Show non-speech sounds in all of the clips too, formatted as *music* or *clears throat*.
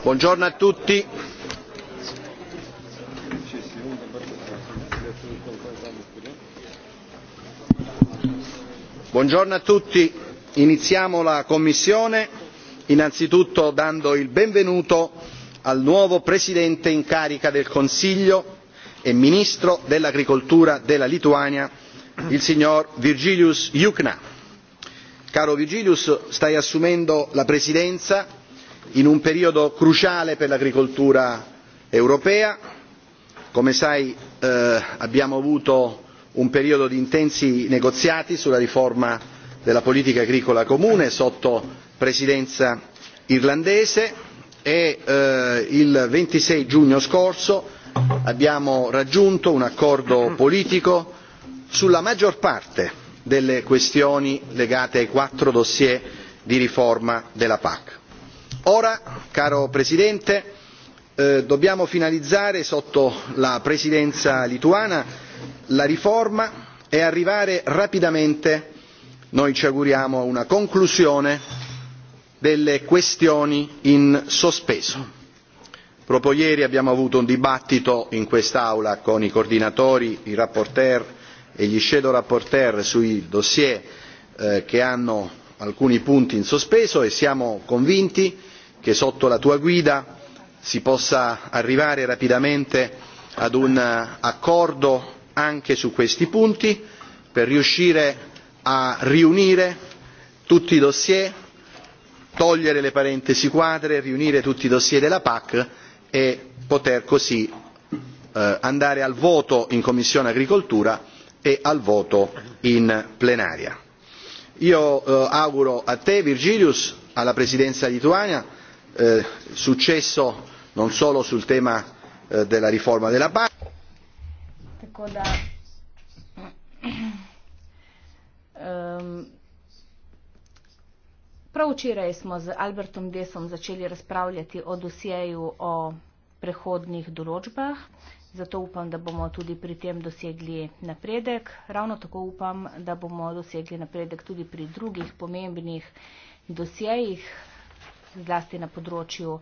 Buongiorno a tutti. Buongiorno a tutti. Iniziamo la Commissione innanzitutto dando il benvenuto al nuovo Presidente in carica del Consiglio e Ministro dell'Agricoltura della Lituania, il signor Virgilius Jukna caro virgilius stai assumendo la presidenza in un periodo cruciale per l'agricoltura europea come sai eh, abbiamo avuto un periodo di intensi negoziati sulla riforma della politica agricola comune sotto presidenza irlandese e eh, il ventisei giugno scorso abbiamo raggiunto un accordo politico sulla maggior parte delle questioni legate ai quattro dossier di riforma della pac. ora caro presidente eh, dobbiamo finalizzare sotto la presidenza lituana la riforma e arrivare rapidamente noi ci auguriamo a una conclusione delle questioni in sospeso. proprio ieri abbiamo avuto un dibattito in quest'aula con i coordinatori i rapporteur e gli shadow rapporteur sui dossier eh, che hanno alcuni punti in sospeso e siamo convinti che sotto la tua guida si possa arrivare rapidamente ad un eh, accordo anche su questi punti per riuscire a riunire tutti i dossier togliere le parentesi quadre riunire tutti i dossier della pac e poter così eh, andare al voto in commissione agricoltura e al voto in plenaria. io eh, auguro a lei virgilius alla presidenza lituana eh, successo non solo sul tema eh, della riforma della pac. Ehm, prav včeraj smo z albertom dessom začeli razpravljati o dosjeju o prehodnih določbah. Zato upam, da bomo tudi pri tem dosegli napredek. Ravno tako upam, da bomo dosegli napredek tudi pri drugih pomembnih dosjejih, zlasti na področju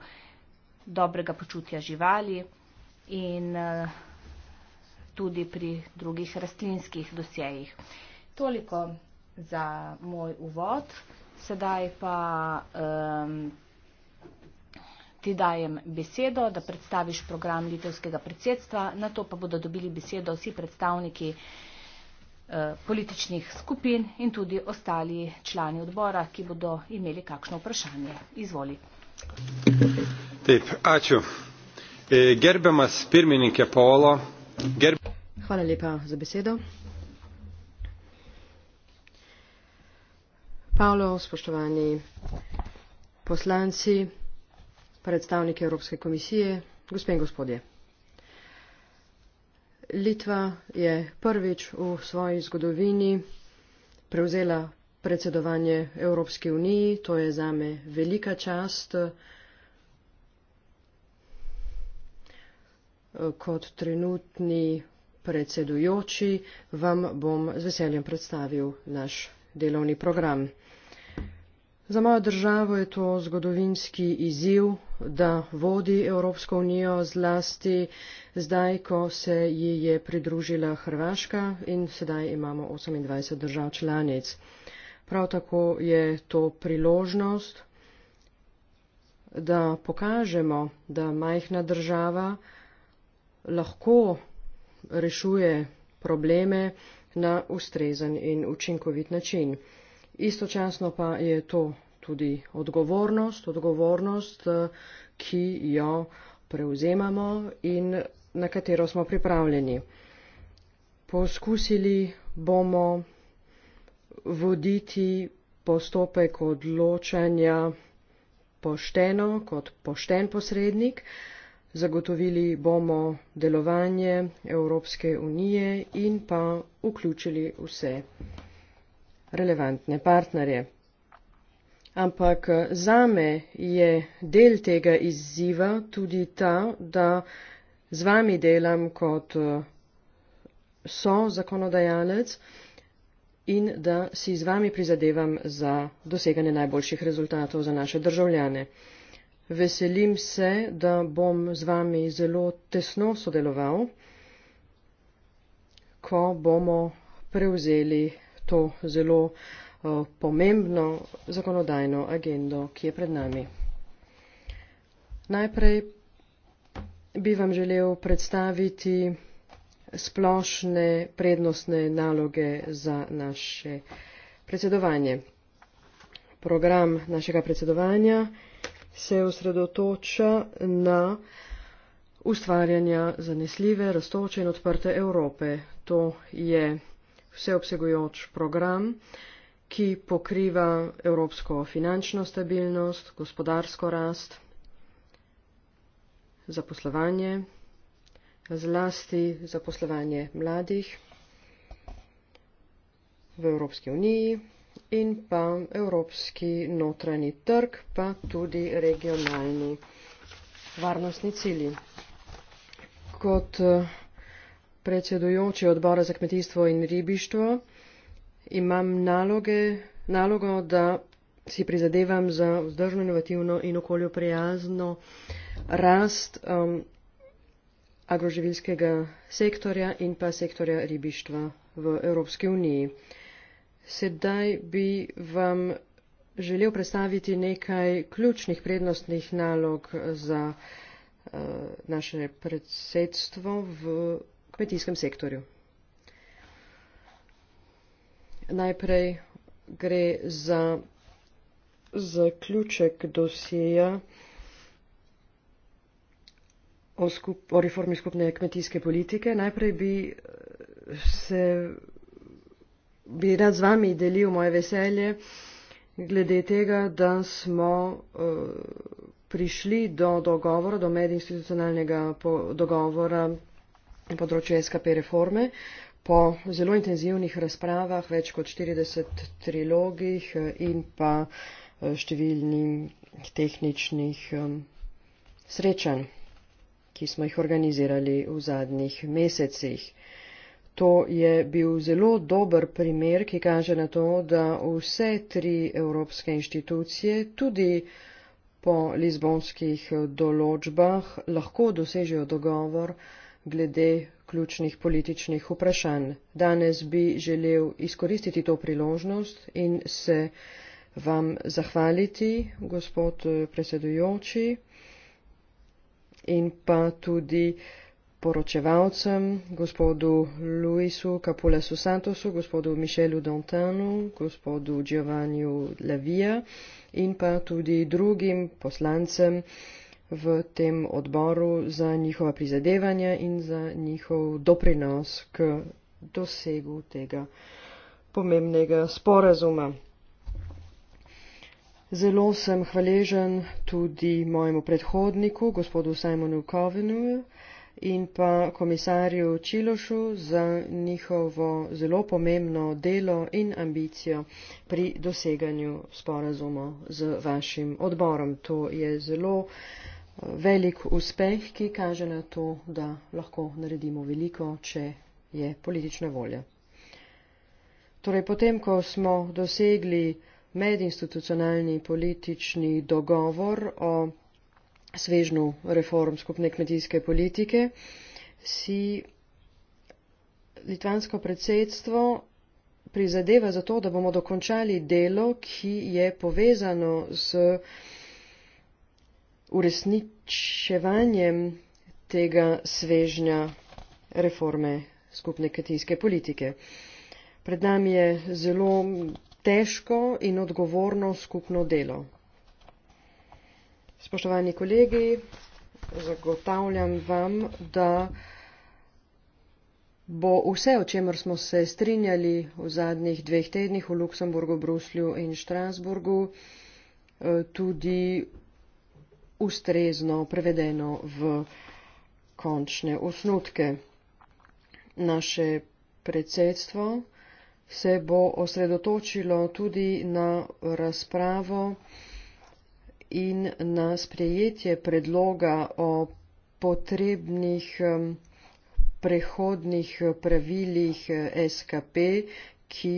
dobrega počutja živali in tudi pri drugih rastlinskih dosjejih. Toliko za moj uvod. Sedaj pa. Um, ti dajem besedo, da predstaviš program litovskega predsedstva, na to pa bodo dobili besedo vsi predstavniki eh, političnih skupin in tudi ostali člani odbora, ki bodo imeli kakšno vprašanje. Izvoli. Taip, ačiū. E, gerbiamas pirmininkė Paolo. Gerb... Hvala lepa za besedo. Paolo, spoštovani poslanci, predstavniki Evropske komisije, gospe in gospodje. Litva je prvič v svoji zgodovini prevzela predsedovanje Evropske unije, to je zame velika čast. Kot trenutni predsedujoči vam bom z veseljem predstavil naš delovni program. Za mojo državo je to zgodovinski izziv, da vodi Evropsko unijo zlasti zdaj, ko se ji je pridružila Hrvaška in sedaj imamo 28 držav članic. Prav tako je to priložnost, da pokažemo, da majhna država lahko rešuje probleme na ustrezen in učinkovit način istočasno pa je to tudi odgovornost, odgovornost, eh, ki jo prevzemamo in na katero smo pripravljeni. Poskusili bomo voditi postopek odločanja pošteno kot pošten posrednik, zagotovili bomo delovanje Evropske unije in pa vključili vse relevantne partnerje. Ampak eh, zame je del tega izziva tudi ta, da z vami delam kot eh, so zakonodajalec in da si z vami prizadevam za doseganje najboljših rezultatov za naše državljane. Veselim se, da bom z vami zelo tesno sodeloval, ko bomo prevzeli to zelo eh, pomembno zakonodajno agendo, ki je pred nami. Najprej bi vam želel predstaviti splošne prednostne naloge za naše predsedovanje. Program našega predsedovanja se osredotoča na ustvarjanja zanesljive, raztoče in odprte Evrope. To je vseobsegujoč program, ki pokriva evropsko finančno stabilnost, gospodarsko rast, zaposlovanje, zlasti zaposlovanje mladih v Evropski uniji in pa evropski notranji trg, pa tudi regionalni varnostni cilji. Kot eh, predsedujoči odbora za kmetijstvo in ribištvo. Imam naloge, nalogo, da si prizadevam za vzdržno, inovativno in okolju prijazno rast um, agroživilskega sektorja in pa sektorja ribištva v Evropski uniji. Sedaj bi vam želel predstaviti nekaj ključnih prednostnih nalog za uh, naše predsedstvo v kmetijskem sektorju. Najprej gre za zaključek dosija o, o reformi skupne kmetijske politike. Najprej bi se bi rad z vami delil moje veselje glede tega, da smo uh, prišli do dogovora, do medinstitucionalnega dogovora na področju SKP reforme. Po zelo intenzivnih razpravah, več kot 40 trilogih eh, in pa eh, številnih tehničnih eh, srečanj, ki smo jih organizirali v zadnjih mesecih. To je bil zelo dober primer, ki kaže na to, da vse tri evropske inštitucije tudi po lizbonskih določbah lahko dosežejo dogovor, glede ključnih političnih vprašanj. Danes bi želel izkoristiti to priložnost in se vam zahvaliti, gospod eh, predsedujoči, in pa tudi poročevalcem, gospodu Luisu Capulesu Santosu, gospodu Mišelu Dantanu, gospodu Giovanniu Lavia in pa tudi drugim poslancem, v tem odboru za njihova prizadevanja in za njihov doprinos k dosegu tega pomembnega sporazuma. Zelo sem hvaležen tudi mojemu predhodniku, gospodu Simonu Covenu in pa komisarju Čilošu za njihovo zelo pomembno delo in ambicijo pri doseganju sporazuma z vašim odborom. To je zelo uh, velik uspeh, ki kaže na to, da lahko naredimo veliko, če je politična volja. Torej, potem, ko smo dosegli medinstitucionalni politični dogovor o svežnu reform skupne kmetijske politike, si litvansko predsedstvo prizadeva za to, da bomo dokončali delo, ki je povezano z uresničevanjem tega svežnja reforme skupne kitijske politike. Pred nami je zelo težko in odgovorno skupno delo. Spoštovani kolegi, zagotavljam vam, da bo vse, o čemer smo se strinjali v zadnjih dveh tednih v Luksemburgu, Bruslju in Štrasburgu, eh, tudi ustrezno prevedeno v končne osnutke. Naše predsedstvo se bo osredotočilo tudi na razpravo in na sprejetje predloga o potrebnih um, prehodnih pravilih eh, SKP, ki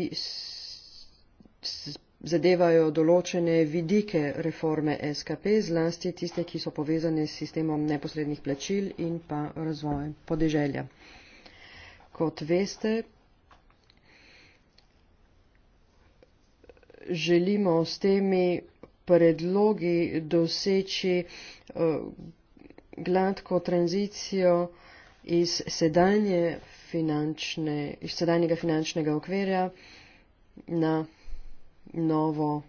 zadevajo določene vidike reforme SKP, zlasti tiste, ki so povezane s sistemom neposrednih plačil in pa razvojem podeželja. Kot veste, želimo s temi predlogi doseči eh, gladko tranzicijo iz, sedanje finančne, iz sedanjega finančnega okvirja na novo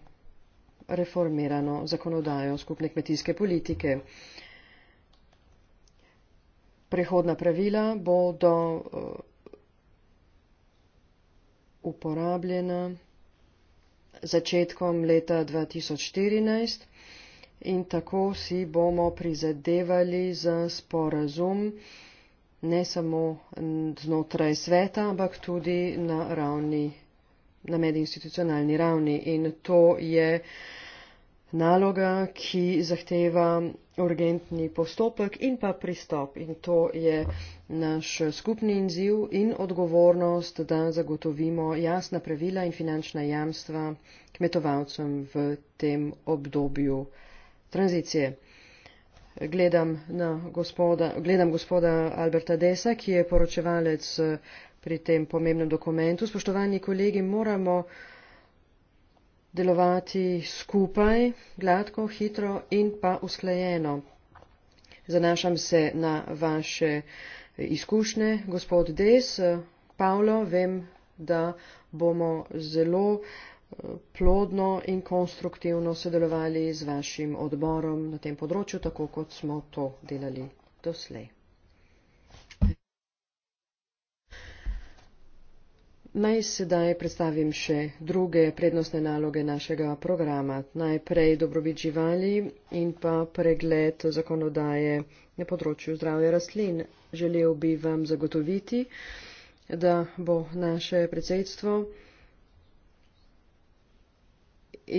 reformirano zakonodajo skupne kmetijske politike. Prehodna pravila bodo eh, uporabljena začetkom leta 2014 in tako si bomo prizadevali za sporazum ne samo znotraj sveta, ampak tudi na ravni na medinstitucionalni ravni in to je naloga, ki zahteva urgentni postopek in pa pristop in to je naš skupni inziv in odgovornost, da zagotovimo jasna pravila in finančna jamstva kmetovalcem v tem obdobju tranzicije. Gledam, na gospoda, gledam gospoda Alberta Desa, ki je poročevalec pri tem pomembnem dokumentu. Spoštovani kolegi, moramo delovati skupaj, gladko, hitro in pa usklajeno. Zanašam se na vaše izkušnje, gospod Des. Paulo, vem, da bomo zelo eh, plodno in konstruktivno sodelovali z vašim odborom na tem področju, tako kot smo to delali doslej. Naj sedaj predstavim še druge prednostne naloge našega programa. Najprej dobrobit živali in pa pregled zakonodaje na področju zdravja rastlin. Želel bi vam zagotoviti, da bo naše predsedstvo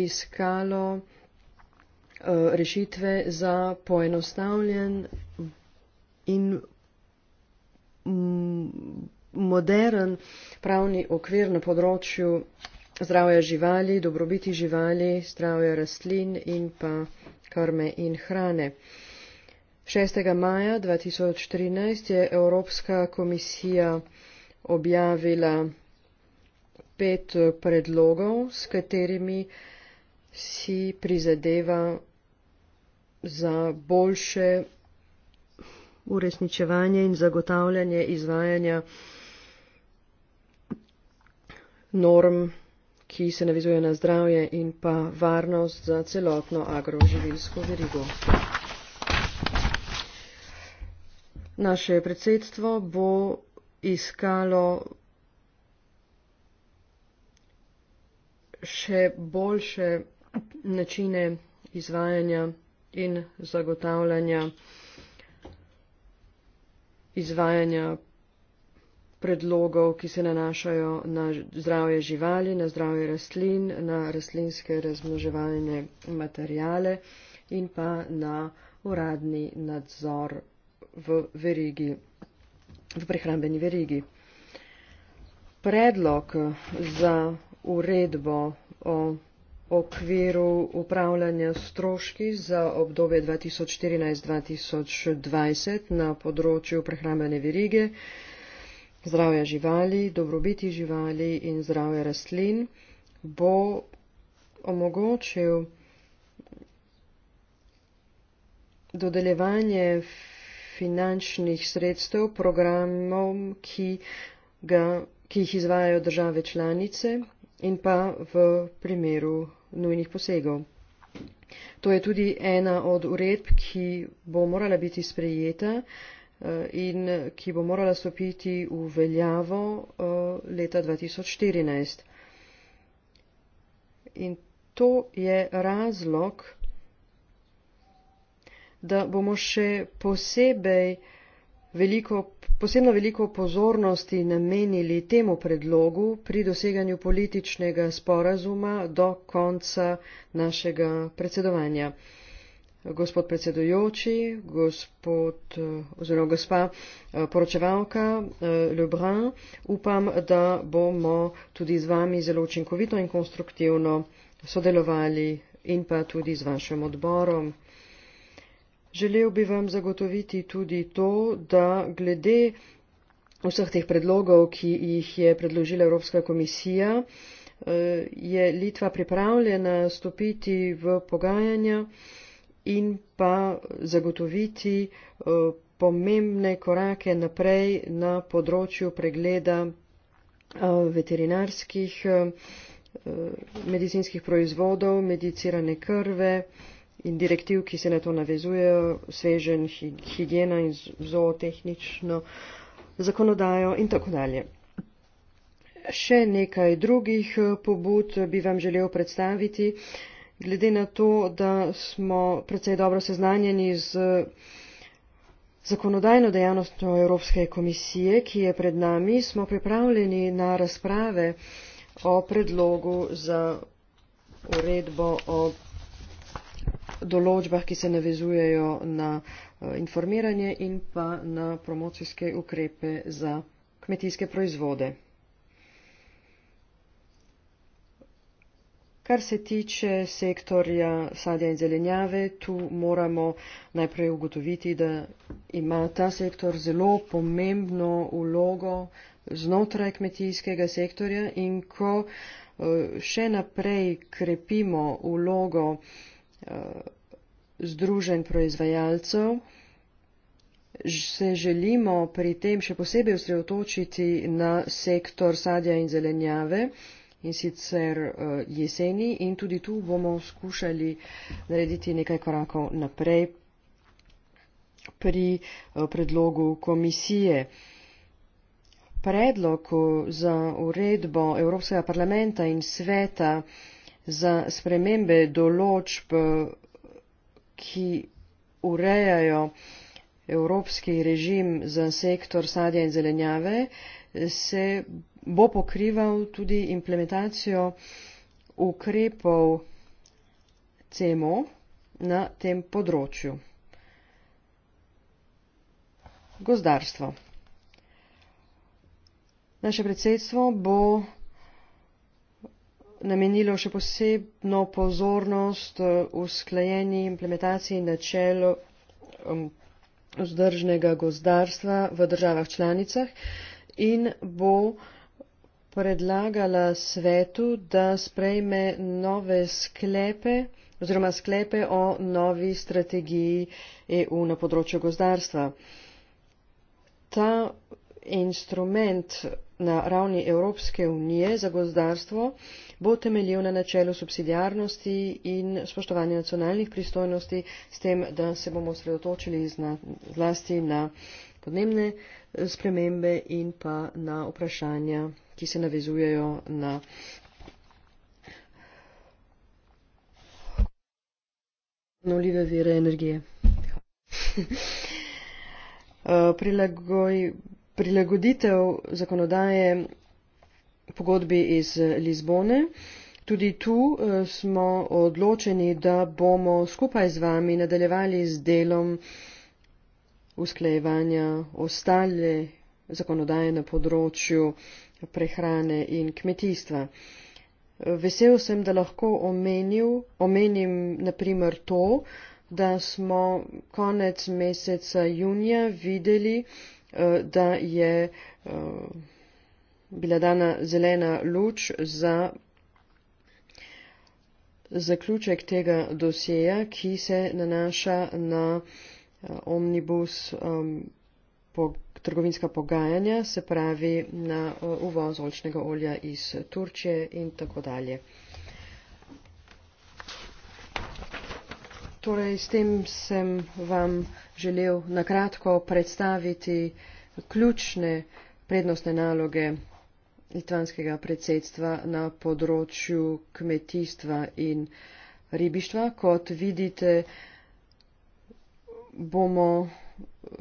iskalo eh, rešitve za poenostavljen in mm, modern pravni okvir na področju zdravja živali, dobrobiti živali, zdravja rastlin in pa karme in hrane. 6. maja 2013 je Evropska komisija objavila pet predlogov, s katerimi si prizadeva za boljše uresničevanje in zagotavljanje izvajanja norm, ki se navizuje na zdravje in pa varnost za celotno agroživilsko verigo. Naše predsedstvo bo iskalo še boljše načine izvajanja in zagotavljanja izvajanja predlogov, ki se nanašajo na zdravje živali, na zdravje rastlin, na rastlinske razmnoževalne materijale in pa na uradni nadzor v verigi, v prehrambeni verigi. Predlog za uredbo o okviru upravljanja stroški za obdobje 2014-2020 na področju prehrambene verige zdravja živali, dobrobiti živali in zdravja rastlin, bo omogočil dodeljevanje finančnih sredstev programom, ki, ga, ki jih izvajajo države članice in pa v primeru nujnih posegov. To je tudi ena od uredb, ki bo morala biti sprejeta. Uh, Eh, in ki bo morala stopiti v veljavo eh, leta 2014. In to je razlog, da bomo še posebej veliko, posebno veliko pozornosti namenili temu predlogu pri doseganju političnega sporazuma do konca našega predsedovanja gospod predsedujoči, gospod oziroma gospa eh, poročevalka eh, Lebrun, upam, da bomo tudi z vami zelo učinkovito in konstruktivno sodelovali in pa tudi z vašim odborom. Želel bi vam zagotoviti tudi to, da glede vseh teh predlogov, ki jih je predložila Evropska komisija, eh, je Litva pripravljena stopiti v pogajanja in pa zagotoviti eh, pomembne korake naprej na področju pregleda eh, veterinarskih eh, medicinskih proizvodov, medicirane krve in direktiv, ki se na to navezujejo, svežen higiena in zootehnično zakonodajo in tako dalje. Še nekaj drugih pobud bi vam želel predstaviti glede na to, da smo precej dobro seznanjeni z zakonodajno dejavnostjo Evropske komisije, ki je pred nami, smo pripravljeni na razprave o predlogu za uredbo o določbah, ki se navezujejo na eh, informiranje in pa na promocijske ukrepe za kmetijske proizvode. Kar se tiče sektorja sadja in zelenjave, tu moramo najprej ugotoviti, da ima ta sektor zelo pomembno ulogo znotraj kmetijskega sektorja in ko eh, še naprej krepimo ulogo eh, združen proizvajalcev, se želimo pri tem še posebej osredotočiti na sektor sadja in zelenjave in sicer eh, jeseni in tudi tu bomo skušali narediti nekaj korakov naprej pri eh, predlogu komisije. Predlog za uredbo Evropskega parlamenta in sveta za spremembe določb, eh, ki urejajo evropski režim za sektor sadja in zelenjave, se bo pokrival tudi implementacijo ukrepov CMO na tem področju. Gozdarstvo. Naše predsedstvo bo namenilo še posebno pozornost eh, usklajeni implementaciji načelo um, vzdržnega gozdarstva v državah članicah in bo uh, predlagala svetu, da sprejme nove sklepe oziroma sklepe o novi strategiji EU na področju gozdarstva. Ta instrument na ravni Evropske unije za gozdarstvo bo temeljil na načelu subsidijarnosti in spoštovanja nacionalnih pristojnosti, s tem, da se bomo sredotočili zlasti na podnebne spremembe in pa na vprašanja, ki se navezujejo na. Obnovljive vire energije. *laughs* Eh, prilagoditev zakonodaje pogodbi iz Lizbone. Tudi tu eh, smo odločeni, da bomo skupaj z vami nadaljevali z delom usklajevanja ostale zakonodaje na področju prehrane in kmetijstva. Vesel sem, da lahko omenil, omenim naprimer to, da smo konec meseca junija videli, eh, da je eh, bila dana zelena luč za zaključek tega dosjeja, ki se nanaša na Eh, omnibus um, po, trgovinska pogajanja, se pravi na uh, uvoz olčnega olja iz Turčije in tako dalje. Torej, s tem sem vam želel nakratko predstaviti ključne prednostne naloge litvanskega predsedstva na področju kmetijstva in ribištva. Kot vidite, uh, bomo eh,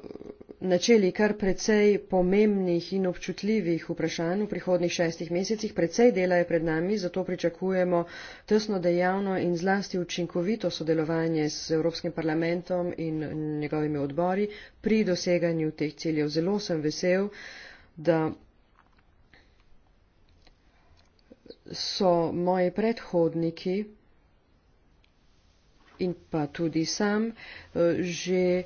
načeli kar precej pomembnih in občutljivih vprašanj v prihodnih šestih mesecih. Precej dela je pred nami, zato pričakujemo tesno dejavno in zlasti učinkovito sodelovanje s Evropskim parlamentom in njegovimi odbori pri doseganju teh ciljev. Zelo sem vesel, da so moji predhodniki in pa tudi sam eh, že eh,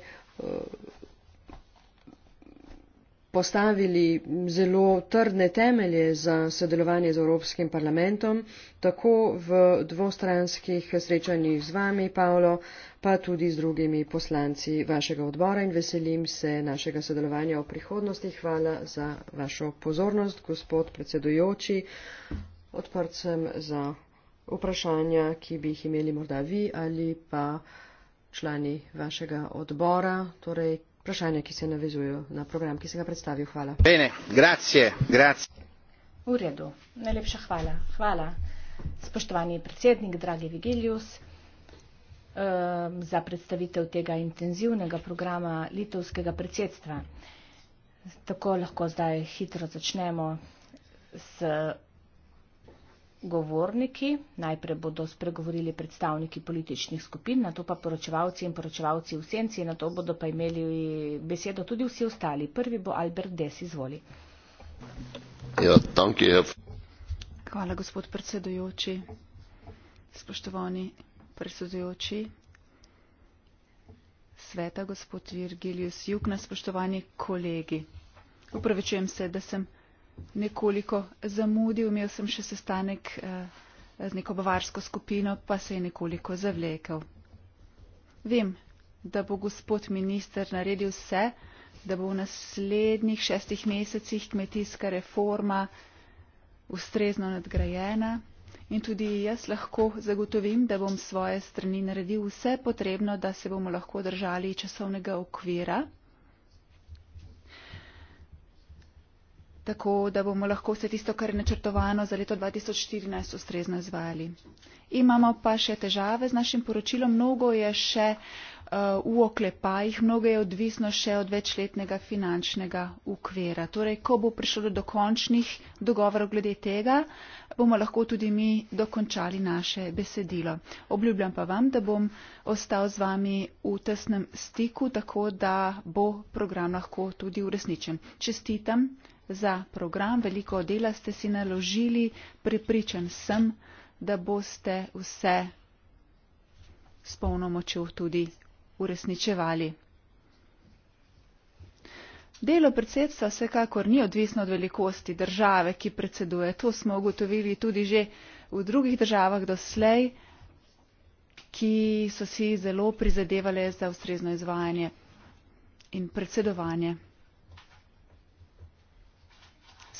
postavili zelo trdne temelje za sodelovanje z Evropskim parlamentom, tako v dvostranskih srečanjih z vami, Paolo, pa tudi z drugimi poslanci vašega odbora in veselim se našega sodelovanja v prihodnosti. Hvala za vašo pozornost, gospod predsedujoči. Odprt sem za vprašanja, ki bi jih imeli morda vi ali pa člani vašega odbora, torej vprašanja, ki se navezujejo na program, ki se ga predstavil. Hvala. Bene, grazie, grazie. V redu, najlepša hvala. Hvala, spoštovani predsednik, dragi Vigilius, ehm, za predstavitev tega intenzivnega programa litovskega predsedstva. Tako lahko zdaj hitro začnemo s govorniki. Najprej bodo spregovorili predstavniki političnih skupin, na to pa poročevalci in poročevalci v senci, na to bodo pa imeli besedo tudi vsi ostali. Prvi bo Albert Des, izvoli. Ja, Hvala, gospod predsedujoči. Spoštovani predsedujoči sveta, gospod Virgilius Jukna, spoštovani kolegi. Upravičujem se, da sem nekoliko zamudil, imel sem še sestanek eh, z neko bavarsko skupino, pa se je nekoliko zavlekel. Vem, da bo gospod minister naredil vse, da bo v naslednjih šestih mesecih kmetijska reforma ustrezno nadgrajena in tudi jaz lahko zagotovim, da bom svoje strani naredil vse potrebno, da se bomo lahko držali časovnega okvira. tako da bomo lahko vse tisto, kar je načrtovano za leto 2014, ustrezno izvajali. Imamo pa še težave z našim poročilom, mnogo je še uh, v oklepajih, mnogo je odvisno še od večletnega finančnega ukvera. Torej, ko bo prišlo do dokončnih dogovorov glede tega, bomo lahko tudi mi dokončali naše besedilo. Obljubljam pa vam, da bom ostal z vami v tesnem stiku, tako da bo program lahko tudi uresničen. Čestitam za program, veliko dela ste si naložili, pripričan sem, da boste vse s polno močjo tudi uresničevali. Delo predsedstva vsekakor ni odvisno od velikosti države, ki predseduje. To smo ugotovili tudi že v drugih državah doslej, ki so si zelo prizadevali za ustrezno izvajanje in predsedovanje.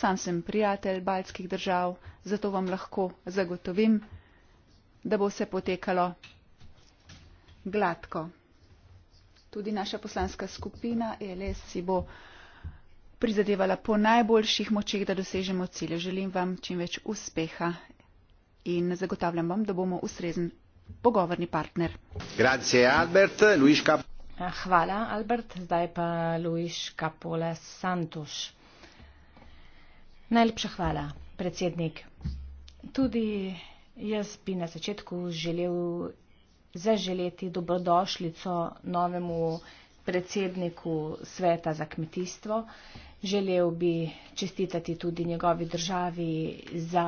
Sam sem prijatelj baltskih držav, zato vam lahko zagotovim, da bo vse potekalo gladko. Tudi naša poslanska skupina ELS si bo prizadevala po najboljših močeh, da dosežemo cilje. Želim vam čim več uspeha in zagotavljam vam, da bomo ustrezen pogovorni partner. Grazie, Albert. Eh, hvala, Albert. Zdaj pa Luiš Kapole Santuš. Najlepša hvala, predsednik. Tudi jaz bi na začetku želel zaželeti dobrodošlico novemu predsedniku sveta za kmetijstvo. Želel bi čestitati tudi njegovi državi za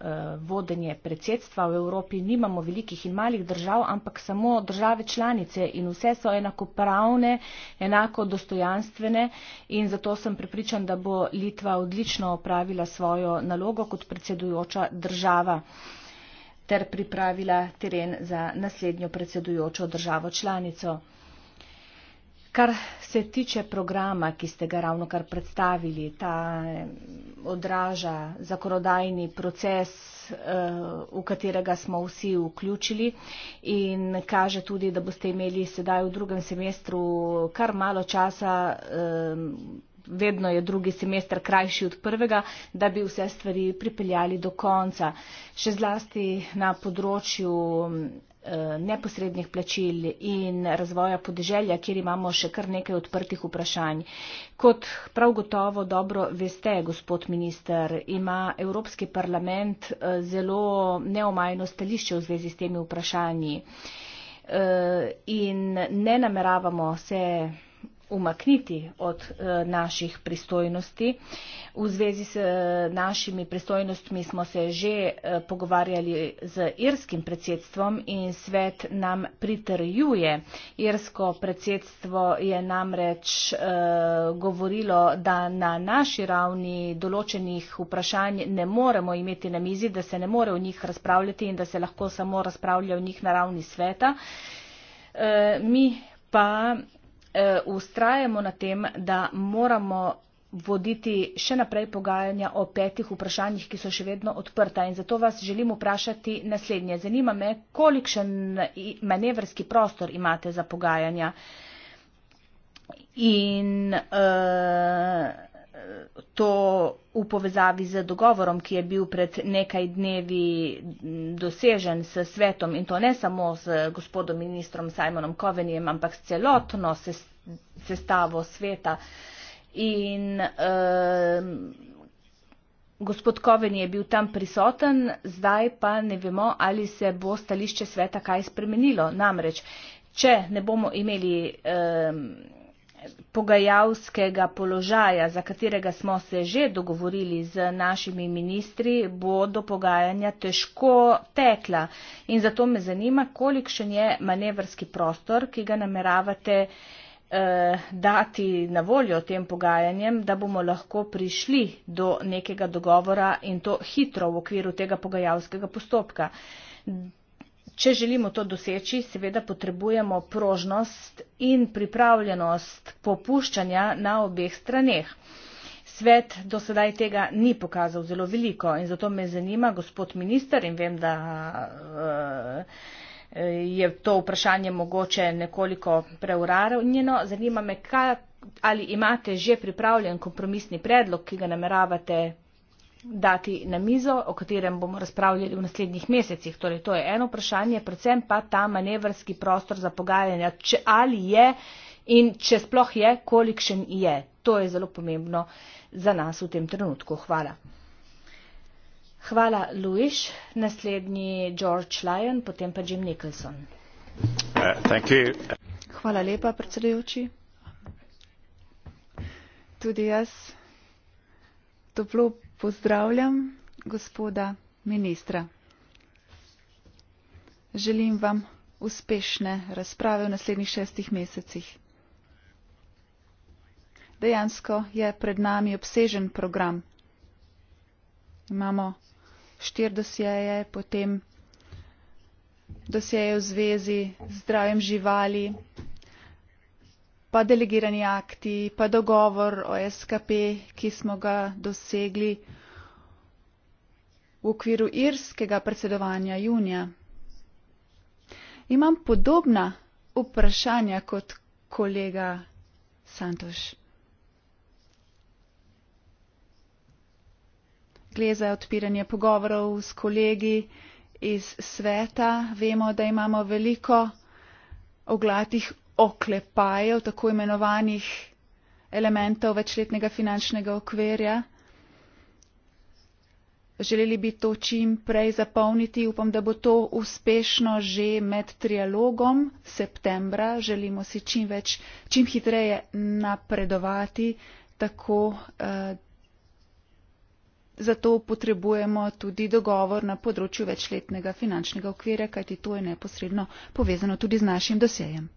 uh, vodenje predsedstva. V Evropi nimamo velikih in malih držav, ampak samo države članice in vse so enakopravne, enako dostojanstvene in zato sem pripričan, da bo Litva odlično opravila svojo nalogo kot predsedujoča država ter pripravila teren za naslednjo predsedujočo državo članico. Kar se tiče programa, ki ste ga ravno kar predstavili, ta eh, odraža zakonodajni proces, eh, v katerega smo vsi vključili in kaže tudi, da boste imeli sedaj v drugem semestru kar malo časa, eh, vedno je drugi semester krajši od prvega, da bi vse stvari pripeljali do konca. Še zlasti na področju Eh, neposrednih plačil in razvoja podeželja, kjer imamo še kar nekaj odprtih vprašanj. Kot prav gotovo dobro veste, gospod minister, ima Evropski parlament eh, zelo neomajno stališče v zvezi s temi vprašanji eh, in ne nameravamo se umakniti od e, naših pristojnosti. V zvezi s e, našimi pristojnostmi smo se že e, pogovarjali z irskim predsedstvom in svet nam pritrjuje. Irsko predsedstvo je namreč e, govorilo, da na naši ravni določenih vprašanj ne moremo imeti na mizi, da se ne more o njih razpravljati in da se lahko samo razpravlja o njih na ravni sveta. E, mi pa eh, ustrajamo na tem, da moramo voditi še naprej pogajanja o petih vprašanjih, ki so še vedno odprta. In zato vas želim vprašati naslednje. Zanima me, kolikšen manevrski prostor imate za pogajanja. In, eh, to v povezavi z dogovorom, ki je bil pred nekaj dnevi dosežen s svetom in to ne samo z gospodom ministrom Simonom Kovenjem, ampak s celotno sestavo sveta. In eh, gospod Koveni je bil tam prisoten, zdaj pa ne vemo, ali se bo stališče sveta kaj spremenilo. Namreč, če ne bomo imeli. Eh, pogajalskega položaja, za katerega smo se že dogovorili z našimi ministri, bodo pogajanja težko tekla. In zato me zanima, kolikšen je manevrski prostor, ki ga nameravate eh, dati na voljo tem pogajanjem, da bomo lahko prišli do nekega dogovora in to hitro v okviru tega pogajalskega postopka če želimo to doseči, seveda potrebujemo prožnost in pripravljenost popuščanja na obeh straneh. Svet do sedaj tega ni pokazal zelo veliko in zato me zanima, gospod minister, in vem, da eh, je to vprašanje mogoče nekoliko preuranjeno, zanima me, kaj, ali imate že pripravljen kompromisni predlog, ki ga nameravate dati na mizo, o katerem bomo razpravljali v naslednjih mesecih. Torej, to je eno vprašanje, predvsem pa ta manevrski prostor za pogajanja, če ali je in če sploh je, kolikšen je. To je zelo pomembno za nas v tem trenutku. Hvala. Hvala, Luiš. Naslednji George Lyon, potem pa Jim Nicholson. Uh, Hvala lepa, predsedujoči. Tudi jaz toplo Pozdravljam gospoda ministra. Želim vam uspešne razprave v naslednjih šestih mesecih. Dejansko je pred nami obsežen program. Imamo štir dosjeje, potem dosjeje v zvezi z zdravjem živali, pa delegirani akti, pa dogovor o SKP, ki smo ga dosegli v okviru irskega predsedovanja junija. Imam podobna vprašanja kot kolega Santoš. Gle za odpiranje pogovorov s kolegi iz sveta. Vemo, da imamo veliko oglatih oklepajev tako imenovanih elementov večletnega finančnega okvirja. Želeli bi to čim prej zapolniti. Upam, da bo to uspešno že med trialogom septembra. Želimo si čim, več, čim hitreje napredovati. Tako, eh, zato potrebujemo tudi dogovor na področju večletnega finančnega okvirja, kajti to je neposredno povezano tudi z našim dosejem.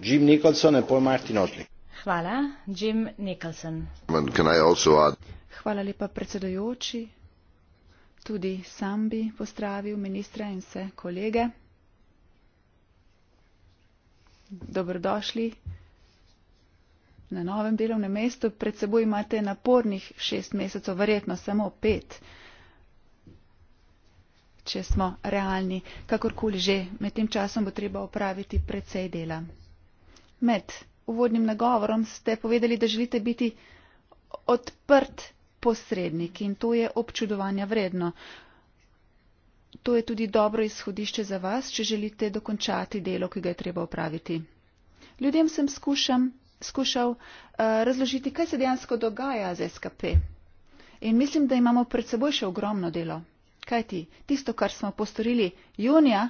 Jim Nicholson in Paul Martin Otley. Hvala, Jim Nicholson. Hvala lepa predsedojoči. Tudi sam bi pozdravil ministra in vse kolege. Dobrodošli na novem delovnem mestu. Pred seboj imate napornih šest mesecev, verjetno samo pet, če smo realni. Kakorkoli že, med tem časom bo treba opraviti precej dela. Med uvodnim nagovorom ste povedali, da želite biti odprt posrednik in to je občudovanja vredno. To je tudi dobro izhodišče za vas, če želite dokončati delo, ki ga je treba opraviti. Ljudem sem skušam, skušal uh, razložiti, kaj se dejansko dogaja z SKP. In mislim, da imamo pred seboj še ogromno delo. Kaj ti? Tisto, kar smo postorili junija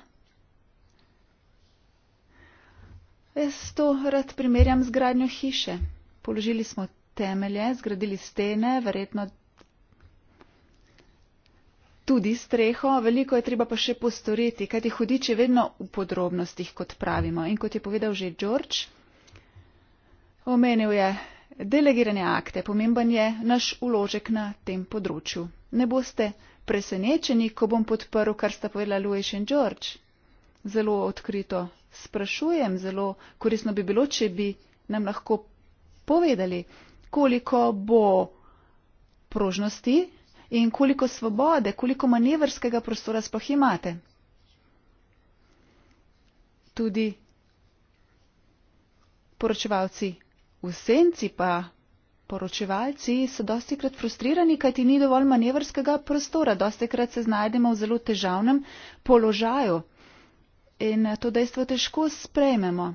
Jaz to rad primerjam z gradnjo hiše. Položili smo temelje, zgradili stene, verjetno tudi streho, veliko je treba pa še postoriti, kajti hudič je vedno v podrobnostih, kot pravimo. In kot je povedal že George, omenil je, delegiranje akte, pomemben je naš uložek na tem področju. Ne boste presenečeni, ko bom podprl, kar sta povedala Louis in George. Zelo odkrito sprašujem zelo, korisno bi bilo, če bi nam lahko povedali, koliko bo prožnosti in koliko svobode, koliko manevrskega prostora sploh imate. Tudi poročevalci v senci pa poročevalci so dosti krat frustrirani, kajti ni dovolj manevrskega prostora. Dosti krat se znajdemo v zelo težavnem položaju in eh, to dejstvo težko sprejmemo.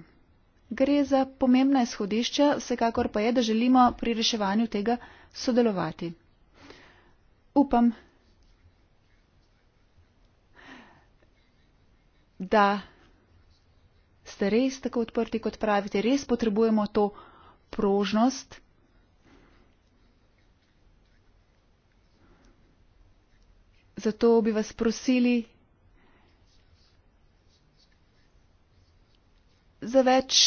Gre za pomembna izhodišča, vsekakor pa je, da želimo pri reševanju tega sodelovati. Upam, da ste res tako odprti, kot pravite, res potrebujemo to prožnost. Zato bi vas prosili, za več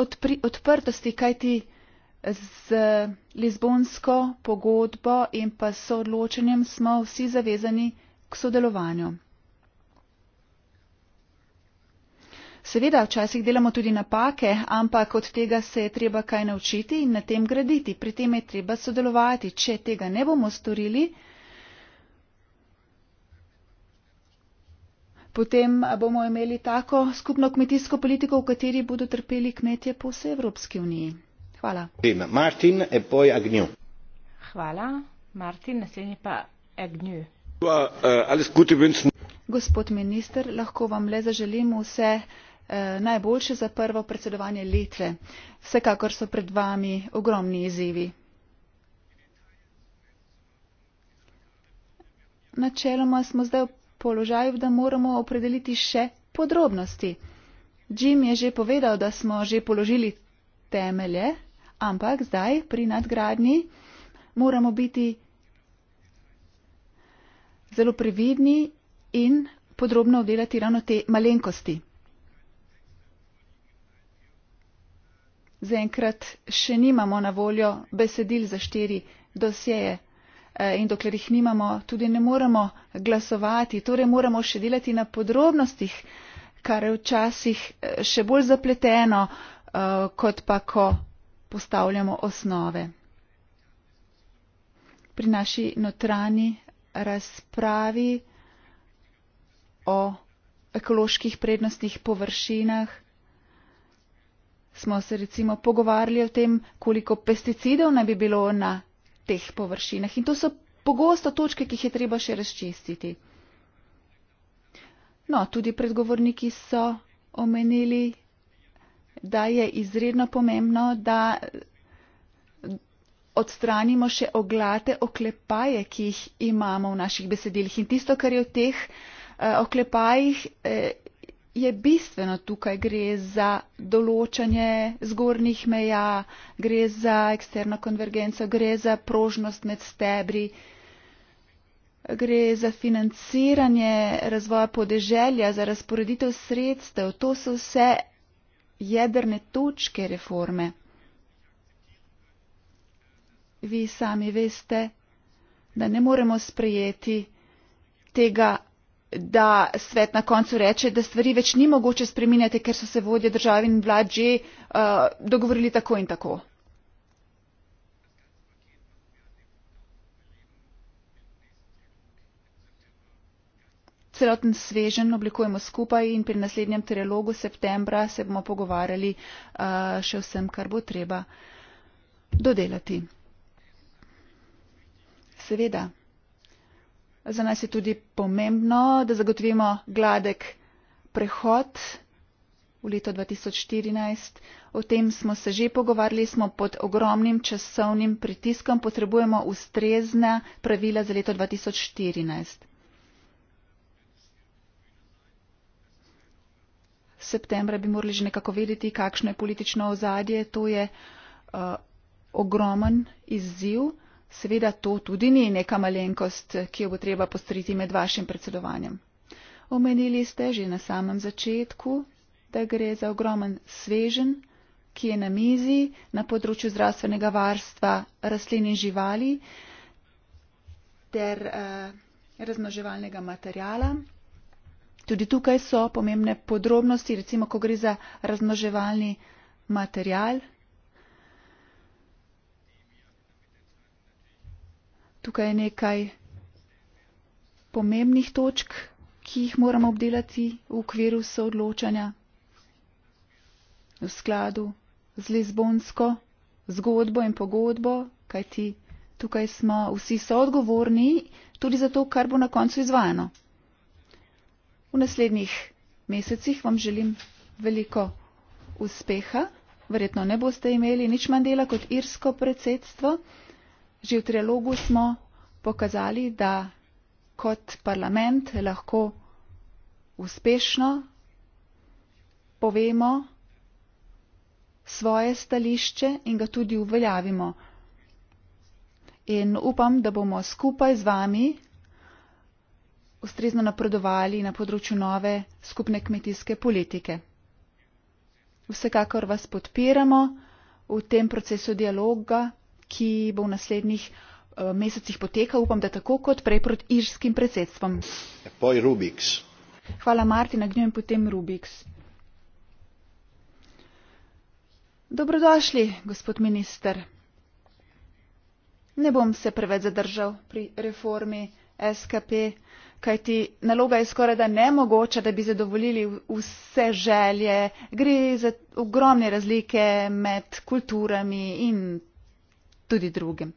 odpri, odprtosti, kajti z Lizbonsko pogodbo in pa soodločenjem smo vsi zavezani k sodelovanju. Seveda, včasih delamo tudi napake, ampak od tega se je treba kaj naučiti in na tem graditi. Pri tem je treba sodelovati. Če tega ne bomo storili, potem bomo imeli tako skupno kmetijsko politiko, v kateri bodo trpeli kmetje po vsej Evropski uniji. Hvala. Martin, e poi Agnew. Hvala. Martin, naslednji pa Agnew. Eh, Gospod minister, lahko vam le zaželim vse eh, najboljše za prvo predsedovanje Litve. Vsekakor so pred vami ogromni izzivi. Načeloma smo zdaj v položaju, da moramo opredeliti še podrobnosti. Jim je že povedal, da smo že položili temelje, ampak zdaj pri nadgradnji moramo biti zelo previdni in podrobno obdelati ravno te malenkosti. Zaenkrat še nimamo na voljo besedil za štiri dosjeje. Eh, in dokler jih nimamo, tudi ne moremo glasovati. Torej moramo še delati na podrobnostih, kar je včasih eh, še bolj zapleteno, eh, kot pa ko postavljamo osnove. Pri naši notranji razpravi o ekoloških prednostnih površinah smo se recimo pogovarjali o tem, koliko pesticidov naj bi bilo na teh površinah. In to so pogosto točke, ki jih je treba še razčistiti. No, tudi predgovorniki so omenili, da je izredno pomembno, da odstranimo še oglate oklepaje, ki jih imamo v naših besedilih. In tisto, kar je v teh eh, oklepajih, eh, je bistveno tukaj, gre za določanje zgornjih meja, gre za eksterno konvergenco, gre za prožnost med stebri, gre za financiranje razvoja podeželja, za razporeditev sredstev. To so vse jedrne točke reforme. Vi sami veste, da ne moremo sprejeti tega da svet na koncu reče, da stvari več ni mogoče spreminjati, ker so se vodje države in vlad že uh, dogovorili tako in tako. Celoten svežen oblikujemo skupaj in pri naslednjem trilogu septembra se bomo pogovarjali uh, še vsem, kar bo treba dodelati. Seveda. Za nas je tudi pomembno, da zagotovimo gladek prehod v leto 2014. O tem smo se že pogovarjali, smo pod ogromnim časovnim pritiskom, potrebujemo ustrezna pravila za leto 2014. Septembra bi morali že nekako vedeti, kakšno je politično ozadje. To je uh, ogromen izziv. Seveda to tudi ni neka malenkost, ki jo bo treba postriti med vašim predsedovanjem. Omenili ste že na samem začetku, da gre za ogromen svežen, ki je na mizi na področju zdravstvenega varstva rastlin in živali ter eh, razmnoževalnega materijala. Tudi tukaj so pomembne podrobnosti, recimo, ko gre za razmnoževalni material, tukaj je nekaj pomembnih točk, ki jih moramo obdelati v okviru soodločanja v skladu z lizbonsko zgodbo in pogodbo, kajti tukaj smo vsi soodgovorni tudi za to, kar bo na koncu izvajano. V naslednjih mesecih vam želim veliko uspeha. Verjetno ne boste imeli nič manj dela kot irsko predsedstvo. Že v trilogu smo pokazali, da kot parlament lahko uspešno povemo svoje stališče in ga tudi uveljavimo. In upam, da bomo skupaj z vami ustrezno napredovali na področju nove skupne kmetijske politike. Vsekakor vas podpiramo v tem procesu dialoga ki bo v naslednjih eh, mesecih potekal, upam, da tako kot prej proti irskim predsedstvom. Poj Rubiks. Hvala Martin, nagnjujem potem Rubiks. Dobrodošli, gospod minister. Ne bom se preveč zadržal pri reformi SKP, kajti naloga je skoraj da nemogoča, da bi zadovoljili vse želje. Gre za ogromne razlike med kulturami in tudi drugim.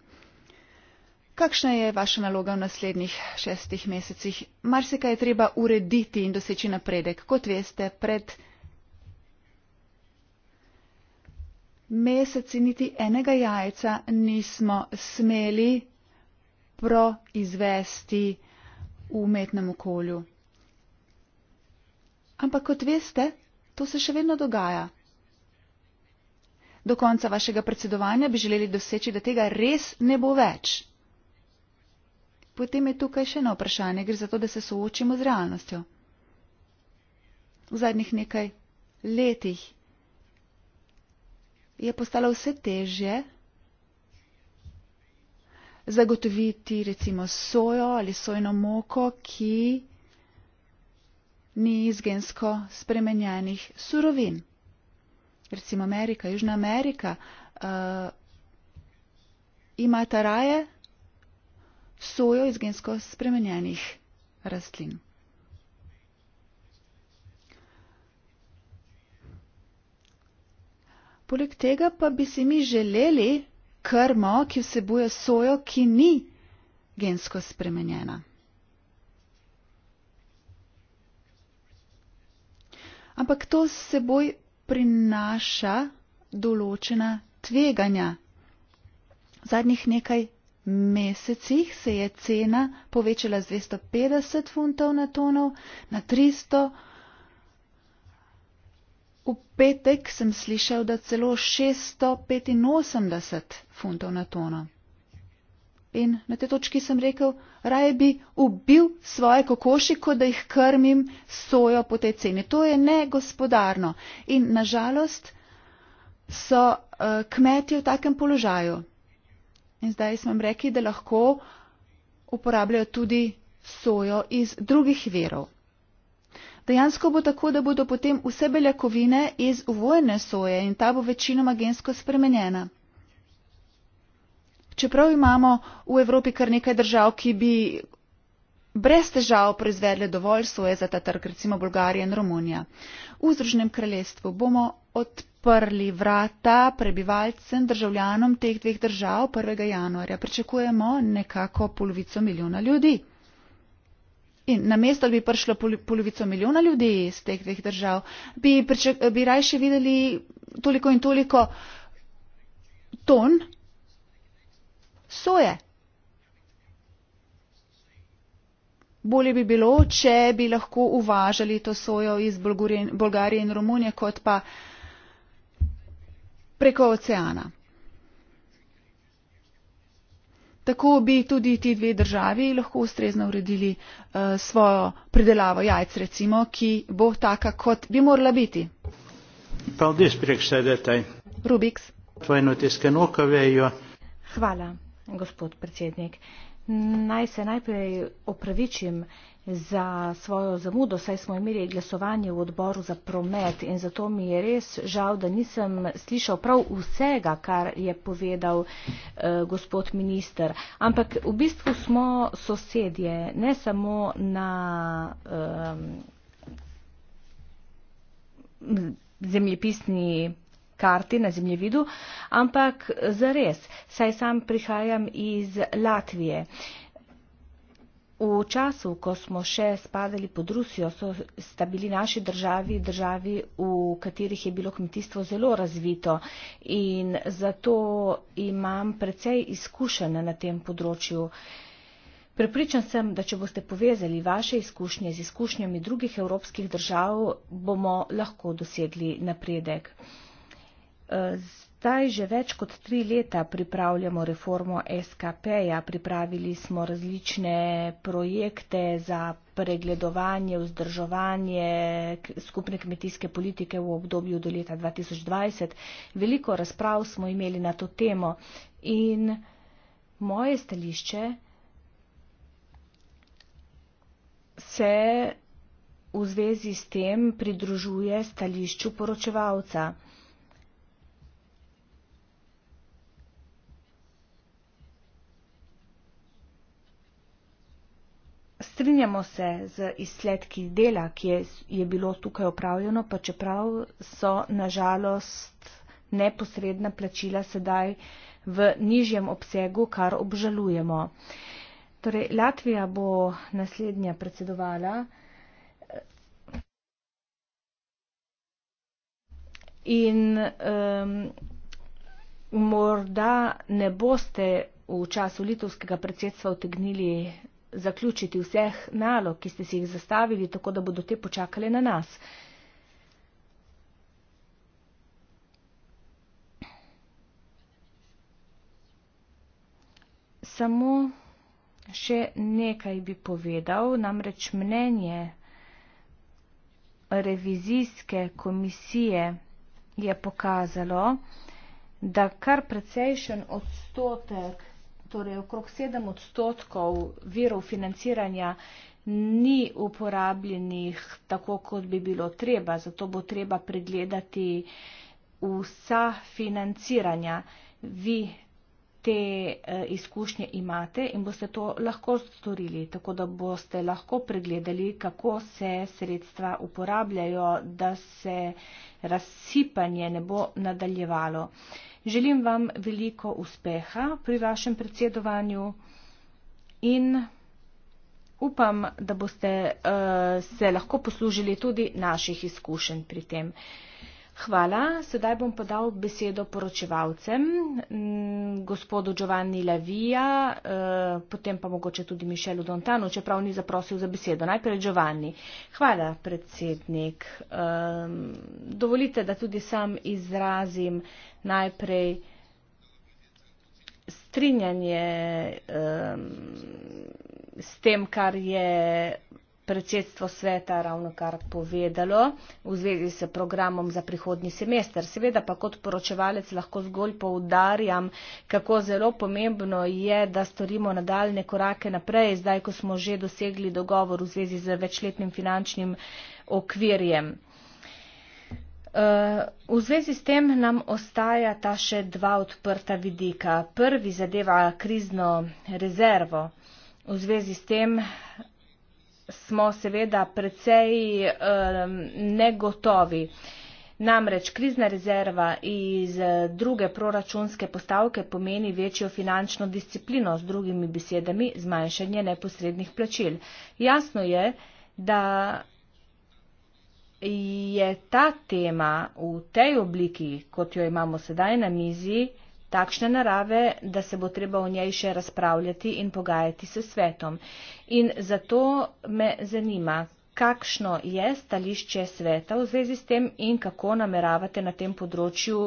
Kakšna je vaša naloga v naslednjih šestih mesecih? Marsika je treba urediti in doseči napredek. Kot veste, pred meseci niti enega jajca nismo smeli proizvesti v umetnem okolju. Ampak kot veste, to se še vedno dogaja do konca vašega predsedovanja bi želeli doseči, da tega res ne bo več. Potem je tukaj še eno vprašanje, gre za to, da se soočimo z realnostjo. V zadnjih nekaj letih je postalo vse težje zagotoviti recimo sojo ali sojno moko, ki ni iz gensko spremenjenih surovin recimo Amerika, Južna Amerika, uh, imata raje sojo iz gensko spremenjenih rastlin. Poleg tega pa bi si mi želeli krmo, ki vsebuje sojo, ki ni gensko spremenjena. Ampak to s seboj prinaša določena tveganja. V zadnjih nekaj mesecih se je cena povečala z 250 funtov na tonov na 300. V petek sem slišal, da celo 685 funtov na tono. In na tej točki sem rekel, raje bi ubil svoje kokoši, kot da jih krmim sojo po tej ceni. To je negospodarno. In nažalost so uh, kmetje v takem položaju. In zdaj smo jim rekli, da lahko uporabljajo tudi sojo iz drugih verov. Dejansko bo tako, da bodo potem vse beljakovine iz uvojene soje in ta bo večinoma gensko spremenjena čeprav imamo v Evropi kar nekaj držav, ki bi brez težav proizvedle dovolj soje za ta trg, recimo Bolgarija in Romunija. V Združenem kraljestvu bomo odprli vrata prebivalcem, državljanom teh dveh držav 1. januarja. Pričakujemo nekako polovico milijona ljudi. In na mesto bi prišlo polovico milijona ljudi iz teh dveh držav, bi, bi rajše videli toliko in toliko ton soje. Bolje bi bilo, če bi lahko uvažali to sojo iz Bolgarije in Romunije, kot pa preko oceana. Tako bi tudi ti dve državi lahko ustrezno uredili uh, svojo pridelavo jajc, recimo, ki bo taka, kot bi morala biti. Paldies, Rubiks. Hvala gospod predsednik. Naj se najprej opravičim za svojo zamudo, saj smo imeli glasovanje v odboru za promet in zato mi je res žal, da nisem slišal prav vsega, kar je povedal eh, gospod minister. Ampak v bistvu smo sosedje, ne samo na eh, zemljepisni karti na zemljevidu, ampak zares, saj sam prihajam iz Latvije. V času, ko smo še spadali pod Rusijo, so sta bili naši državi državi, v katerih je bilo kmetijstvo zelo razvito in zato imam precej izkušenj na tem področju. Prepričan sem, da če boste povezali vaše izkušnje z izkušnjami drugih evropskih držav, bomo lahko dosegli napredek. Zdaj že več kot tri leta pripravljamo reformo SKP-ja, pripravili smo različne projekte za pregledovanje, vzdrževanje skupne kmetijske politike v obdobju do leta 2020. Veliko razprav smo imeli na to temo in moje stališče se v zvezi s tem pridružuje stališču poročevalca. strinjamo se z izsledki dela, ki je, je bilo tukaj opravljeno, pa čeprav so nažalost neposredna plačila sedaj v nižjem obsegu, kar obžalujemo. Torej, Latvija bo naslednja predsedovala in um, morda ne boste v času litovskega predsedstva utegnili zaključiti vseh nalog, ki ste si jih zastavili, tako da bodo te počakale na nas. Samo še nekaj bi povedal, namreč mnenje revizijske komisije je pokazalo, da kar precejšen odstotek torej okrog 7 odstotkov virov financiranja ni uporabljenih tako, kot bi bilo treba. Zato bo treba pregledati vsa financiranja. Vi te eh, izkušnje imate in boste to lahko storili, tako da boste lahko pregledali, kako se sredstva uporabljajo, da se razsipanje ne bo nadaljevalo. Želim vam veliko uspeha pri vašem predsedovanju in upam, da boste uh, se lahko poslužili tudi naših izkušenj pri tem. Uh, Hvala. Sedaj bom podal besedo poročevalcem, gospodu Giovanni Lavija, e, potem pa mogoče tudi Mišelu Dontanu, čeprav ni zaprosil za besedo. Najprej Giovanni. Hvala, predsednik. E, dovolite, da tudi sam izrazim najprej strinjanje e, s tem, kar je predsedstvo sveta ravno kar povedalo v zvezi s programom za prihodnji semester. Seveda pa kot poročevalec lahko zgolj poudarjam, kako zelo pomembno je, da storimo nadaljne korake naprej, zdaj ko smo že dosegli dogovor v zvezi z večletnim finančnim okvirjem. Uh, v zvezi s tem nam ostaja ta še dva odprta vidika. Prvi zadeva krizno rezervo. V zvezi s tem smo seveda precej negotovi. Namreč krizna rezerva iz eh, druge proračunske postavke pomeni večjo finančno disciplino, z drugimi besedami zmanjšanje neposrednih plačil. Jasno je, da je ta tema v tej obliki, kot jo imamo sedaj na mizi, takšne narave, da se bo treba o njej še razpravljati in pogajati se svetom. In zato me zanima, kakšno je stališče sveta v zvezi s tem in kako nameravate na tem področju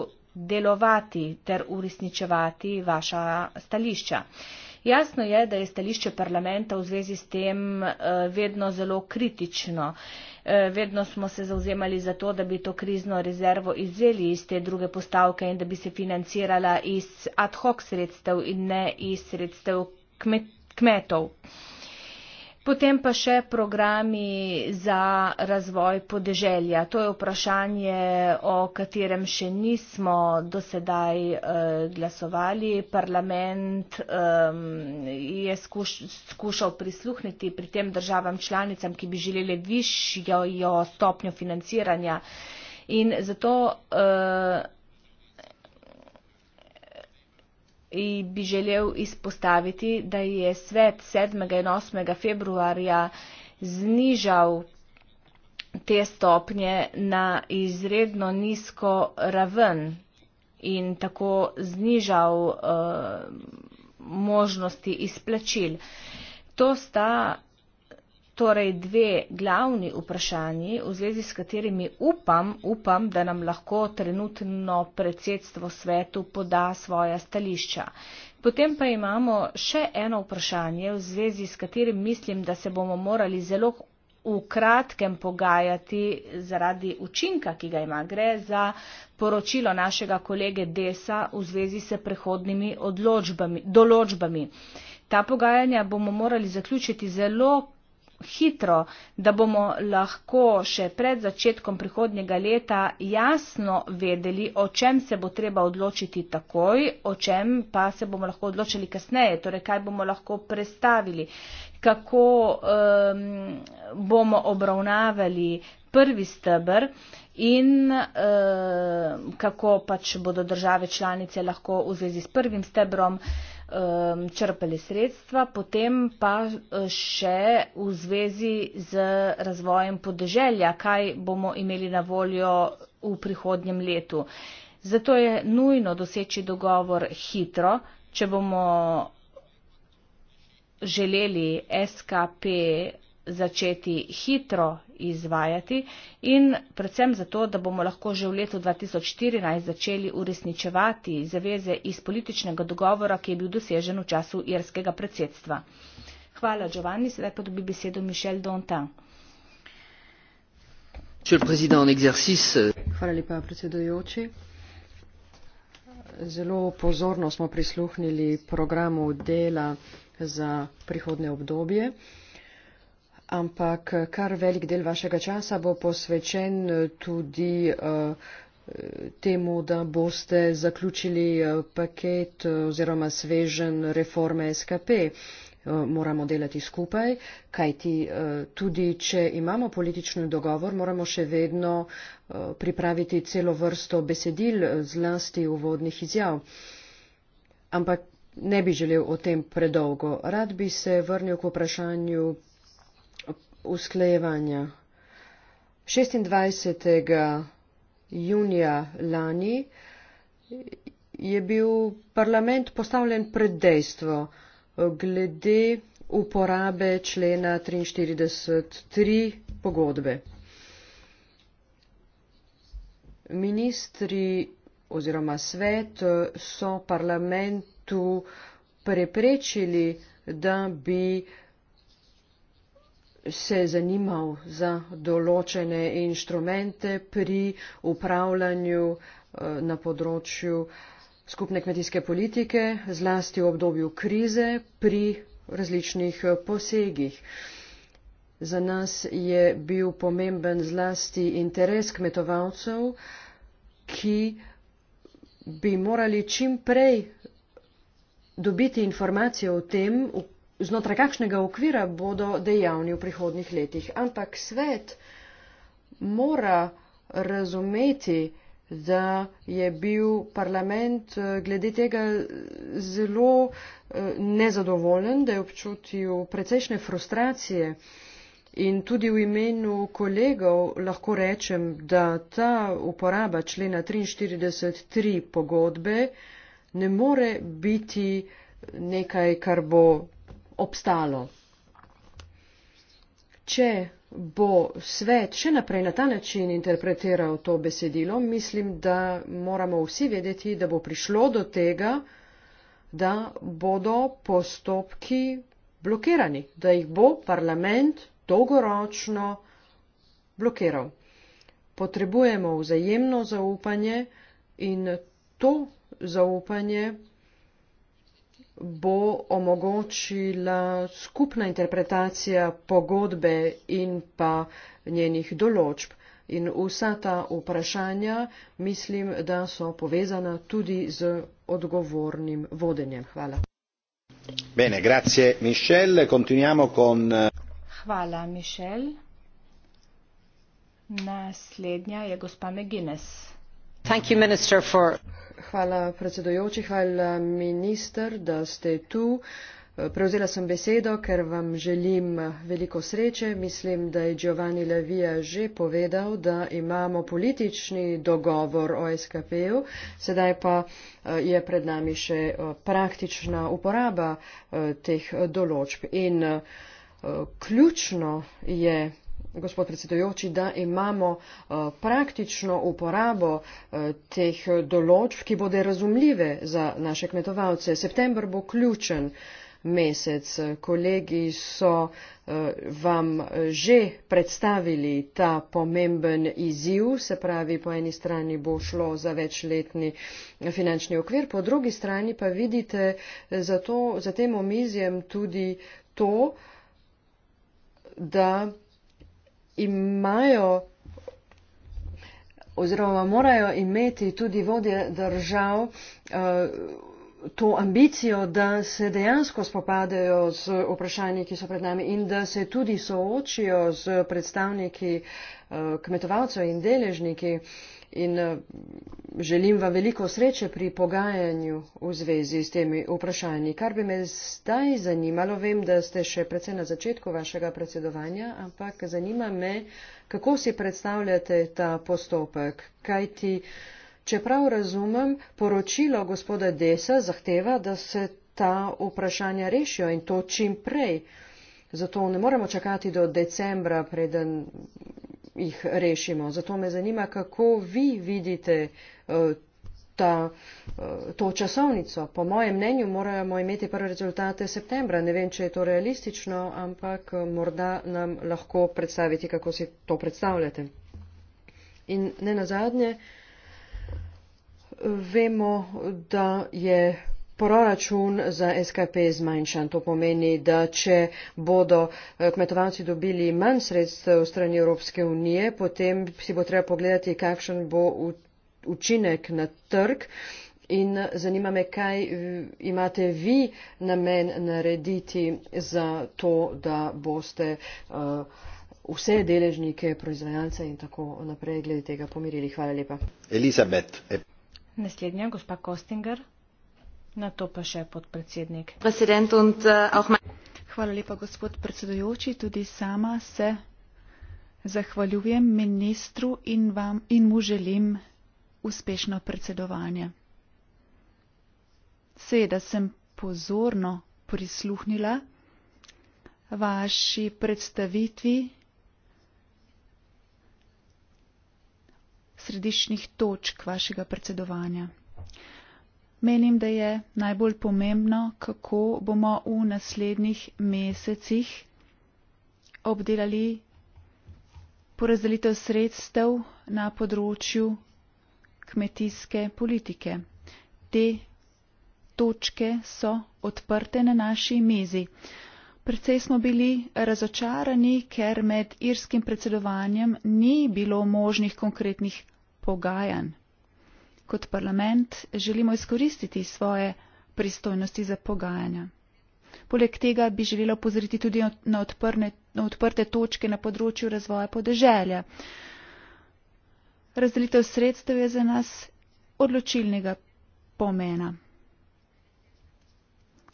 delovati ter uresničevati vaša stališča. Uh, Jasno je, da je stališče parlamenta v zvezi s tem eh, vedno zelo kritično. Eh, vedno smo se zauzemali za to, da bi to krizno rezervo izzeli iz te druge postavke in da bi se financirala iz ad hoc sredstev in ne iz sredstev kmet kmetov. Potem pa še programi za razvoj podeželja. To je vprašanje, o katerem še nismo dosedaj eh, glasovali. Parlament eh, je skuš, skušal prisluhniti pri tem državam članicam, ki bi želeli višjo stopnjo financiranja. In zato. Eh, bi želel izpostaviti, da je svet 7. in 8. februarja znižal te stopnje na izredno nizko raven in tako znižal uh, možnosti izplačil. To sta torej dve glavni vprašanji, v zvezi s katerimi upam, upam, da nam lahko trenutno predsedstvo svetu poda svoja stališča. Potem pa imamo še eno vprašanje, v zvezi s katerim mislim, da se bomo morali zelo v kratkem pogajati zaradi učinka, ki ga ima. Gre za poročilo našega kolege Desa v zvezi s prehodnimi določbami. Ta pogajanja bomo morali zaključiti zelo hitro, da bomo lahko še pred začetkom prihodnjega leta jasno vedeli, o čem se bo treba odločiti takoj, o čem pa se bomo lahko odločili kasneje, torej kaj bomo lahko prestavili, kako um, bomo obravnavali prvi stebr in um, kako pač bodo države članice lahko v zvezi s prvim stebrom uh, Um, črpali sredstva, potem pa uh, še v zvezi z razvojem podeželja, kaj bomo imeli na voljo v prihodnjem letu. Zato je nujno doseči dogovor hitro, če bomo želeli SKP začeti hitro izvajati in predvsem zato, da bomo lahko že v letu 2014 začeli uresničevati zaveze iz političnega dogovora, ki je bil dosežen v času irskega predsedstva. Hvala, Giovanni, sedaj pa dobi besedo Mišel Donta. Euh, Hvala lepa, predsedujoči. Zelo pozorno smo prisluhnili programu dela za prihodne obdobje ampak eh, kar velik del vašega časa bo posvečen eh, tudi eh, temu, da boste zaključili paket oziroma svežen reforme SKP. Moramo delati skupaj, kajti tudi, če imamo politični dogovor, moramo še vedno pripraviti celo vrsto besedil, zlasti uvodnih izjav. Ampak ne bi želel o tem predolgo. Rad bi se vrnil k vprašanju usklajevanja. 26. junija lani je bil parlament postavljen pred dejstvo glede uporabe člena 43.3 pogodbe. Ministri oziroma svet so parlamentu preprečili, da bi uh, se je zanimal za določene inštrumente pri upravljanju eh, na področju skupne kmetijske politike, zlasti v obdobju krize, pri različnih eh, posegih. Za nas je bil pomemben zlasti interes kmetovalcev, ki bi morali čim prej dobiti informacije o tem, v znotraj kakšnega okvira bodo dejavni v prihodnih letih. Ampak svet mora razumeti, da je bil parlament eh, glede tega zelo eh, nezadovoljen, da je občutil precejšnje frustracije. In tudi v imenu kolegov lahko rečem, da ta uporaba člena 43.3 pogodbe ne more biti nekaj, kar bo obstalo. Če bo svet še naprej na ta način interpretiral to besedilo, mislim, da moramo vsi vedeti, da bo prišlo do tega, da bodo postopki blokirani, da jih bo parlament dolgoročno blokiral. Potrebujemo vzajemno zaupanje in to zaupanje bo omogočila skupna interpretacija pogodbe in pa njenih določb. In vsa ta vprašanja mislim, da so povezana tudi z odgovornim vodenjem. Hvala. Bene, grazie Michel. Continuiamo con. Hvala, Michel. Naslednja je gospa McGuinness hvala predsedujoči hvala minister da ste tu prevzela sem besedo ker vam želim veliko sreče mislim da je giovanni la via že povedal da imamo politični dogovor o skp ju sedaj pa eh, je pred nami še eh, praktična uporaba eh, teh določb in ključno je gospod predsedujoči, da imamo eh, praktično uporabo eh, teh določb, ki bodo razumljive za naše kmetovalce. September bo ključen mesec. Kolegi so eh, vam že predstavili ta pomemben izziv, se pravi, po eni strani bo šlo za večletni finančni okvir, po drugi strani pa vidite za, to, za tem omizjem tudi to, da imajo oziroma morajo imeti tudi vodje držav eh, to ambicijo, da se dejansko spopadajo z vprašanji, ki so pred nami in da se tudi soočijo z predstavniki eh, kmetovalcev in deležniki. Uh, in eh, želim vam veliko sreče pri pogajanju v zvezi s temi vprašanji. Kar bi me zdaj zanimalo, vem, da ste še predvsem na začetku vašega predsedovanja, ampak zanima me, kako si predstavljate ta postopek. Kaj ti, čeprav razumem, poročilo gospoda Desa zahteva, da se ta vprašanja rešijo in to čim prej. Zato ne moremo čakati do decembra, preden jih rešimo. Zato me zanima, kako vi vidite eh, ta, eh, to časovnico. Po mojem mnenju moramo imeti prve rezultate septembra. Ne vem, če je to realistično, ampak eh, morda nam lahko predstavite, kako si to predstavljate. In ne nazadnje, vemo, da je proračun za SKP zmanjšan. To pomeni, da če bodo eh, kmetovalci dobili manj sredstev strani Evropske unije, potem si bo treba pogledati, kakšen bo učinek na trg. In zanima me, kaj eh, imate vi namen narediti za to, da boste eh, vse deležnike, proizvajalce in tako naprej glede tega pomirili. Hvala lepa. Elizabet. Naslednja, gospa Kostinger. Na to pa še podpredsednik. Eh, Hvala lepa, gospod predsedujoči. Tudi sama se zahvaljujem ministru in, vam, in mu želim uspešno predsedovanje. Seveda sem pozorno prisluhnila vaši predstavitvi središnjih točk vašega predsedovanja. Menim, da je najbolj pomembno, kako bomo v naslednjih mesecih obdelali porazdelitev sredstev na področju kmetijske politike. Te točke so odprte na naši mizi. Predvsej smo bili razočarani, ker med irskim predsedovanjem ni bilo možnih konkretnih pogajanj kot parlament želimo izkoristiti svoje pristojnosti za pogajanja. Poleg tega bi želela opozoriti tudi na, odprne, na odprte točke na področju razvoja podeželja. Razdelitev sredstev je za nas odločilnega pomena.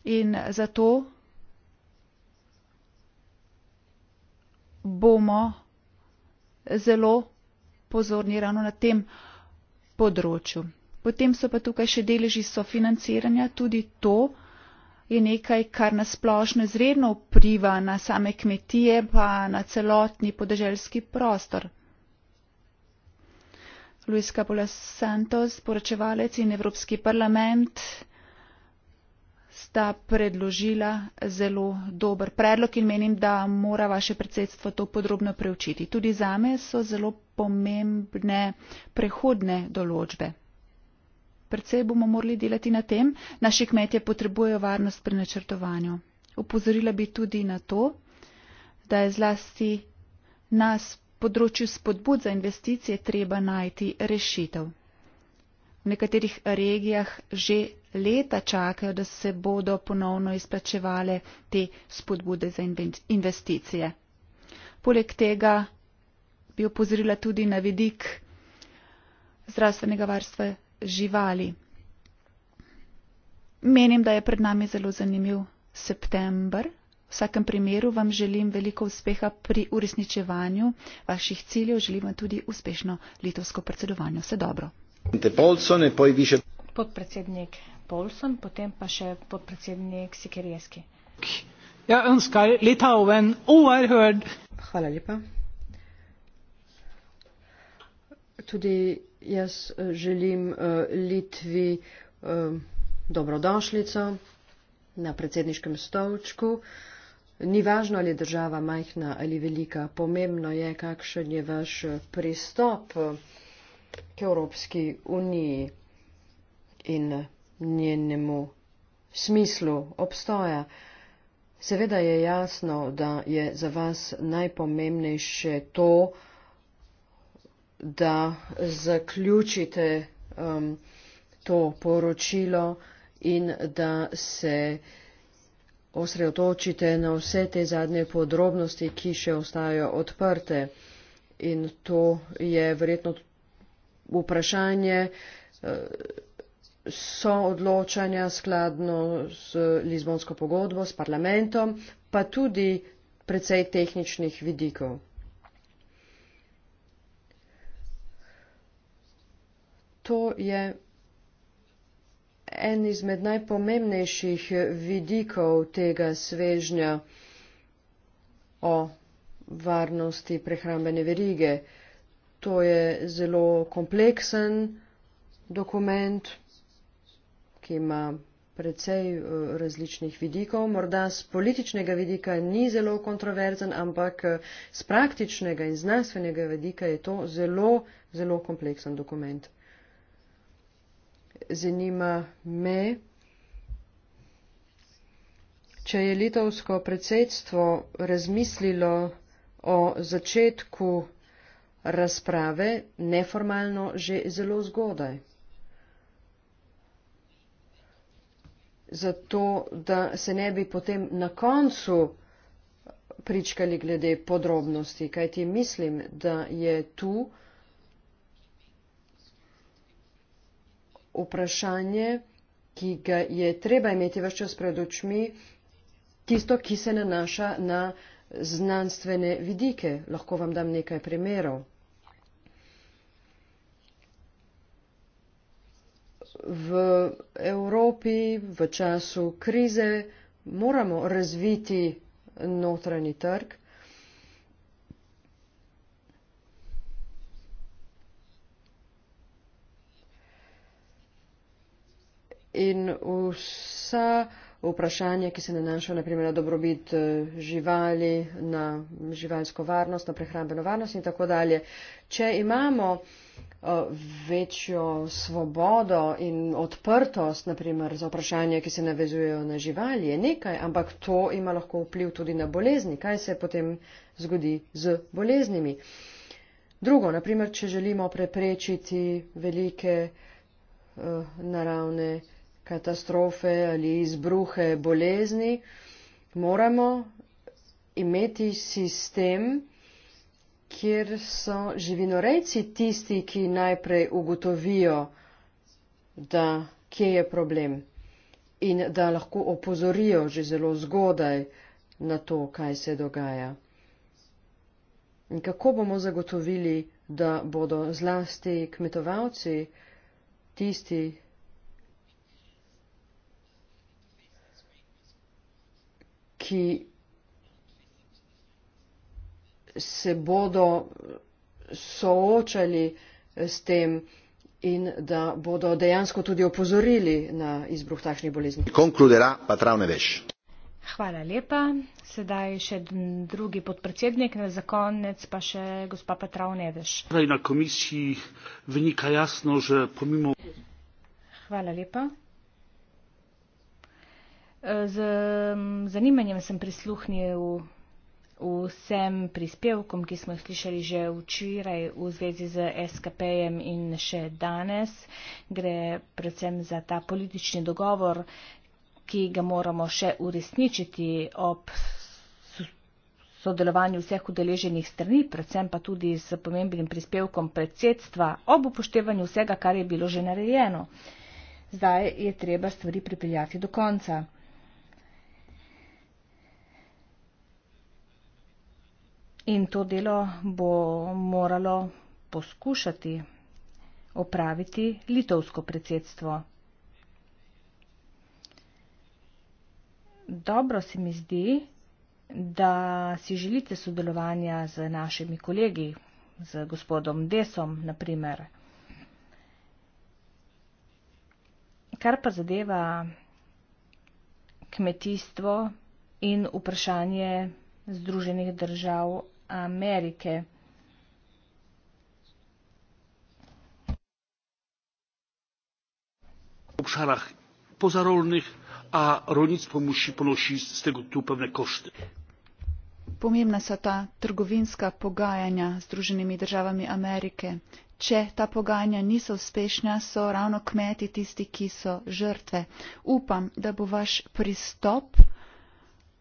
In zato bomo zelo pozorni ravno na tem področju. Potem so pa tukaj še deleži sofinanciranja, tudi to je nekaj, kar nasplošno izredno vpliva na same kmetije, pa na celotni podeželski prostor. Luis Cabula Santos, poročevalec in Evropski parlament sta predložila zelo dober predlog in menim, da mora vaše predsedstvo to podrobno preučiti. Tudi zame so zelo pomembne prehodne določbe. Predvsej bomo morali delati na tem, naši kmetje potrebujejo varnost pri načrtovanju. Upozorila bi tudi na to, da je zlasti nas področju spodbud za investicije treba najti rešitev v nekaterih regijah že leta čakajo, da se bodo ponovno izplačevale te spodbude za investicije. Poleg tega bi opozorila tudi na vidik zdravstvenega varstva živali. Menim, da je pred nami zelo zanimiv september. V vsakem primeru vam želim veliko uspeha pri uresničevanju vaših ciljev, želim vam tudi uspešno litovsko predsedovanje. Vse dobro. Podpredsednik Polson, potem pa še podpredsednik Sikerijski. Ja, Önskar Litauen, overheard. Hvala lepa. Tudi jaz eh, želim uh, Litvi uh, eh, dobrodošlico na predsedniškem stolčku. Ni važno, ali je država majhna ali velika, pomembno je, kakšen je vaš pristop. Uh, k Evropski uniji in njenemu smislu obstoja. Seveda je jasno, da je za vas najpomembnejše to, da zaključite um, to poročilo in da se osredotočite na vse te zadnje podrobnosti, ki še ostajajo odprte. In to je verjetno vprašanje eh, so odločanja skladno z Lizbonsko pogodbo, s parlamentom, pa tudi precej tehničnih vidikov. To je en izmed najpomembnejših vidikov tega svežnja o varnosti prehrambene verige. To je zelo kompleksen dokument, ki ima precej eh, različnih vidikov. Morda z političnega vidika ni zelo kontroverzen, ampak z eh, praktičnega in znanstvenega vidika je to zelo, zelo kompleksen dokument. Zanima me, če je litovsko predsedstvo razmislilo o začetku razprave neformalno že zelo zgodaj. Zato, da se ne bi potem na koncu pričkali glede podrobnosti, kaj ti mislim, da je tu vprašanje, ki ga je treba imeti vse čas pred očmi, tisto, ki se nanaša na znanstvene vidike. Lahko vam dam nekaj primerov. V Evropi v času krize moramo razviti notranji trg. In vsa uh, vprašanja, ki se nanašajo naprimer na dobrobit eh, živali, na živalsko varnost, na prehrambeno varnost in tako dalje. Če imamo eh, večjo svobodo in odprtost, naprimer za vprašanja, ki se navezujejo na živali, je nekaj, ampak to ima lahko vpliv tudi na bolezni. Kaj se potem zgodi z boleznimi? Drugo, naprimer, če želimo preprečiti velike uh, naravne uh, katastrofe ali izbruhe bolezni, moramo imeti sistem, kjer so živinorejci tisti, ki najprej ugotovijo, da kje je problem in da lahko opozorijo že zelo zgodaj na to, kaj se dogaja. In kako bomo zagotovili, da bodo zlasti kmetovalci tisti, ki se bodo soočali s tem in da bodo dejansko tudi opozorili na izbruh takšnih bolezni. Hvala lepa. Sedaj še drugi podpredsednik, za konec pa še gospa Petrov Neveš. Na komisiji vnika jasno, že pomimo. Hvala lepa. Z zanimanjem sem prisluhnil vsem prispevkom, ki smo jih slišali že včeraj v zvezi z SKP-jem in še danes. Gre predvsem za ta politični dogovor, ki ga moramo še uresničiti ob sodelovanju vseh udeleženih strani, predvsem pa tudi s pomembnim prispevkom predsedstva ob upoštevanju vsega, kar je bilo že narejeno. Zdaj je treba stvari pripeljati do konca. In to delo bo moralo poskušati opraviti litovsko predsedstvo. Dobro se mi zdi, da si želite sodelovanja z našimi kolegi, z gospodom Desom, naprimer. Kar pa zadeva kmetijstvo in vprašanje Združenih držav Amerike. V šarah pozarolnih, a rojnic pomoči ponoši z tega tupevne košte. Pomembna so ta trgovinska pogajanja z Združenimi državami Amerike. Če ta pogajanja niso uspešna, so ravno kmeti tisti, ki so žrtve. Upam, da bo vaš pristop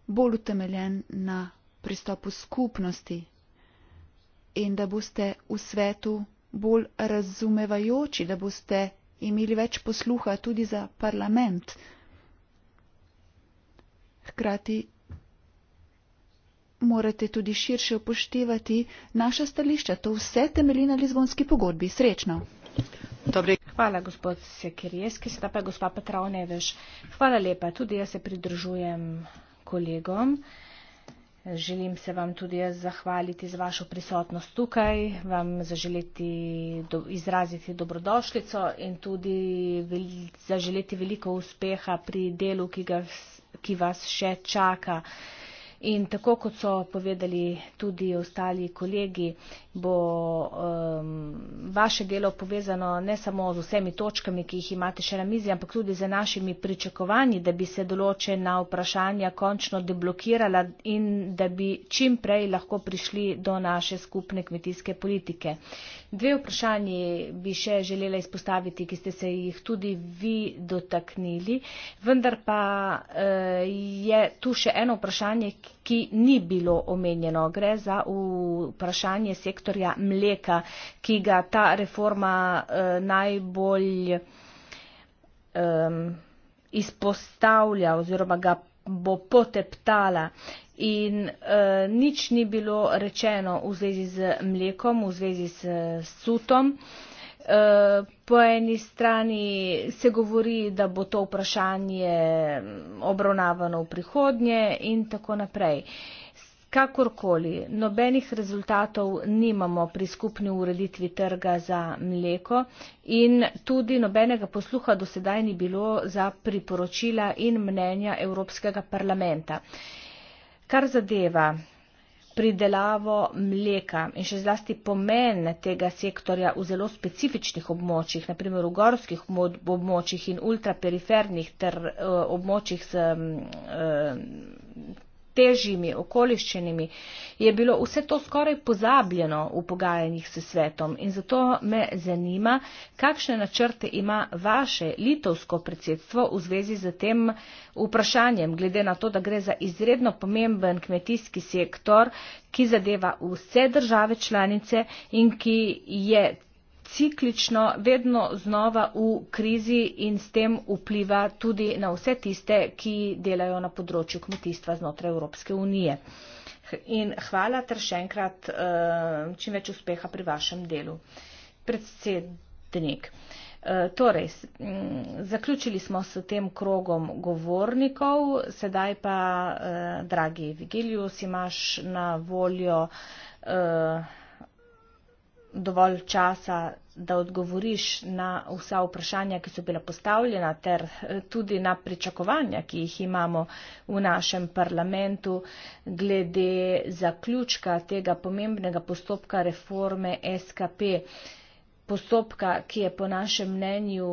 bolj utemeljen na pristopu skupnosti in da boste v svetu bolj razumevajoči, da boste imeli več posluha tudi za parlament. Hkrati morate tudi širše upoštevati naša stališča. To vse temelji na Lizbonski pogodbi. Srečno. Dobre. Hvala, gospod Sekirijeski, sedaj pa gospa Petrovneveš. Hvala lepa, tudi jaz se pridružujem kolegom. Želim se vam tudi jaz zahvaliti za vašo prisotnost tukaj, vam zaželeti do, izraziti dobrodošljico in tudi vel, zaželeti veliko uspeha pri delu, ki, ga, ki vas še čaka. Uh, In tako kot so povedali tudi ostali kolegi, bo um, vaše delo povezano ne samo z vsemi točkami, ki jih imate še na mizi, ampak tudi z našimi pričakovanji, da bi se določena vprašanja končno deblokirala in da bi čim prej lahko prišli do naše skupne kmetijske politike. Dve vprašanji bi še želela izpostaviti, ki ste se jih tudi vi dotaknili, vendar pa uh, je tu še eno vprašanje, ki ni bilo omenjeno. Gre za vprašanje sektorja mleka, ki ga ta reforma eh, najbolj eh, izpostavlja oziroma ga bo poteptala. In eh, nič ni bilo rečeno v zvezi z mlekom, v zvezi s sutom. Eh, po eni strani se govori, da bo to vprašanje obravnavano v prihodnje in tako naprej. Kakorkoli, nobenih rezultatov nimamo pri skupni ureditvi trga za mleko in tudi nobenega posluha do sedaj ni bilo za priporočila in mnenja Evropskega parlamenta. Kar zadeva pridelavo mleka in še zlasti pomen tega sektorja v zelo specifičnih območjih, naprimer v gorskih območjih in ultrapirifernih ter uh, območjih s um, uh, težjimi okoliščinami, je bilo vse to skoraj pozabljeno v pogajanjih s svetom in zato me zanima, kakšne načrte ima vaše litovsko predsedstvo v zvezi z tem vprašanjem, glede na to, da gre za izredno pomemben kmetijski sektor, ki zadeva vse države članice in ki je ciklično, vedno znova v krizi in s tem vpliva tudi na vse tiste, ki delajo na področju kmetijstva znotraj Evropske unije. In hvala ter še enkrat eh, čim več uspeha pri vašem delu. Predsednik. Eh, torej, mm, zaključili smo s tem krogom govornikov, sedaj pa, eh, dragi Vigilius, imaš na voljo dovolj časa, da odgovoriš na vsa vprašanja, ki so bila postavljena, ter eh, tudi na pričakovanja, ki jih imamo v našem parlamentu glede zaključka tega pomembnega postopka reforme SKP. Postopka, ki je po našem mnenju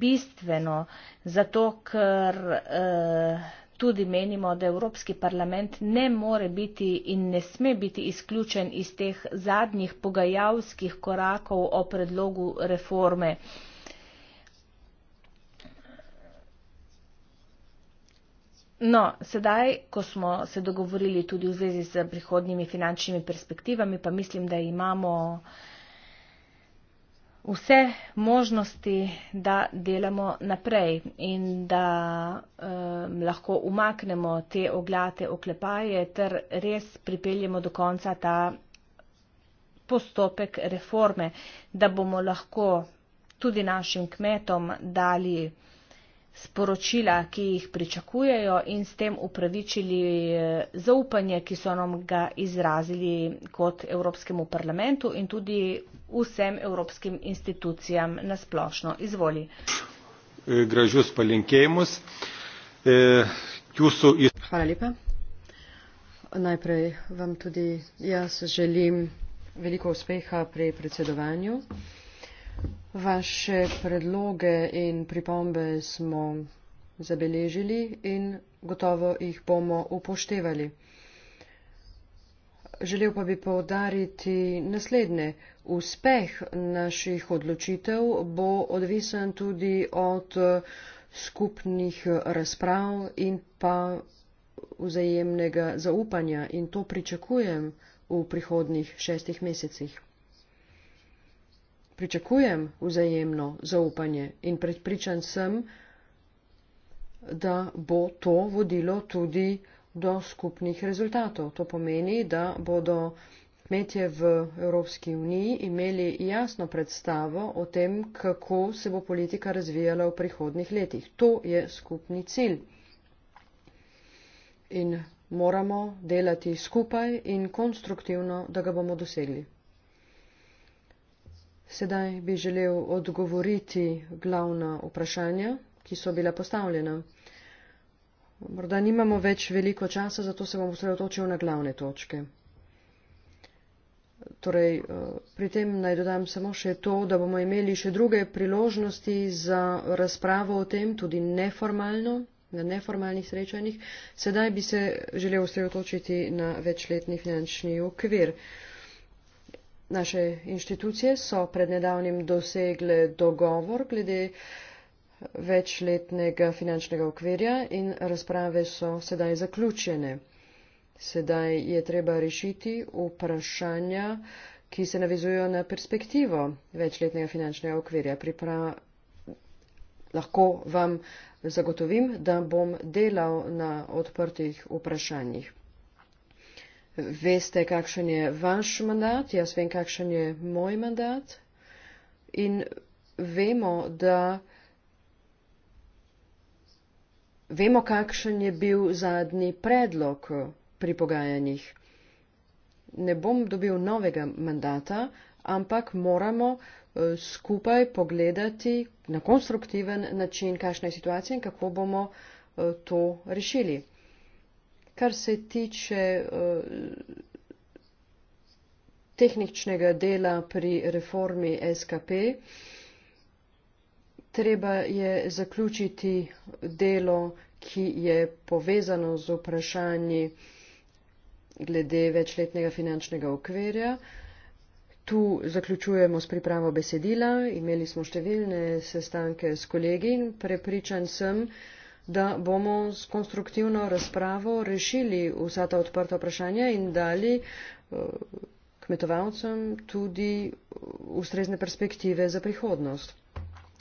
bistveno, zato ker. Eh, tudi menimo, da Evropski parlament ne more biti in ne sme biti izključen iz teh zadnjih pogajalskih korakov o predlogu reforme. No, sedaj, ko smo se dogovorili tudi v zvezi z prihodnjimi finančnimi perspektivami, pa mislim, da imamo uh, vse možnosti, da delamo naprej in da um, lahko umaknemo te oglate oklepaje ter res pripeljemo do konca ta postopek reforme, da bomo lahko tudi našim kmetom dali sporočila, ki jih pričakujejo in s tem upravičili eh, zaupanje, ki so nam ga izrazili kot Evropskemu parlamentu in tudi vsem evropskim institucijam nasplošno. Izvoli. Eh, Gražus palinkejmus. Eh, Hvala lepa. Najprej vam tudi jaz želim veliko uspeha pri predsedovanju. Vaše predloge in pripombe smo zabeležili in gotovo jih bomo upoštevali. Želel pa bi povdariti naslednje. Uspeh naših odločitev bo odvisen tudi od skupnih razprav in pa vzajemnega zaupanja in to pričakujem v prihodnih šestih mesecih pričakujem vzajemno zaupanje in predpričan sem, da bo to vodilo tudi do skupnih rezultatov. To pomeni, da bodo kmetje v Evropski uniji imeli jasno predstavo o tem, kako se bo politika razvijala v prihodnih letih. To je skupni cilj. In moramo delati skupaj in konstruktivno, da ga bomo dosegli. Sedaj bi želel odgovoriti glavna vprašanja, ki so bila postavljena. Morda nimamo več veliko časa, zato se bom osredotočil na glavne točke. Torej, eh, pri tem naj dodam samo še to, da bomo imeli še druge priložnosti za razpravo o tem, tudi neformalno, na neformalnih srečanjih. Sedaj bi se želel osredotočiti na večletni finančni okvir. Naše inštitucije so pred nedavnim dosegle dogovor glede večletnega finančnega okvirja in razprave so sedaj zaključene. Sedaj je treba rešiti vprašanja, ki se navizujo na perspektivo večletnega finančnega okvirja. Pripra lahko vam zagotovim, da bom delal na odprtih vprašanjih veste, kakšen je vaš mandat, jaz vem, kakšen je moj mandat in vemo, da vemo, kakšen je bil zadnji predlog pri pogajanjih. Ne bom dobil novega mandata, ampak moramo eh, skupaj pogledati na konstruktiven način, kakšna je situacija in kako bomo eh, to rešili. Kar se tiče eh, tehničnega dela pri reformi SKP, treba je zaključiti delo, ki je povezano z vprašanji glede večletnega finančnega okvirja. Tu zaključujemo s pripravo besedila. Imeli smo številne sestanke s kolegi in prepričan sem, da bomo s konstruktivno razpravo rešili vsa ta odprta vprašanja in dali eh, kmetovalcem tudi ustrezne perspektive za prihodnost.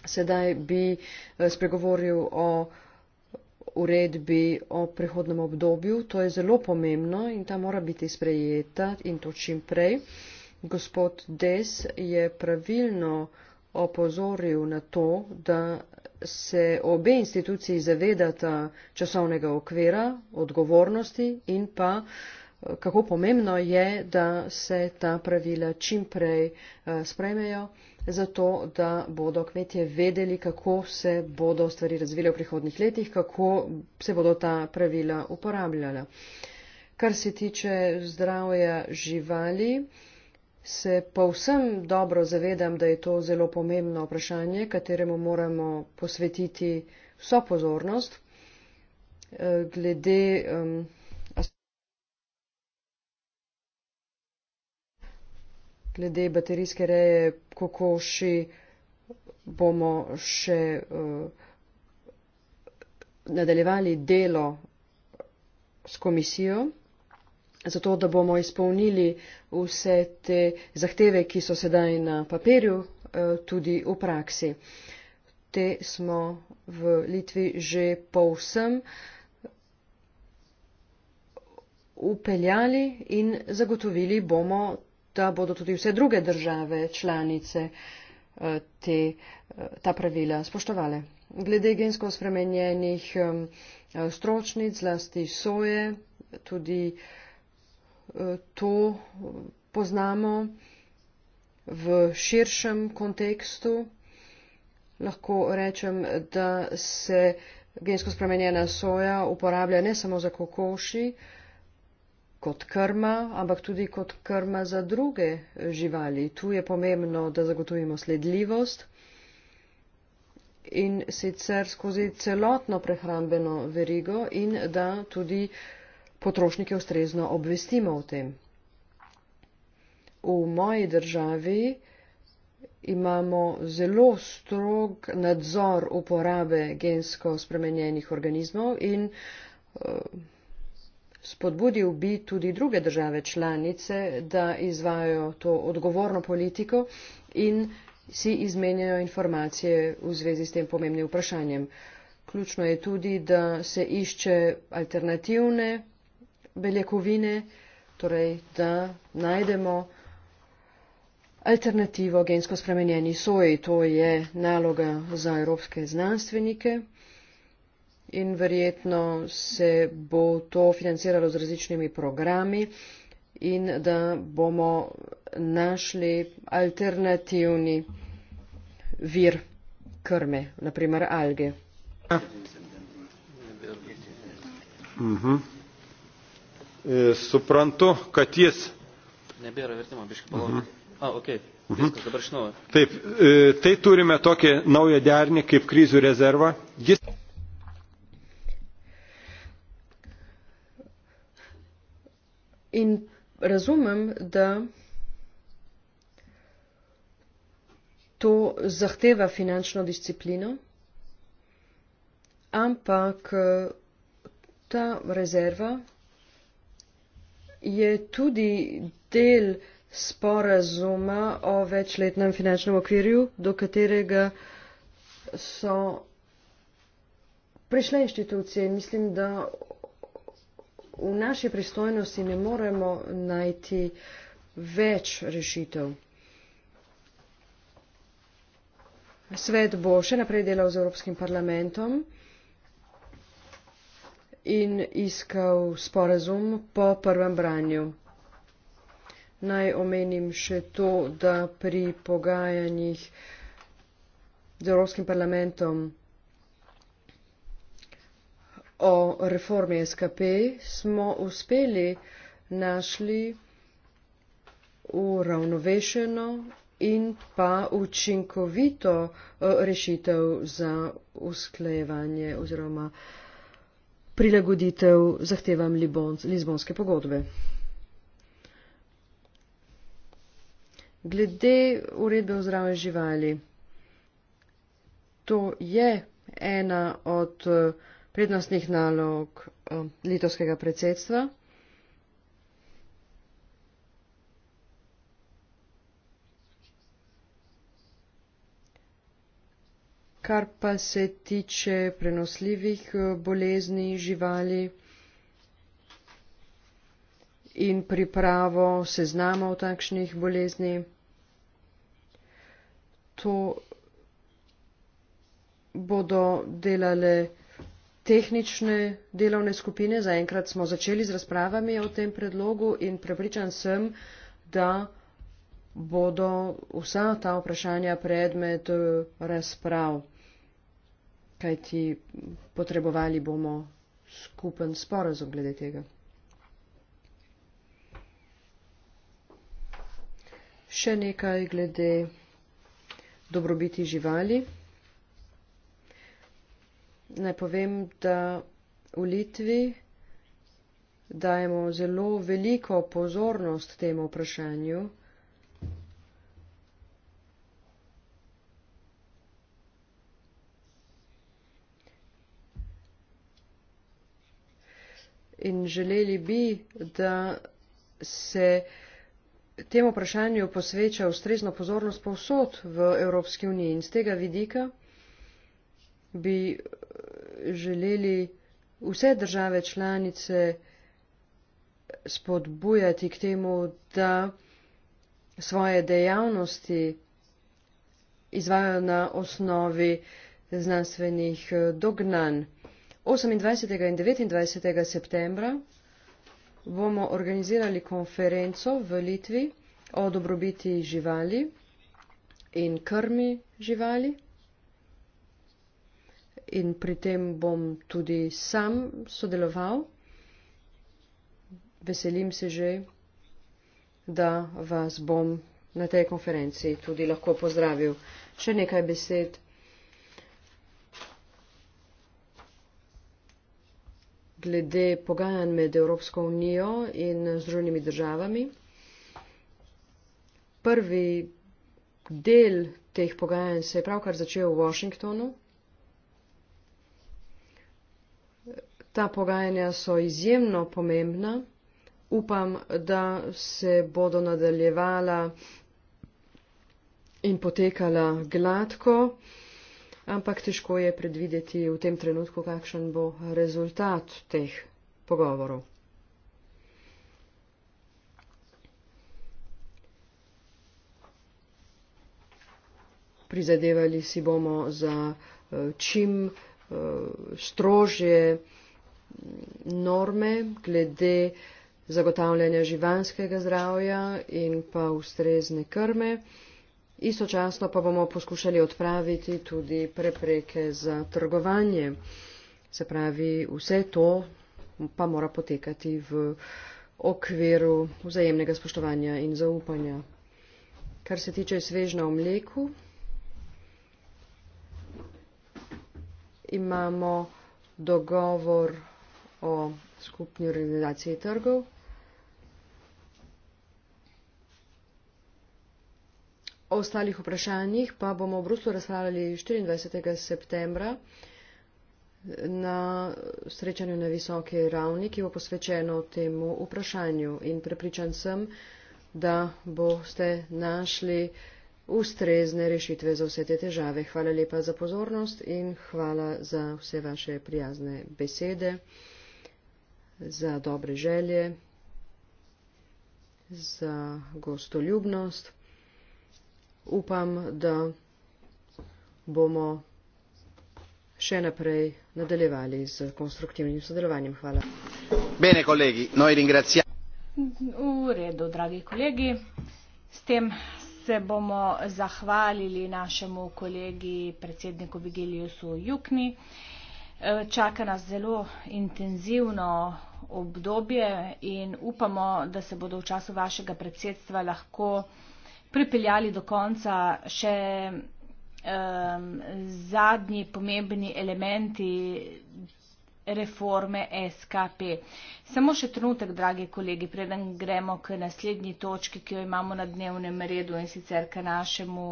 Sedaj bi eh, spregovoril o uredbi o prehodnem obdobju. To je zelo pomembno in ta mora biti sprejeta in to čim prej. Gospod Des je pravilno opozoril na to, da se obe instituciji zavedata časovnega okvira, odgovornosti in pa eh, kako pomembno je, da se ta pravila čim prej eh, sprejmejo, zato da bodo kmetje vedeli, kako se bodo stvari razvile v prihodnih letih, kako se bodo ta pravila uporabljala. Kar se tiče zdravja živali, Se povsem dobro zavedam, da je to zelo pomembno vprašanje, kateremu moramo posvetiti vso pozornost. Eh, glede Glede baterijske reje kokoši bomo še uh, nadaljevali delo s komisijo zato da bomo izpolnili vse te zahteve, ki so sedaj na papirju, eh, tudi v praksi. Te smo v Litvi že povsem eh, upeljali in zagotovili bomo, da bodo tudi vse druge države članice eh, te, ta pravila spoštovale. Glede gensko spremenjenih stročnic, zlasti soje, tudi to eh, poznamo v širšem kontekstu. Lahko rečem, da se gensko spremenjena soja uporablja ne samo za kokoši kot krma, ampak tudi kot krma za druge živali. Tu je pomembno, da zagotovimo sledljivost in sicer skozi celotno prehrambeno verigo in da tudi uh, potrošnike ustrezno obvestimo o tem. V moji državi imamo zelo strog nadzor uporabe gensko spremenjenih organizmov in eh, spodbudil bi tudi druge države članice, da izvajo to odgovorno politiko in si izmenjajo informacije v zvezi s tem pomembnim vprašanjem. Ključno je tudi, da se išče alternativne beljakovine, torej da najdemo alternativo gensko spremenjeni soji. To je naloga za evropske znanstvenike in verjetno se bo to financiralo z različnimi programi in da bomo našli alternativni vir krme, naprimer alge. Uh mhm. -huh. E, suprantu kad jis mhm. mhm. Taip, e, tai turime tokį naują derinį kaip krizių rezervą. Jis... In razumem, da to zahteva finančno disciplino, ampak e, ta rezerva je tudi del sporazuma o večletnem finančnem okvirju, do katerega so prišle inštitucije in mislim, da v naši pristojnosti ne moremo najti več rešitev. Svet bo še naprej delal z Evropskim parlamentom in iskal sporazum po prvem branju. Naj omenim še to, da pri pogajanjih z Evropskim parlamentom o reformi SKP smo uspeli našli uravnovešeno in pa učinkovito eh, rešitev za usklejevanje oziroma uh, prilagoditev zahtevam Lizbonske pogodbe. Glede uredbe o zdravju živali, to je ena od eh, prednostnih nalog eh, litovskega predsedstva. kar pa se tiče prenosljivih eh, bolezni živali in pripravo seznamov takšnih bolezni, to bodo delale tehnične delovne skupine. Zaenkrat smo začeli z razpravami o tem predlogu in prepričan sem, da bodo vsa ta vprašanja predmet eh, razprav kajti potrebovali bomo skupen sporozum glede tega. Še nekaj glede dobrobiti živali. Naj povem, da v Litvi dajemo zelo veliko pozornost temu vprašanju. in želeli bi, da se temu vprašanju posveča ustrezno pozornost povsod v Evropski uniji. In z tega vidika bi eh, želeli vse države članice spodbujati k temu, da svoje dejavnosti izvajo na osnovi znanstvenih eh, dognanj. 28. in 29. septembra bomo organizirali konferenco v Litvi o dobrobiti živali in krmi živali. In pri tem bom tudi sam sodeloval. Veselim se že, da vas bom na tej konferenci tudi lahko pozdravil. Še nekaj besed glede pogajanj med Evropsko unijo in Združenimi državami. Prvi del teh pogajanj se je pravkar začel v Washingtonu. Ta pogajanja so izjemno pomembna. Upam, da se bodo nadaljevala in potekala gladko. Uh, ampak težko je predvideti v tem trenutku, kakšen bo rezultat teh pogovorov. Prizadevali si bomo za eh, čim eh, strožje mm, norme glede zagotavljanja živanskega zdravja in pa ustrezne krme istočasno pa bomo poskušali odpraviti tudi prepreke za trgovanje. Se pravi, vse to pa mora potekati v okviru vzajemnega spoštovanja in zaupanja. Kar se tiče svežna v mleku, imamo dogovor o skupni organizaciji trgov. O ostalih vprašanjih pa bomo v Bruslu razpravljali 24. septembra na srečanju na visoki ravni, ki bo posvečeno temu vprašanju. In prepričan sem, da boste našli ustrezne rešitve za vse te težave. Hvala lepa za pozornost in hvala za vse vaše prijazne besede, za dobre želje, za gostoljubnost upam, da bomo še naprej nadaljevali z konstruktivnim sodelovanjem. Hvala. Bene, kolegi, noi ringrazia... V redu, dragi kolegi. S tem se bomo zahvalili našemu kolegi predsedniku Vigiliusu Jukni. Čaka nas zelo intenzivno obdobje in upamo, da se bodo v času vašega predsedstva lahko pripeljali do konca še um, zadnji pomembni elementi reforme SKP. Samo še trenutek, dragi kolegi, preden gremo k naslednji točki, ki jo imamo na dnevnem redu in sicer k, našemu,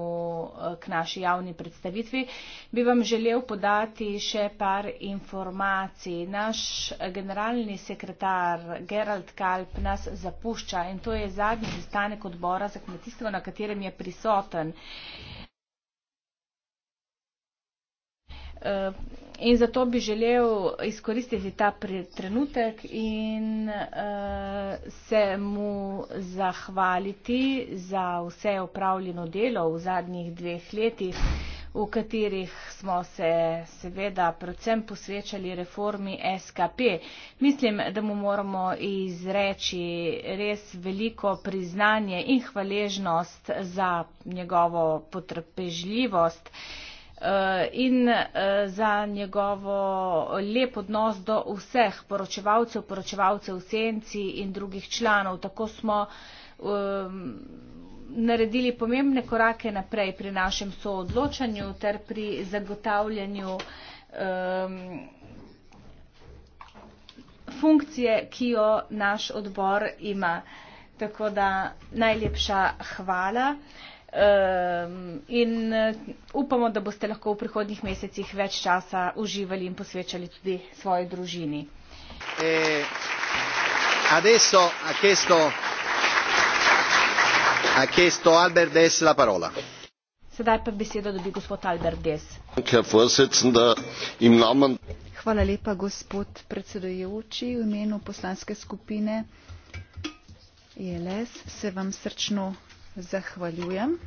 eh, k naši javni predstavitvi, bi vam želel podati še par informacij. Naš generalni sekretar Gerald Kalp nas zapušča in to je zadnji sestanek odbora za kmetijstvo, na katerem je prisoten. Eh, in zato bi želel izkoristiti ta trenutek in uh, se mu zahvaliti za vse upravljeno delo v zadnjih dveh letih, v katerih smo se seveda predvsem posvečali reformi SKP. Mislim, da mu moramo izreči res veliko priznanje in hvaležnost za njegovo potrpežljivost. Uh, Eh, in eh, za njegovo lep odnos do vseh poročevalcev, poročevalcev v senci in drugih članov. Tako smo ehm, naredili pomembne korake naprej pri našem soodločanju ter pri zagotavljanju ehm, funkcije, ki jo naš odbor ima. Tako da najlepša hvala. Ehm, in eh, upamo, da boste lahko v prihodnjih mesecih več časa uživali in posvečali tudi svoji družini. E, adesso ha chiesto, ha chiesto Albert Des la parola. Sedaj pa besedo dobi gospod Albert Des. Hvala lepa, gospod predsedojoči. V imenu poslanske skupine ILS e se vam srčno Zahvaljujem.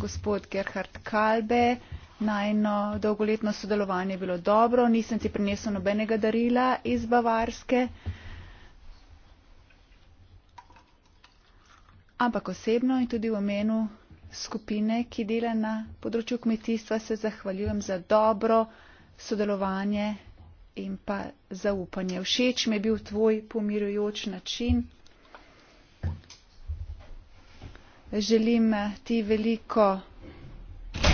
Gospod Gerhard Kalbe, najno dolgoletno sodelovanje je bilo dobro, nisem ti prinesel nobenega darila iz Bavarske. Ampak osebno in tudi v imenu skupine, ki dela na področju kmetijstva, se zahvaljujem za dobro sodelovanje in pa zaupanje. Všeč mi je bil tvoj pomirujoč način. želim eh, ti veliko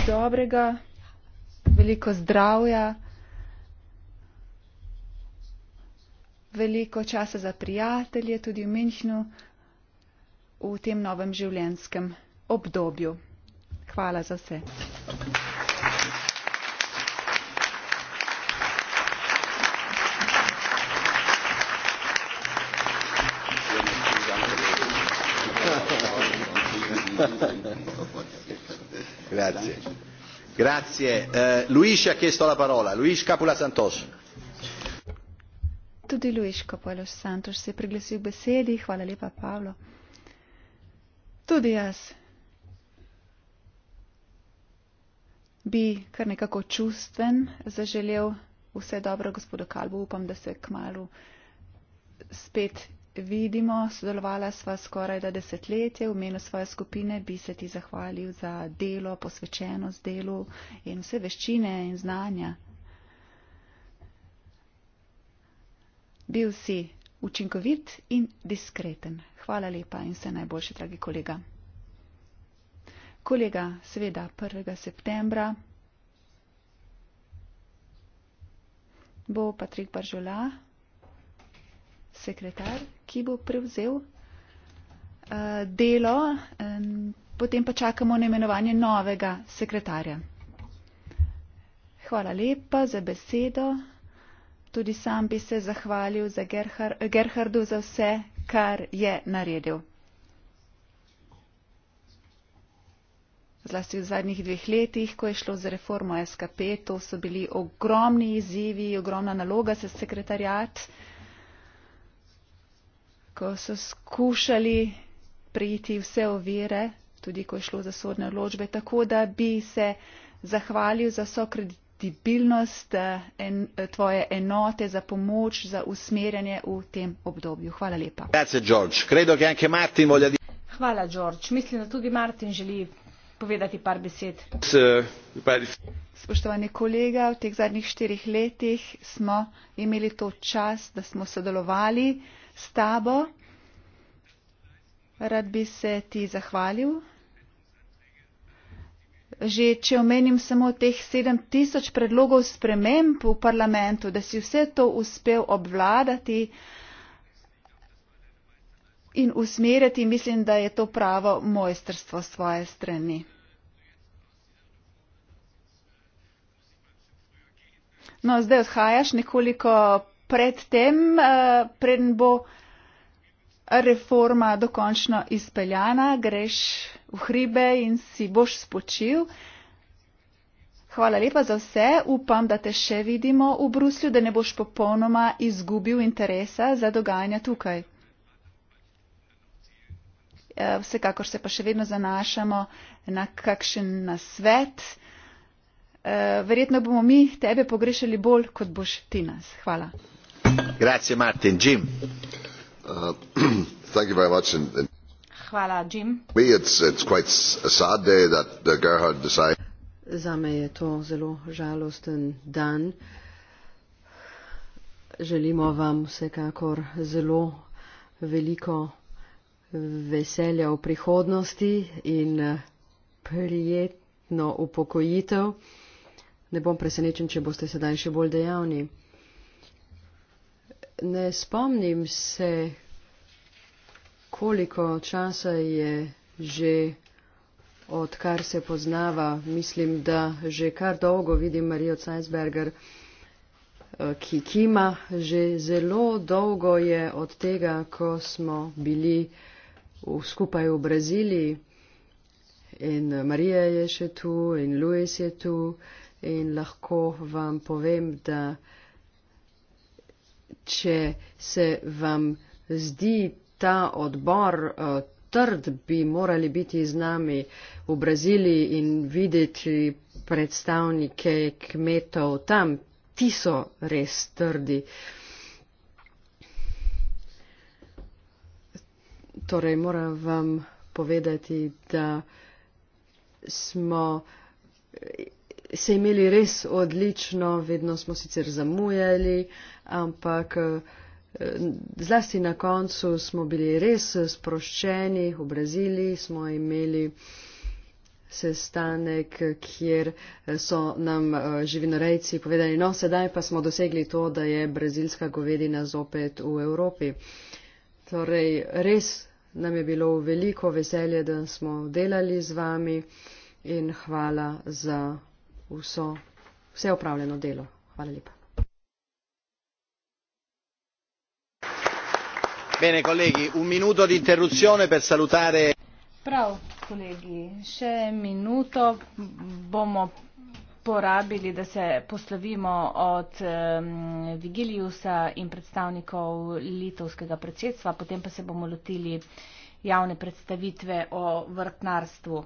dobrega, veliko zdravja, veliko časa za prijatelje tudi v Münchnu v tem novem življenjskem obdobju. Hvala za vse. Thank you. *laughs* grazie. Grazie. Eh, Luis ha chiesto la parola. Luis Capula Santos. Tudi Luis Capula Santos se priglasi v besedi. Hvala lepa, Pavlo. Tudi jaz bi kar nekako čustven zaželel vse dobro gospodu Kalbu. Upam, da se kmalo spet vidimo, sodelovala sva skoraj da desetletje, v imenu svoje skupine bi se ti zahvalil za delo, posvečenost delu in vse veščine in znanja. Bil si učinkovit in diskreten. Hvala lepa in vse najboljše, dragi kolega. Kolega, sveda, 1. septembra bo Patrik Baržola sekretar, ki bo prevzel uh, delo, um, potem pa čakamo na imenovanje novega sekretarja. Hvala lepa za besedo. Tudi sam bi se zahvalil za Gerhar, Gerhardu za vse, kar je naredil. Zlasti v zadnjih dveh letih, ko je šlo za reformo SKP, to so bili ogromni izzivi, ogromna naloga za sekretarjat ko so skušali prijeti vse ovire, tudi ko je šlo za sodne odločbe, tako da bi se zahvalil za sokredibilnost eh, en, eh, tvoje enote, za pomoč, za usmerjanje v tem obdobju. Hvala lepa. Hvala, George. Mislim, da tudi Martin želi povedati par besed. Spoštovani kolega, v teh zadnjih štirih letih smo imeli to čas, da smo sodelovali s tabo. Rad bi se ti zahvalil. Že če omenim samo teh 7000 predlogov sprememb v parlamentu, da si vse to uspel obvladati in usmeriti, mislim, da je to pravo mojstrstvo s tvoje strani. No, zdaj odhajaš nekoliko predtem, eh, preden bo reforma dokončno izpeljana, greš v hribe in si boš spočil. Hvala lepa za vse, upam, da te še vidimo v Bruslju, da ne boš popolnoma izgubil interesa za dogajanja tukaj. Eh, vsekakor se pa še vedno zanašamo na kakšen nasvet. Eh, verjetno bomo mi tebe pogrešali bolj, kot boš ti nas. Hvala zame je to zelo žalosten dan želimo vam vsekakor zelo veliko veselja v prihodnosti in eh, prijetno upokojitev ne bom presenečen če boste sedaj še bolj dejavni ne spomnim se, koliko časa je že, odkar se poznava, mislim, da že kar dolgo vidim Marijo Zeisberger, eh, ki ima že zelo dolgo je od tega, ko smo bili skupaj v Braziliji. In Marija je še tu, in Luis je tu, in lahko vam povem, da če se vam zdi ta odbor eh, trd, bi morali biti z nami v Braziliji in videti predstavnike kmetov tam. Ti so res trdi. Torej, moram vam povedati, da smo eh, se imeli res odlično, vedno smo sicer zamujali, uh, ampak eh, zlasti na koncu smo bili res sproščeni v Braziliji, smo imeli sestanek, kjer so nam eh, živinorejci povedali, no sedaj pa smo dosegli to, da je brazilska govedina zopet v Evropi. Torej, res nam je bilo veliko veselje, da smo delali z vami in hvala za vso, vse opravljeno delo. Hvala lepa. Bene, colleghi, un minuto di interruzione per salutare. Prav, colleghi, še minuto bomo porabili, da se poslovimo od um, Vigiliusa in predstavnikov litovskega predsedstva, potem pa se bomo lotili javne predstavitve o vrtnarstvu.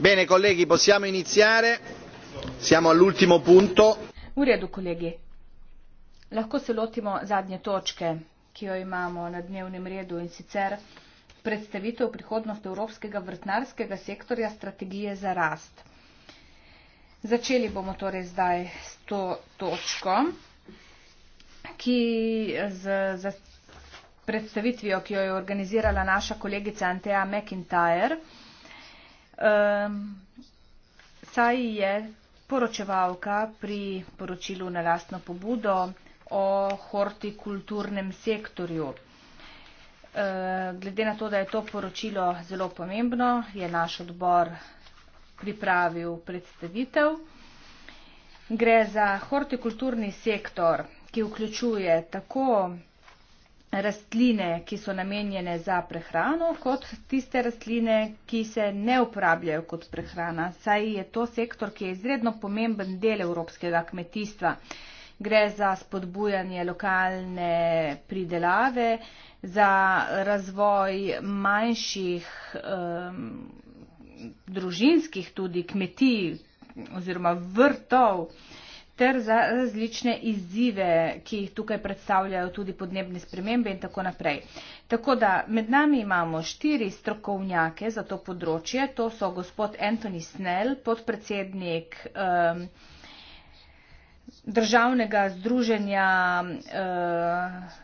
Bene, colleghi, possiamo iniziare. Siamo all'ultimo punto. V redu, colleghi. Lahko se lotimo zadnje točke, ki jo imamo na dnevnem redu in sicer predstavitev prihodnosti Evropskega vrtnarskega sektorja strategije za rast. Začeli bomo torej zdaj s to točko, ki z, z predstavitvijo, ki jo je organizirala naša kolegica Anteja McIntyre, Um, saj je poročevalka pri poročilu na lastno pobudo o hortikulturnem sektorju. Glede na to, da je to poročilo zelo pomembno, je naš odbor pripravil predstavitev. Gre za hortikulturni sektor, ki vključuje tako rastline, ki so namenjene za prehrano, kot tiste rastline, ki se ne uporabljajo kot prehrana, saj je to sektor, ki je izredno pomemben del evropskega kmetijstva. Gre za spodbujanje lokalne pridelave, za razvoj manjših um, družinskih tudi kmetij oziroma vrtov. Uh, ter za različne izzive, ki jih tukaj predstavljajo tudi podnebne spremembe in tako naprej. Tako da med nami imamo štiri strokovnjake za to področje. To so gospod Anthony Snell, podpredsednik um, državnega združenja uh,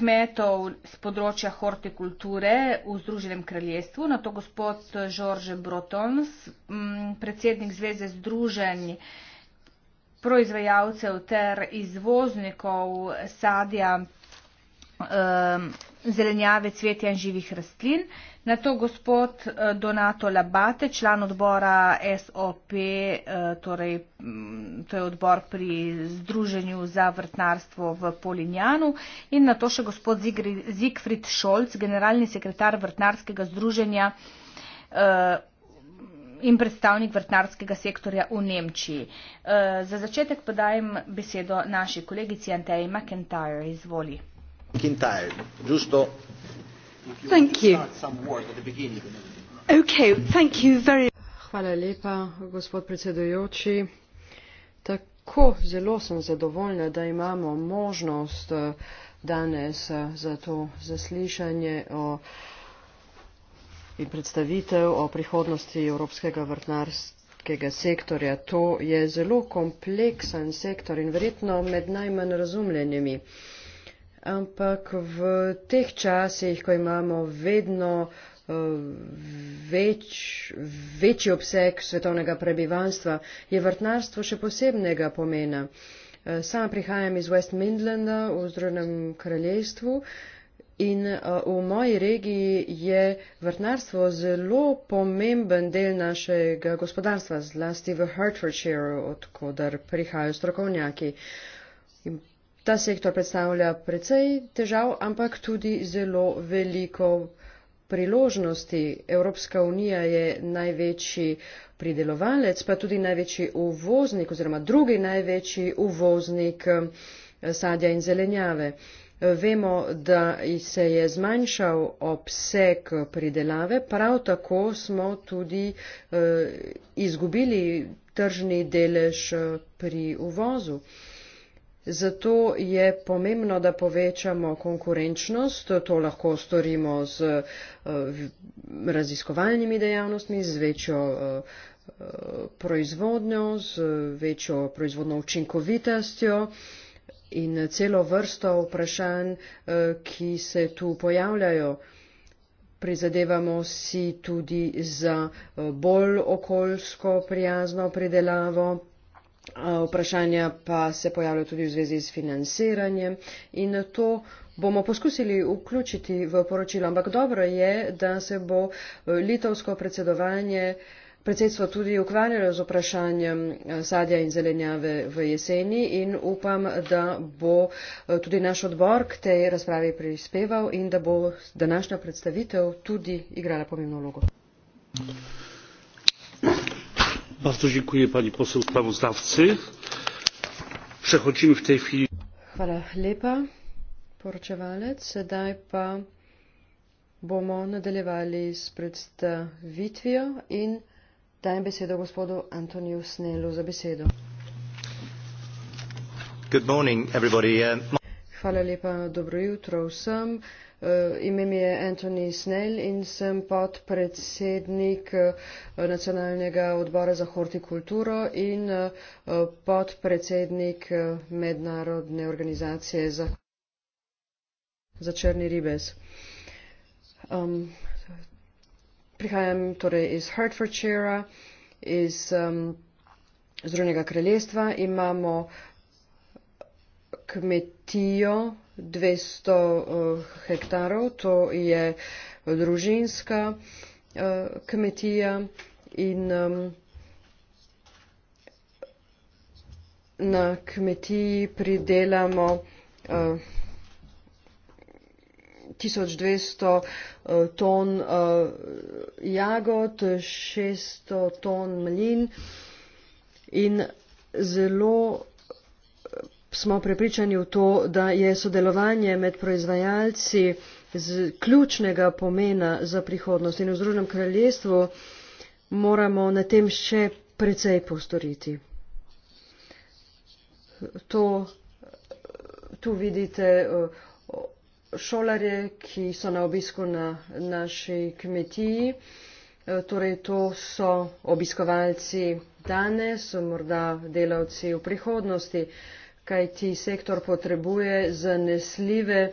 kmetov z področja hortikulture v Združenem kraljestvu, na to gospod George Brotons, um, predsednik Zveze združenj uh, proizvajalcev ter izvoznikov sadja, um, zelenjave, cvetja in živih rastlin. Na to gospod eh, Donato Labate, član odbora SOP, eh, torej mm, to je odbor pri Združenju za vrtnarstvo v Polinjanu in na to še gospod Zigfrid Šolc, generalni sekretar vrtnarskega združenja eh, in predstavnik vrtnarskega sektorja v Nemčiji. Eh, za začetek podajem besedo naši kolegici Anteji McIntyre. Izvoli. McIntyre, justo. Thank you. Okay, thank you very... Hvala lepa, gospod predsedujoči. Tako zelo sem zadovoljna, da imamo možnost eh, danes eh, za to zaslišanje o in predstavitev o prihodnosti evropskega vrtnarskega sektorja. To je zelo kompleksen sektor in verjetno med najmanj razumljenimi. Ampak v teh časih, ko imamo vedno eh, več, večji obseg svetovnega prebivalstva, je vrtnarstvo še posebnega pomena. Eh, sama prihajam iz West Midlanda v Združenem kraljestvu. In uh, v moji regiji je vrtnarstvo zelo pomemben del našega gospodarstva, zlasti v Hertfordshire, odkudar prihajajo strokovnjaki. In ta sektor predstavlja precej težav, ampak tudi zelo veliko priložnosti. Evropska unija je največji pridelovalec, pa tudi največji uvoznik oziroma drugi največji uvoznik eh, sadja in zelenjave. Vemo, da se je zmanjšal obseg pridelave, prav tako smo tudi eh, izgubili tržni delež eh, pri uvozu. Zato je pomembno, da povečamo konkurenčnost. To lahko storimo z eh, raziskovalnimi dejavnostmi, z večjo proizvodnjo, z večjo proizvodno učinkovitostjo in celo vrsto vprašanj, eh, ki se tu pojavljajo. Prizadevamo si tudi za eh, bolj okoljsko prijazno pridelavo. Vprašanja pa se pojavljajo tudi v zvezi s financiranjem in to bomo poskusili vključiti v poročilo. Ampak dobro je, da se bo eh, litovsko predsedovanje uh, predsedstvo tudi ukvarjalo z vprašanjem eh, sadja in zelenjave v jeseni in upam, da bo eh, tudi naš odbor k tej razpravi prispeval in da bo današnja predstavitev tudi igrala pomembno vlogo. Bardzo dziękuję pani poseł sprawozdawcy. Przechodzimy w tej chwili. Hvala lepa, poročevalec. Sedaj pa bomo nadaljevali s predstavitvijo in Dajem besedo gospodu Antoniju Snelu za besedo. Good morning, uh, Hvala lepa, dobro jutro vsem. Uh, ime mi je Antoni Snell in sem podpredsednik uh, Nacionalnega odbora za hortikulturo in podpredsednik Mednarodne organizacije za, za črni ribez. Um, prihajam torej iz Hertfordshira, iz um, Združenega kraljestva. Imamo kmetijo 200 uh, hektarov, to je družinska uh, kmetija in um, na kmetiji pridelamo uh, 1200 eh, ton eh, jagod, 600 ton mlin in zelo eh, smo prepričani v to, da je sodelovanje med proizvajalci z ključnega pomena za prihodnost in v Združenem kraljestvu moramo na tem še precej postoriti. To tu vidite uh, šolarje, ki so na obisku na naši kmetiji. E, torej, to so obiskovalci danes, so morda delavci v prihodnosti, kaj ti sektor potrebuje zanesljive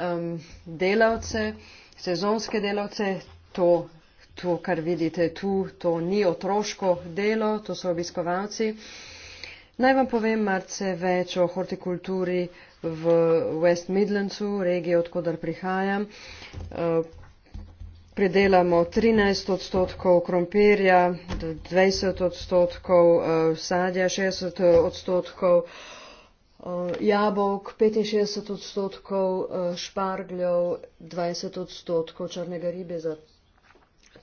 um, delavce, sezonske delavce. To, to, kar vidite tu, to ni otroško delo, to so obiskovalci. Naj vam povem marce več o hortikulturi, v West Midlandsu, regiji, odkudar prihajam. Eh, pridelamo 13 odstotkov krompirja, 20 odstotkov eh, sadja, 60 eh, odstotkov jabolk, 65 odstotkov špargljev, 20 odstotkov črnega ribeza.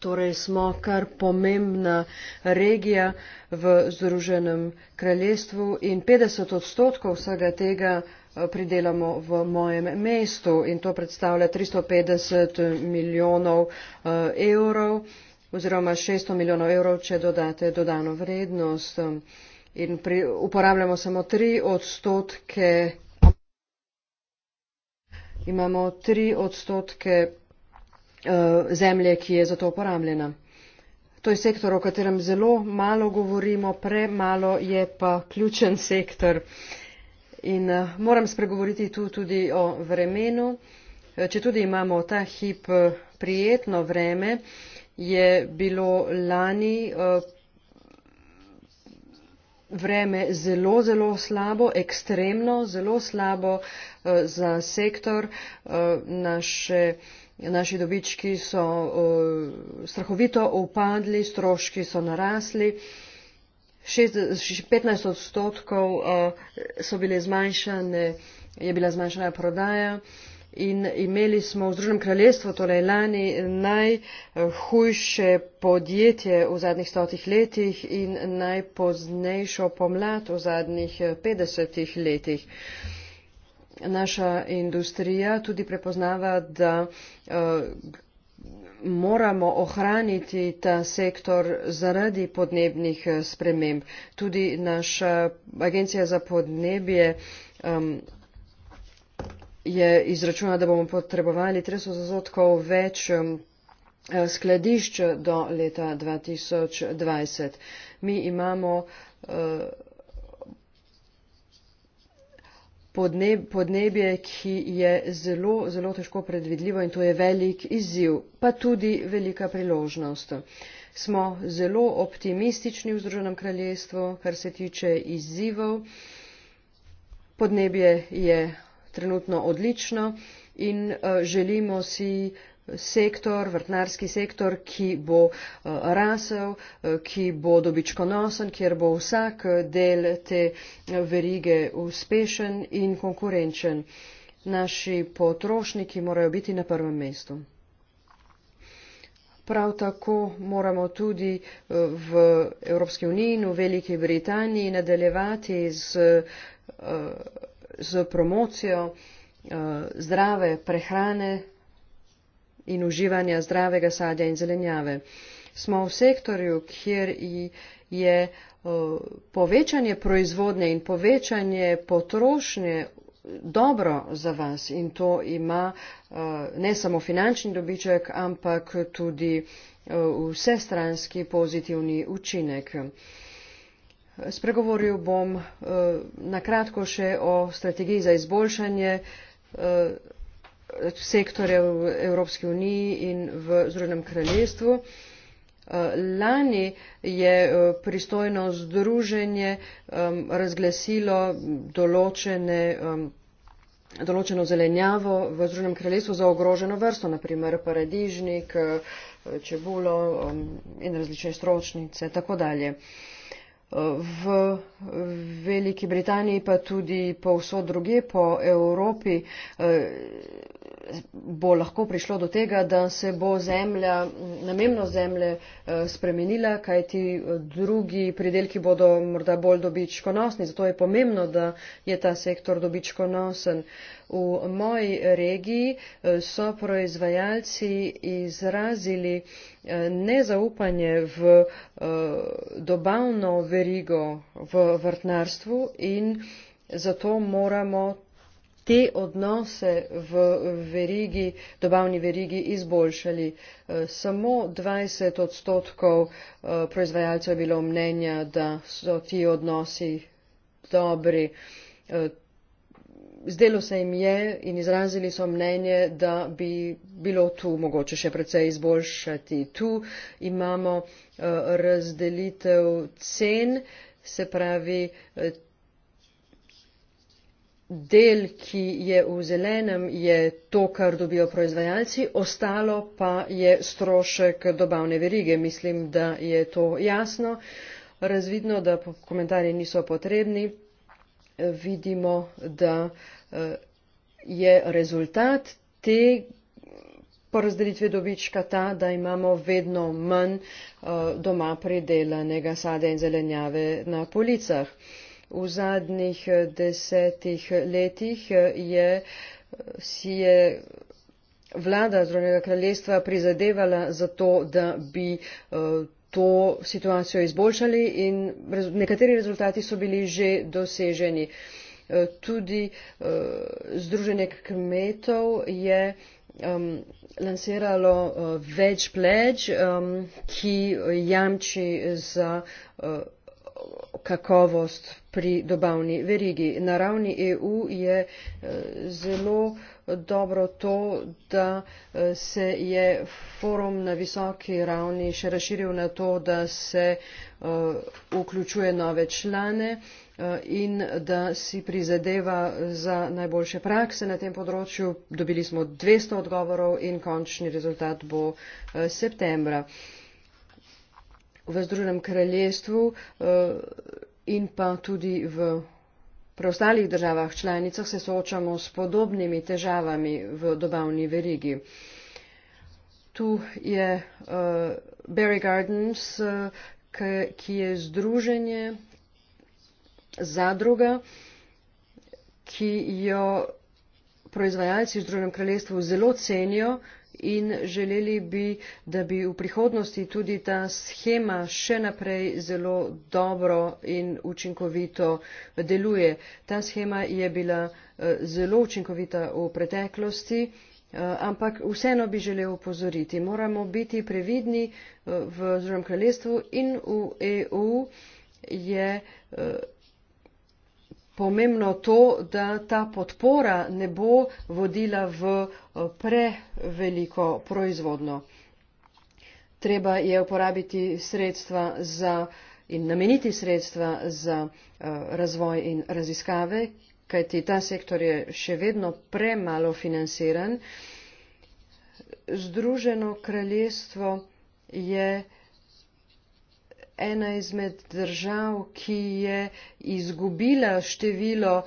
Torej smo kar pomembna regija v Združenem kraljestvu in 50 odstotkov vsega tega pridelamo v mojem mestu in to predstavlja 350 milijonov eh, evrov oziroma 600 milijonov evrov, če dodate dodano vrednost. In pri, uporabljamo samo tri odstotke, imamo tri odstotke uh, zemlje, ki je za to uporabljena. To je sektor, o katerem zelo malo govorimo, premalo je pa ključen sektor. Uh, in eh, moram spregovoriti tu tudi o vremenu. Eh, če tudi imamo ta hip eh, prijetno vreme, je bilo lani vreme zelo, zelo slabo, ekstremno, zelo slabo za sektor. Naše, naši dobički so strahovito upadli, stroški so narasli petnajst odstotkov eh, so bile zmanjšane je bila zmanjšana prodaja in imeli smo v Združenem kraljestvu, torej lani, najhujše podjetje v zadnjih stotih letih in najpoznejšo pomlad v zadnjih eh, petdesetih letih. Naša industrija tudi prepoznava, da eh, moramo ohraniti ta sektor zaradi podnebnih eh, sprememb. Tudi naša eh, agencija za podnebje um, je izračunala, da bomo potrebovali 30 odstotkov več eh, skladišč do leta 2020. Mi imamo uh, podneb, podnebje, ki je zelo, zelo težko predvidljivo in to je velik izziv, pa tudi velika priložnost. Smo zelo optimistični v Združenem kraljestvu, kar se tiče izzivov. Podnebje je trenutno odlično in uh, želimo si uh, sektor, vrtnarski sektor, ki bo eh, rasel, eh, ki bo dobičkonosen, kjer bo vsak eh, del te verige uspešen in konkurenčen. Naši potrošniki morajo biti na prvem mestu. Prav tako moramo tudi v Evropski uniji in v Veliki Britaniji nadaljevati z, z promocijo zdrave prehrane in uživanja zdravega sadja in zelenjave. Smo v sektorju, kjer je povečanje proizvodnje in povečanje potrošnje dobro za vas in to ima ne samo finančni dobiček, ampak tudi vsestranski pozitivni učinek. Spregovoril bom na kratko še o strategiji za izboljšanje sektorja v Evropski uniji in v Združenem kraljestvu. Eh, lani je eh, pristojno združenje um, razglasilo določene, um, določeno zelenjavo v Združenem kraljestvu za ogroženo vrsto, naprimer paradižnik, eh, čebulo um, in različne stročnice in tako dalje v Veliki Britaniji, pa tudi po vso druge, po Evropi, eh, bo lahko prišlo do tega, da se bo zemlja, namemno zemlje, eh, spremenila, kaj ti eh, drugi pridelki bodo morda bolj dobičkonosni. Zato je pomembno, da je ta sektor dobičkonosen. V moji regiji eh, so proizvajalci izrazili eh, nezaupanje v eh, dobavno verigo v vrtnarstvu in zato moramo te odnose v verigi, dobavni verigi izboljšali. Samo 20 odstotkov proizvajalcev je bilo mnenja, da so ti odnosi dobri zdelo se jim je in izrazili so mnenje, da bi bilo tu mogoče še precej izboljšati. Tu imamo eh, razdelitev cen, se pravi eh, del, ki je v zelenem, je to, kar dobijo proizvajalci, ostalo pa je strošek dobavne verige. Mislim, da je to jasno. Razvidno, da komentarji niso potrebni. Vidimo, da uh, Eh, je rezultat te porazdelitve dobička ta, da imamo vedno manj eh, doma pridelanega sada in zelenjave na policah. V zadnjih eh, desetih letih je, si je vlada Združenega kraljestva prizadevala za to, da bi to situacijo izboljšali in nekateri rezultati so bili že doseženi. Eh, tudi eh, Združenje kmetov je um, lansiralo uh, več pledž, um, ki jamči za uh, kakovost pri dobavni verigi. Na ravni EU je eh, zelo dobro to, da eh, se je forum na visoki ravni še razširil na to, da se eh, vključuje nove člane in da si prizadeva za najboljše prakse na tem področju. Dobili smo 200 odgovorov in končni rezultat bo septembra v Združenem kraljestvu eh, in pa tudi v preostalih državah članicah se soočamo s podobnimi težavami v dobavni verigi. Tu je eh, Berry Gardens, eh, ki je združenje zadruga, ki jo proizvajalci v Združenem kraljestvu zelo cenijo, in želeli bi, da bi v prihodnosti tudi ta schema še naprej zelo dobro in učinkovito deluje. Ta schema je bila eh, zelo učinkovita v preteklosti, eh, ampak vseeno bi želel upozoriti. Moramo biti previdni eh, v Zrom kraljestvu in v EU je pomembno to, da ta podpora ne bo vodila v eh, preveliko proizvodno. Treba je uporabiti sredstva za in nameniti sredstva za eh, razvoj in raziskave, kajti ta sektor je še vedno premalo financiran. Združeno kraljestvo je ena izmed držav, ki je izgubila število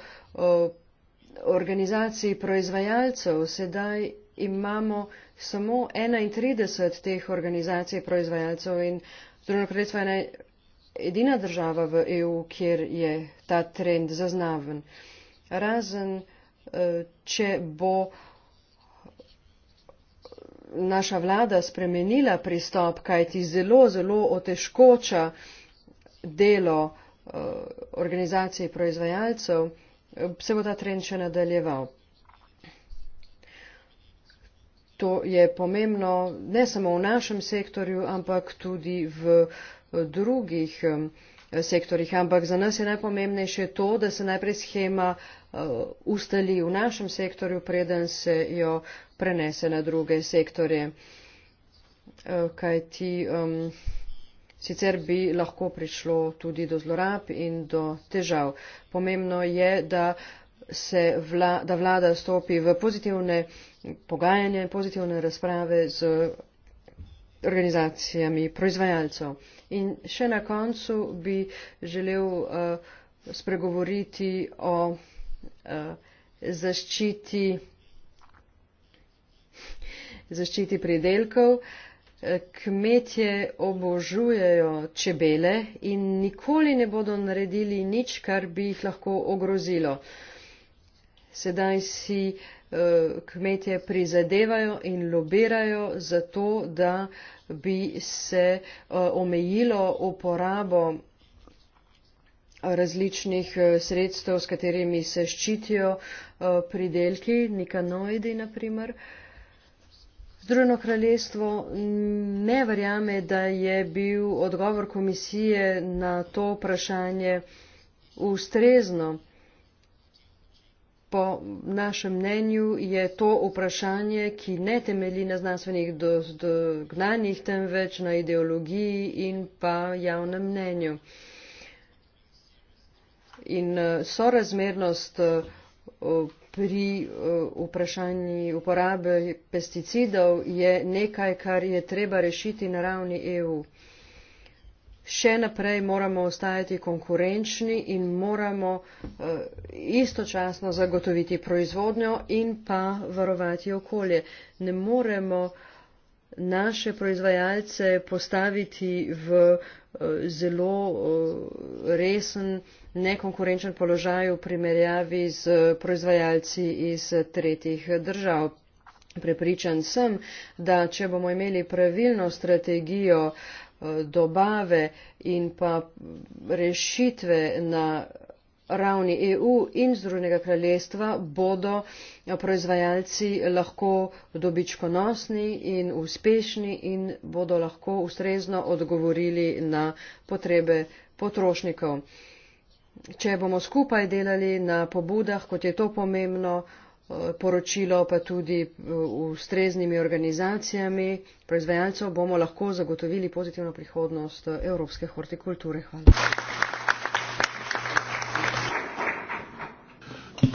organizacij proizvajalcev. Sedaj imamo samo 31 teh organizacij proizvajalcev in Združeno kraljestvo je edina država v EU, kjer je ta trend zaznaven. Razen, e, če bo uh, naša vlada spremenila pristop, kajti zelo, zelo otežkoča delo eh, organizacij proizvajalcev, eh, se bo ta trend še nadaljeval. To je pomembno ne samo v našem sektorju, ampak tudi v eh, drugih sektorjih. Ampak za nas je najpomembnejše to, da se najprej schema ustali v našem sektorju, preden se jo prenese na druge sektorje. Eh, Kaj ti um, sicer bi lahko prišlo tudi do zlorab in do težav. Pomembno je, da, se vla, da vlada stopi v pozitivne pogajanje, pozitivne razprave z organizacijami proizvajalcev. In še na koncu bi želel uh, spregovoriti o uh, zaščiti zaščiti pridelkov. Eh, kmetje obožujejo čebele in nikoli ne bodo naredili nič, kar bi jih lahko ogrozilo. Sedaj si eh, kmetje prizadevajo in lobirajo za to, da bi se eh, omejilo uporabo različnih sredstev, s katerimi se ščitijo pridelki, nikanoidi naprimer. Združeno kraljestvo ne verjame, da je bil odgovor komisije na to vprašanje ustrezno. Po našem mnenju je to vprašanje, ki ne temelji na znanstvenih dognanjih, temveč na ideologiji in pa javnem mnenju. In eh, sorazmernost eh, pri eh, vprašanju uporabe pesticidov je nekaj, kar je treba rešiti na ravni EU. Še naprej moramo ostajati konkurenčni in moramo eh, istočasno zagotoviti proizvodnjo in pa varovati okolje. Ne moremo naše proizvajalce postaviti v eh, zelo eh, resen, nekonkurenčen položaj v primerjavi z proizvajalci iz tretjih držav. Prepričan sem, da če bomo imeli pravilno strategijo eh, dobave in pa rešitve na ravni EU in Združenega kraljestva bodo ja, proizvajalci lahko dobičkonosni in uspešni in bodo lahko ustrezno odgovorili na potrebe potrošnikov. Če bomo skupaj delali na pobudah, kot je to pomembno, eh, poročilo pa tudi eh, ustreznimi organizacijami proizvajalcev, bomo lahko zagotovili pozitivno prihodnost eh, evropske hortikulture. Hvala.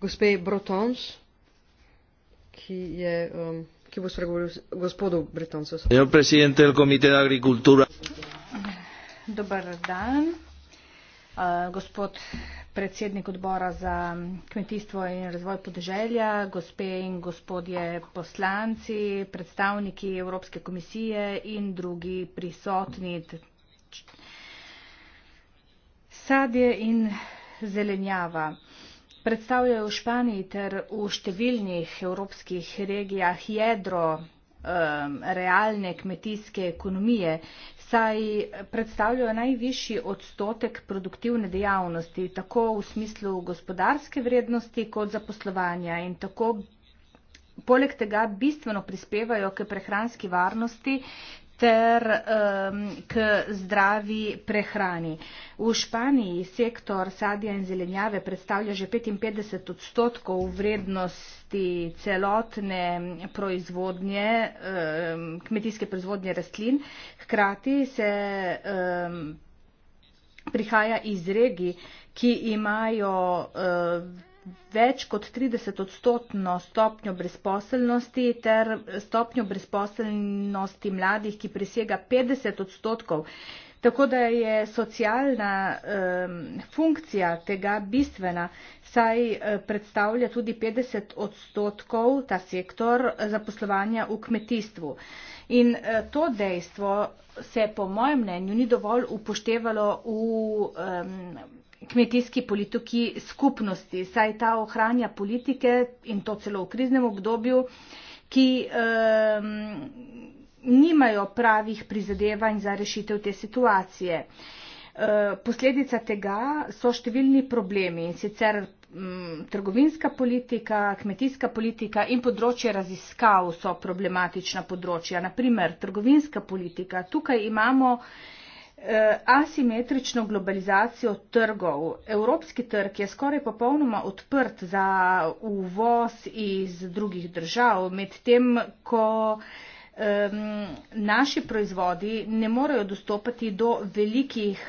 gospe Brotons, ki je. Um, ki bo spregovoril gospodu Bretoncu. Dobar dan, uh, gospod predsednik odbora za kmetijstvo in razvoj podeželja, gospe in gospodje poslanci, predstavniki Evropske komisije in drugi prisotni. Sadje in zelenjava. Uh, predstavljajo v Španiji ter v številnih evropskih regijah jedro realne kmetijske ekonomije, saj predstavljajo najvišji odstotek produktivne dejavnosti, tako v smislu gospodarske vrednosti kot zaposlovanja in tako poleg tega bistveno prispevajo k prehranski varnosti ter um, k zdravi prehrani. V Španiji sektor sadja in zelenjave predstavlja že 55 odstotkov vrednosti celotne proizvodnje, um, kmetijske proizvodnje rastlin. Hkrati se um, prihaja iz regij, ki imajo um, več kot 30 odstotno stopnjo brezposelnosti ter stopnjo brezposelnosti mladih, ki presega 50 odstotkov. Tako da je socialna eh, funkcija tega bistvena, saj eh, predstavlja tudi 50 odstotkov ta sektor zaposlovanja v kmetijstvu. In eh, to dejstvo se po mojem mnenju ni dovolj upoštevalo v. Eh, kmetijski politiki skupnosti, saj ta ohranja politike in to celo v kriznem obdobju, ki um, nimajo pravih prizadevanj za rešitev te situacije. E, posledica tega so številni problemi in sicer trgovinska politika, kmetijska politika in področje raziskav so problematična področja. Naprimer, trgovinska politika. Tukaj imamo uh, Eh, asimetrično globalizacijo trgov. Evropski trg je skoraj popolnoma odprt za uvoz iz drugih držav, medtem ko naši proizvodi ne morejo dostopati do velikih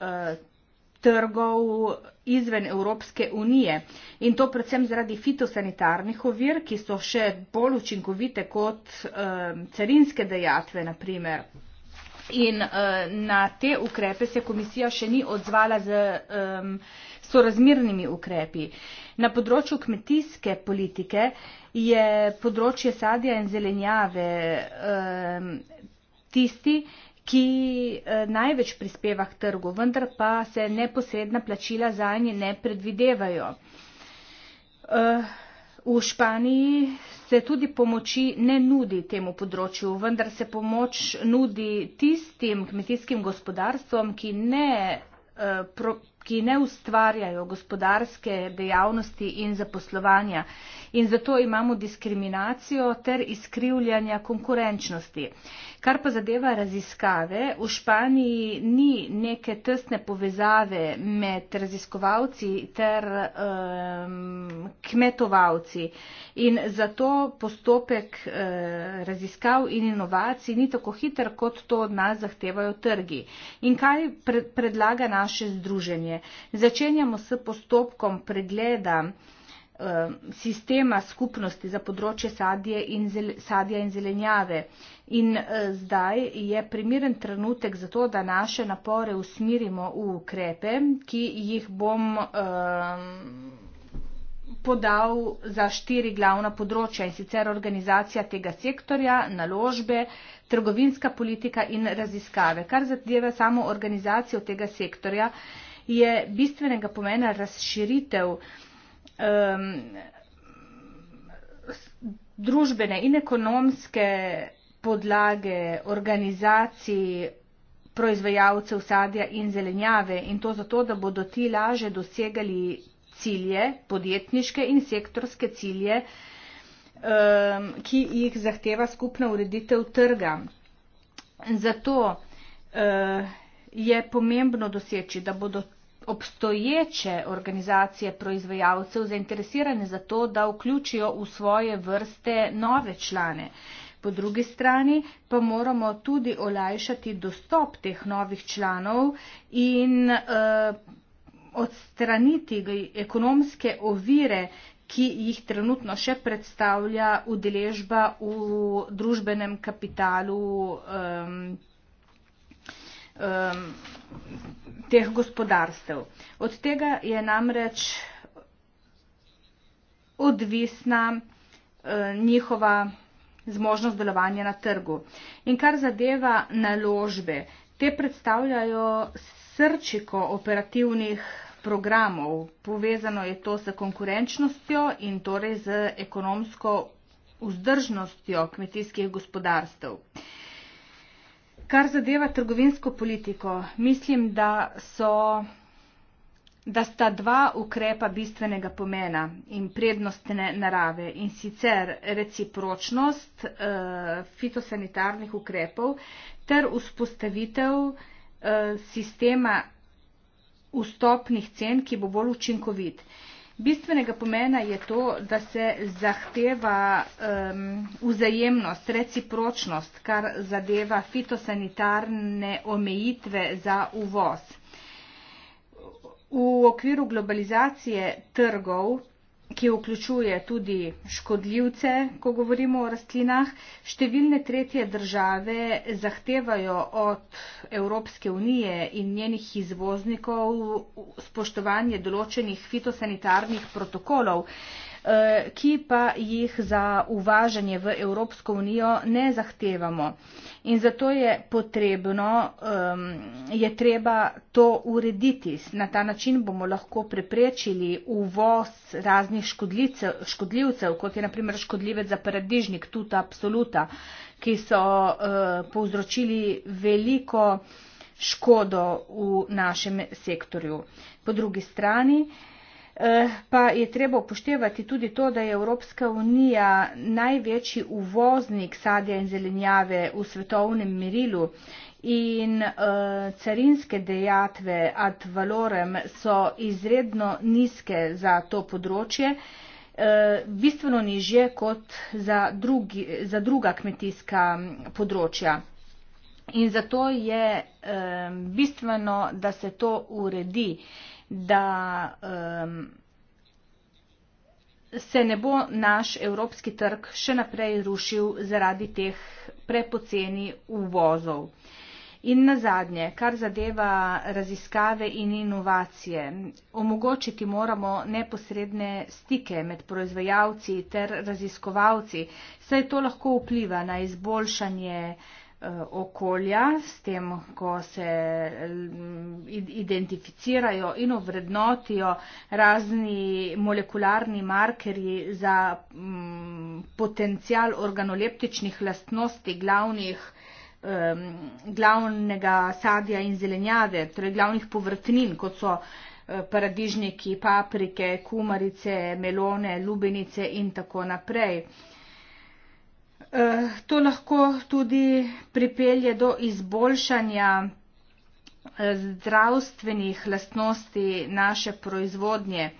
eh, trgov izven Evropske unije in to predvsem zaradi fitosanitarnih ovir, ki so še bolj učinkovite kot carinske dejatve, naprimer in uh, na te ukrepe se komisija še ni odzvala z um, sorazmirnimi ukrepi. Na področju kmetijske politike je področje sadja in zelenjave um, tisti, ki uh, največ prispeva k trgu, vendar pa se neposredna plačila za nje ne predvidevajo. Uh, V Španiji se tudi pomoči ne nudi temu področju, vendar se pomoč nudi tistim kmetijskim gospodarstvom, ki ne, uh, pro, ki ne ustvarjajo gospodarske dejavnosti in zaposlovanja. In zato imamo diskriminacijo ter izkrivljanja konkurenčnosti. Kar pa zadeva raziskave, v Španiji ni neke tesne povezave med raziskovalci ter um, kmetovalci in zato postopek uh, raziskav in inovacij ni tako hiter, kot to od nas zahtevajo trgi. In kaj pre predlaga naše združenje? Začenjamo s postopkom pregleda uh, Eh, sistema skupnosti za področje sadje in zel, sadja in zelenjave. In eh, zdaj je primeren trenutek za to, da naše napore usmirimo v ukrepe, ki jih bom um, podal za štiri glavna področja in sicer organizacija tega sektorja, naložbe, trgovinska politika in raziskave. Kar zadeva samo organizacijo tega sektorja, je bistvenega pomena razširitev um, družbene in ekonomske podlage organizacij proizvajalcev sadja in zelenjave in to zato, da bodo ti laže dosegali cilje, podjetniške in sektorske cilje, um, ki jih zahteva skupna ureditev trga. Zato uh, je pomembno doseči, da bodo obstoječe organizacije proizvajalcev zainteresirane za to, da vključijo v svoje vrste nove člane. Po drugi strani pa moramo tudi olajšati dostop teh novih članov in eh, odstraniti ekonomske ovire, ki jih trenutno še predstavlja udeležba v družbenem kapitalu. Eh, um, teh gospodarstev. Od tega je namreč odvisna um, njihova zmožnost delovanja na trgu. In kar zadeva naložbe, te predstavljajo srčiko operativnih programov. Povezano je to s konkurenčnostjo in torej z ekonomsko vzdržnostjo kmetijskih gospodarstev. Uh, kar zadeva trgovinsko politiko, mislim, da so da sta dva ukrepa bistvenega pomena in prednostne narave in sicer recipročnost e, fitosanitarnih ukrepov ter vzpostavitev e, sistema vstopnih cen, ki bo bolj učinkovit. E, Bistvenega pomena je to, da se zahteva um, vzajemnost, recipročnost, kar zadeva fitosanitarne omejitve za uvoz. V okviru globalizacije trgov ki vključuje tudi škodljivce, ko govorimo o rastlinah. Številne tretje države zahtevajo od Evropske unije in njenih izvoznikov spoštovanje določenih fitosanitarnih protokolov. Eh, ki pa jih za uvažanje v Evropsko unijo ne zahtevamo. In zato je potrebno, je treba to urediti. Na ta način bomo lahko preprečili uvoz raznih škodljivcev, kot je naprimer škodljivec za paradižnik, tuta absoluta, ki so eh, povzročili veliko škodo v našem sektorju. Po drugi strani, Eh, pa je treba upoštevati tudi to, da je Evropska unija največji uvoznik sadja in zelenjave v svetovnem merilu in uh, carinske dejatve ad valorem so izredno nizke za to področje, uh, bistveno nižje kot za, drugi, za druga kmetijska področja. In zato je um, bistveno, da se to uredi. Uh, da um, se ne bo naš evropski trg še naprej rušil zaradi teh prepoceni uvozov. In na zadnje, kar zadeva raziskave in inovacije, omogočiti moramo neposredne stike med proizvajalci ter raziskovalci, saj to lahko vpliva na izboljšanje Eh, okolja, s tem, ko se eh, identificirajo in ovrednotijo razni molekularni markerji za mm, potencial organoleptičnih lastnosti glavnih, glavnega sadja in zelenjave, torej glavnih povrtnin, kot so eh, paradižniki, paprike, kumarice, melone, lubenice in tako naprej. Eh, to lahko tudi pripelje do izboljšanja eh, zdravstvenih lastnosti naše proizvodnje,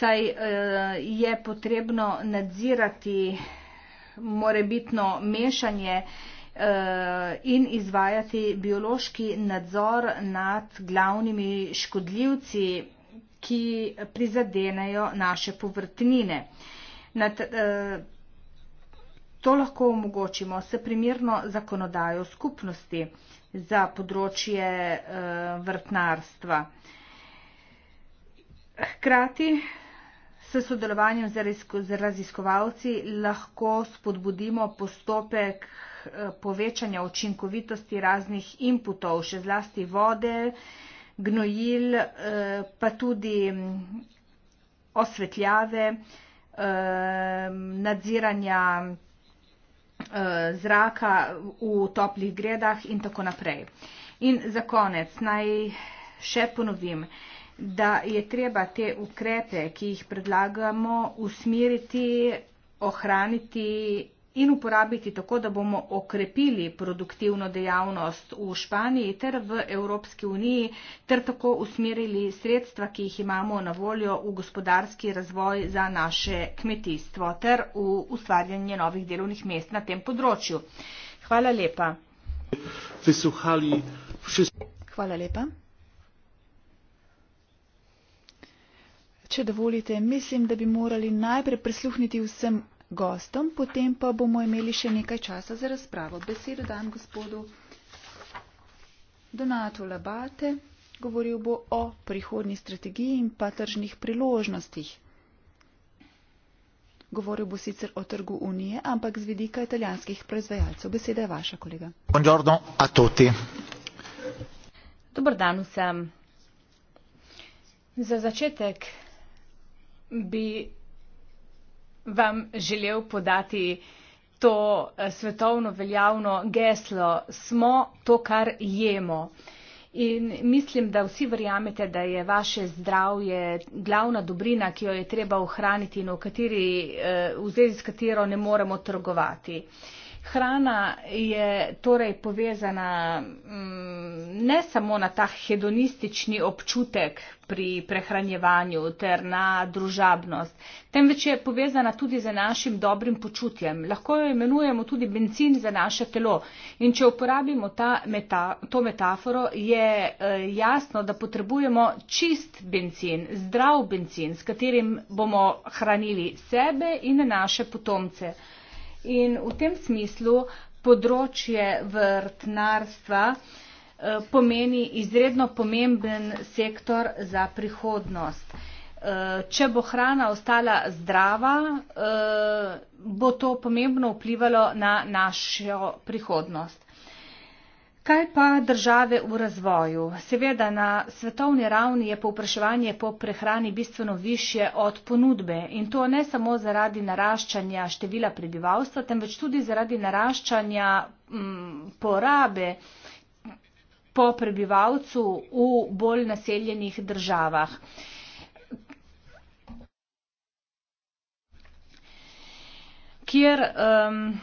saj eh, je potrebno nadzirati morebitno mešanje in izvajati biološki nadzor nad glavnimi škodljivci, ki prizadenejo naše povrtnine. Nad, To lahko omogočimo s primerno zakonodajo skupnosti za področje eh, vrtnarstva. Hkrati s sodelovanjem z raziskovalci lahko spodbudimo postopek eh, povečanja učinkovitosti raznih inputov, še zlasti vode, gnojil, eh, pa tudi osvetljave, nadziranja Eh, zraka v toplih gredah in tako naprej. In za konec naj še ponovim, da je treba te ukrepe, ki jih predlagamo, usmeriti, ohraniti in uporabiti tako, da bomo okrepili produktivno dejavnost v Španiji ter v Evropski uniji ter tako usmerili sredstva, ki jih imamo na voljo v gospodarski razvoj za naše kmetijstvo ter v ustvarjanje novih delovnih mest na tem področju. Hvala lepa. Hvala lepa. Če dovolite, mislim, da bi morali najprej prisluhniti vsem gostom, potem pa bomo imeli še nekaj časa za razpravo. Besedo dam gospodu Donatu Labate, govoril bo o prihodni strategiji in pa tržnih priložnostih. Govoril bo sicer o trgu Unije, ampak z vidika italijanskih proizvajalcev. Beseda je vaša, kolega. Buongiorno a tutti. Dobar dan vsem. Za začetek bi vam želel podati to eh, svetovno veljavno geslo, smo to, kar jemo. In mislim, da vsi verjamete, da je vaše zdravje glavna dobrina, ki jo je treba ohraniti in v, kateri, eh, v zvezi s katero ne moremo trgovati. Hrana je torej povezana mm, ne samo na ta hedonistični občutek pri prehranjevanju ter na družabnost, temveč je povezana tudi z našim dobrim počutjem. Lahko jo imenujemo tudi benzin za naše telo. In če uporabimo meta, to metaforo, je eh, jasno, da potrebujemo čist benzin, zdrav benzin, s katerim bomo hranili sebe in naše potomce. In v tem smislu področje vrtnarstva eh, pomeni izredno pomemben sektor za prihodnost. Eh, če bo hrana ostala zdrava, eh, bo to pomembno vplivalo na našo prihodnost. Kaj pa države v razvoju? Seveda na svetovni ravni je povpraševanje po prehrani bistveno više od ponudbe in to ne samo zaradi naraščanja števila prebivalstva, temveč tudi zaradi naraščanja m, mm, porabe po prebivalcu v bolj naseljenih državah. Kjer um,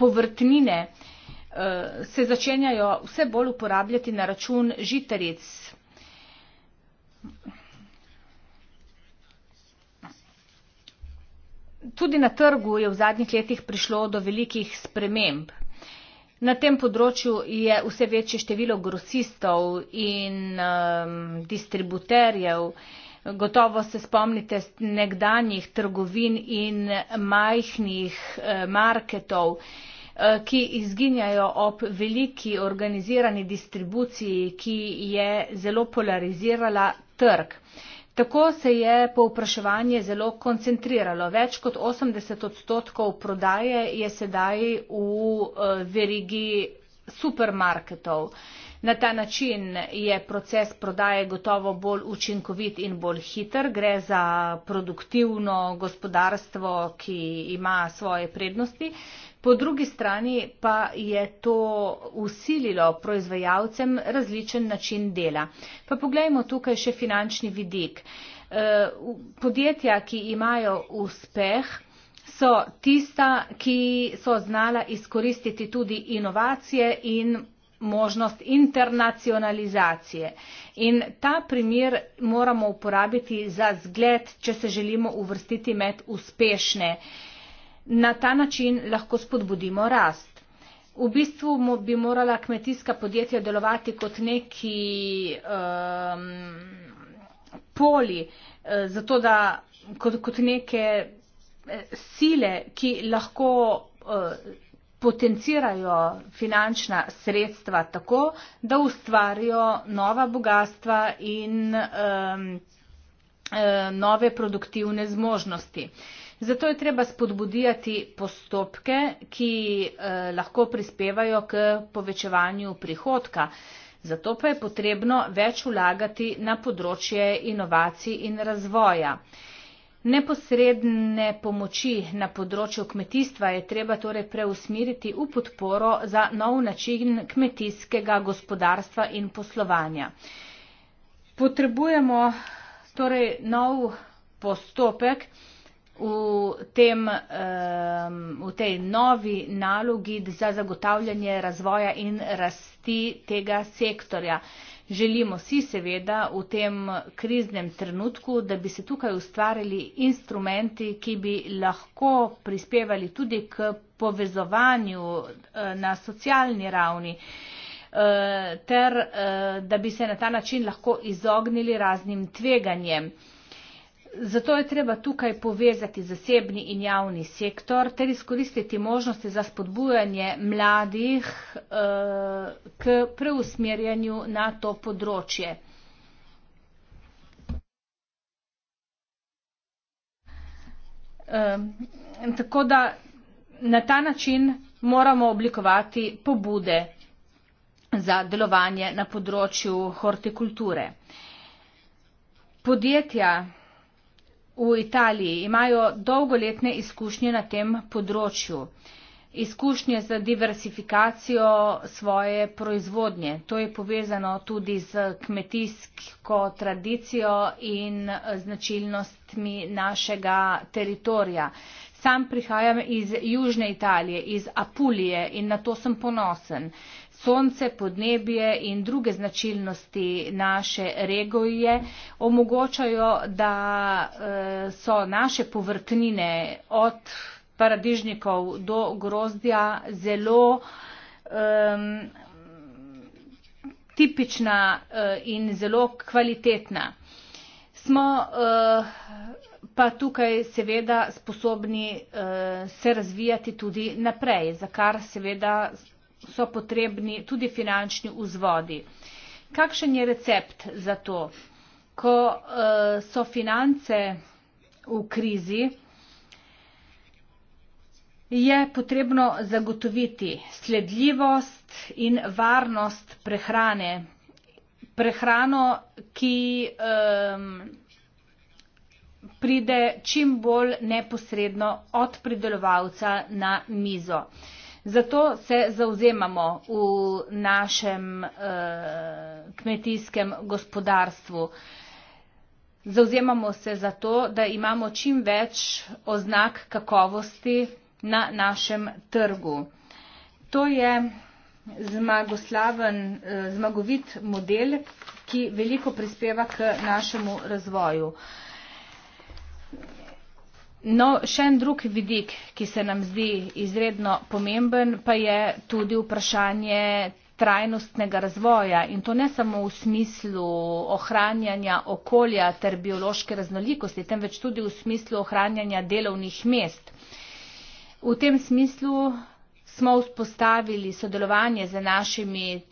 povrtnine uh, se začenjajo vse bolj uporabljati na račun žitaric. Tudi na trgu je v zadnjih letih prišlo do velikih sprememb. Na tem področju je vse večje število grosistov in um, distributerjev. Gotovo se spomnite nekdanjih trgovin in majhnih uh, marketov. Uh, Eh, ki izginjajo ob veliki organizirani distribuciji, ki je zelo polarizirala trg. Tako se je povpraševanje zelo koncentriralo. Več kot 80 odstotkov prodaje je sedaj v eh, verigi supermarketov. Na ta način je proces prodaje gotovo bolj učinkovit in bolj hiter. Gre za produktivno gospodarstvo, ki ima svoje prednosti. Uh, Po drugi strani pa je to usililo proizvajalcem različen način dela. Pa pogledajmo tukaj še finančni vidik. E, podjetja, ki imajo uspeh, so tista, ki so znala izkoristiti tudi inovacije in možnost internacionalizacije. In ta primer moramo uporabiti za zgled, če se želimo uvrstiti med uspešne. Uh, na ta način lahko spodbudimo rast. V bistvu bi morala kmetijska podjetja delovati kot neki um, poli, eh, zato da kot, kot neke eh, sile, ki lahko uh, potencirajo finančna sredstva tako, da ustvarijo nova bogatstva in um, nove produktivne zmožnosti. Uh, Zato je treba spodbudijati postopke, ki eh, lahko prispevajo k povečevanju prihodka. Zato pa je potrebno več vlagati na področje inovacij in razvoja. Neposredne pomoči na področju kmetijstva je treba torej preusmiriti v podporo za nov način kmetijskega gospodarstva in poslovanja. Potrebujemo torej nov postopek, v, tem, um, v tej novi nalogi za zagotavljanje razvoja in rasti tega sektorja. Želimo si seveda v tem kriznem trenutku, da bi se tukaj ustvarili instrumenti, ki bi lahko prispevali tudi k povezovanju eh, na socialni ravni, eh, ter eh, da bi se na ta način lahko izognili raznim tveganjem. Zato je treba tukaj povezati zasebni in javni sektor ter izkoristiti možnosti za spodbujanje mladih eh, k preusmerjanju na to področje. Eh, tako da na ta način moramo oblikovati pobude za delovanje na področju hortikulture. Podjetja, v Italiji imajo dolgoletne izkušnje na tem področju. Izkušnje za diversifikacijo svoje proizvodnje. To je povezano tudi z kmetijsko tradicijo in značilnostmi našega teritorija. Sam prihajam iz južne Italije, iz Apulije in na to sem ponosen sonce, podnebje in druge značilnosti naše regoje omogočajo, da eh, so naše povrtnine od paradižnikov do grozdja zelo um, tipična eh, in zelo kvalitetna. Smo uh, pa tukaj seveda sposobni uh, se razvijati tudi naprej, za kar seveda so potrebni tudi finančni vzvodi. Kakšen je recept za to? Ko uh, so finance v krizi, je potrebno zagotoviti sledljivost in varnost prehrane. Prehrano, ki um, pride čim bolj neposredno od pridelovalca na mizo. Uh, Zato se zauzemamo v našem eh, kmetijskem gospodarstvu. Zauzemamo se za to, da imamo čim več oznak kakovosti na našem trgu. To je zmagoslaven, eh, zmagovit model, ki veliko prispeva k našemu razvoju. Eh, No, še en drug vidik, ki se nam zdi izredno pomemben, pa je tudi vprašanje trajnostnega razvoja in to ne samo v smislu ohranjanja okolja ter biološke raznolikosti, temveč tudi v smislu ohranjanja delovnih mest. V tem smislu smo vzpostavili sodelovanje z našimi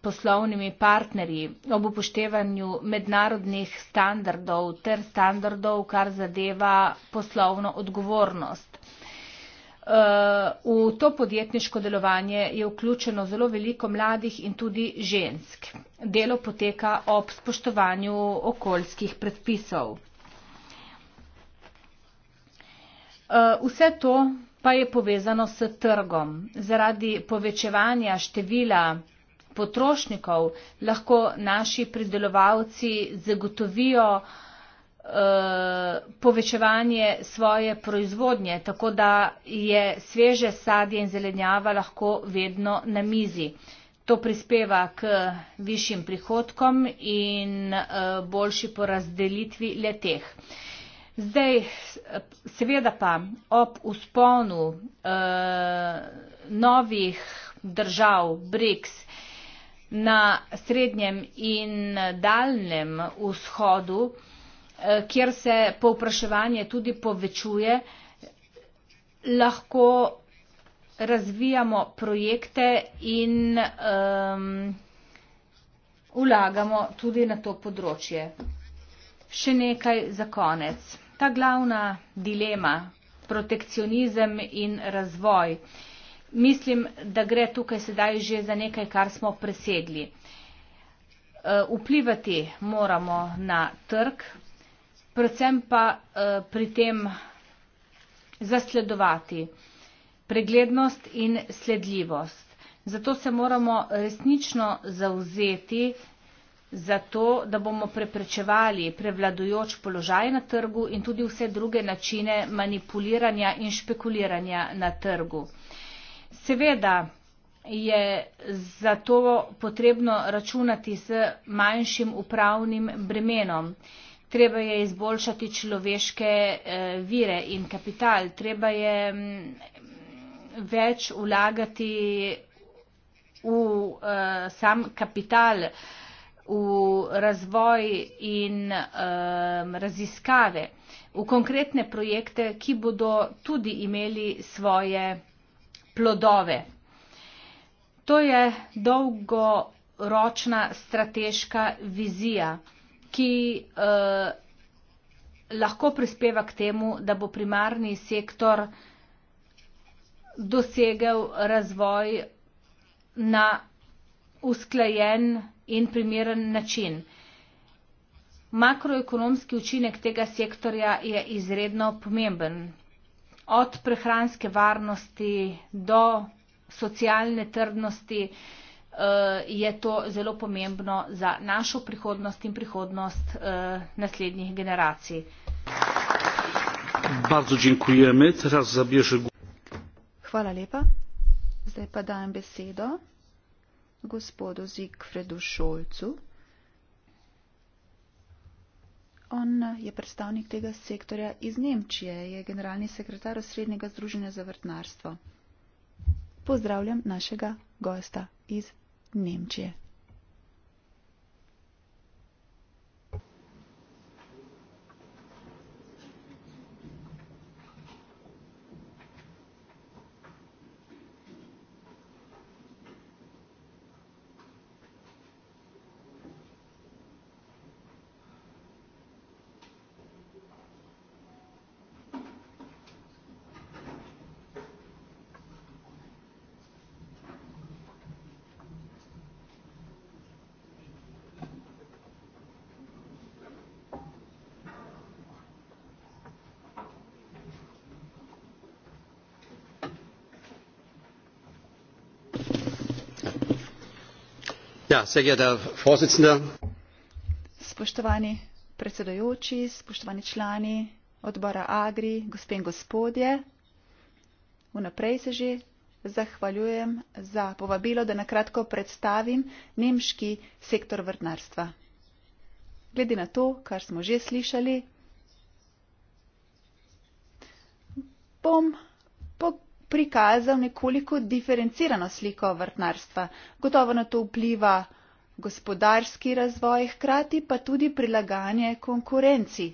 poslovnimi partnerji ob upoštevanju mednarodnih standardov ter standardov, kar zadeva poslovno odgovornost. Uh, v to podjetniško delovanje je vključeno zelo veliko mladih in tudi žensk. Delo poteka ob spoštovanju okoljskih predpisov. Uh, vse to pa je povezano s trgom. Zaradi povečevanja števila potrošnikov lahko naši pridelovalci zagotovijo eh, povečevanje svoje proizvodnje, tako da je sveže sadje in zelenjava lahko vedno na mizi. To prispeva k višjim prihodkom in eh, boljši porazdelitvi leteh. Zdaj, seveda pa ob usponu eh, novih držav BRICS na srednjem in daljnem vzhodu, eh, kjer se povpraševanje tudi povečuje, lahko razvijamo projekte in um, vlagamo tudi na to področje. Še nekaj za konec ta glavna dilema, protekcionizem in razvoj, mislim, da gre tukaj sedaj že za nekaj, kar smo presedli. Eh, vplivati moramo na trg, predvsem pa eh, pri tem zasledovati preglednost in sledljivost. Zato se moramo resnično zauzeti zato, da bomo preprečevali prevladujoč položaj na trgu in tudi vse druge načine manipuliranja in špekuliranja na trgu. Seveda je zato potrebno računati s manjšim upravnim bremenom. Treba je izboljšati človeške eh, vire in kapital, treba je mm, več vlagati v eh, sam kapital, v razvoj in um, raziskave, v konkretne projekte, ki bodo tudi imeli svoje plodove. To je dolgoročna strateška vizija, ki uh, lahko prispeva k temu, da bo primarni sektor dosegel razvoj na usklajen način in primeren način. Makroekonomski učinek tega sektorja je izredno pomemben. Od prehranske varnosti do socialne trdnosti eh, je to zelo pomembno za našo prihodnost in prihodnost eh, naslednjih generacij. Bardzo dziękujemy. Teraz zabierze głos. Hvala lepa. Zdaj pa dajem besedo gospodu Zigfredu Šolcu. On je predstavnik tega sektorja iz Nemčije, je generalni sekretar osrednjega združenja za vrtnarstvo. Pozdravljam našega gosta iz Nemčije. Ja, spoštovani predsedujoči spoštovani člani odbora agri gospe in gospodje vnaprej se že zahvaljujem za povabilo da na kratko predstavim nemški sektor vrtnarstva glede na to kar smo že slišali bom po prikazal nekoliko diferencirano sliko vrtnarstva. Gotovo na to vpliva gospodarski razvoj, hkrati pa tudi prilagajanje konkurenci.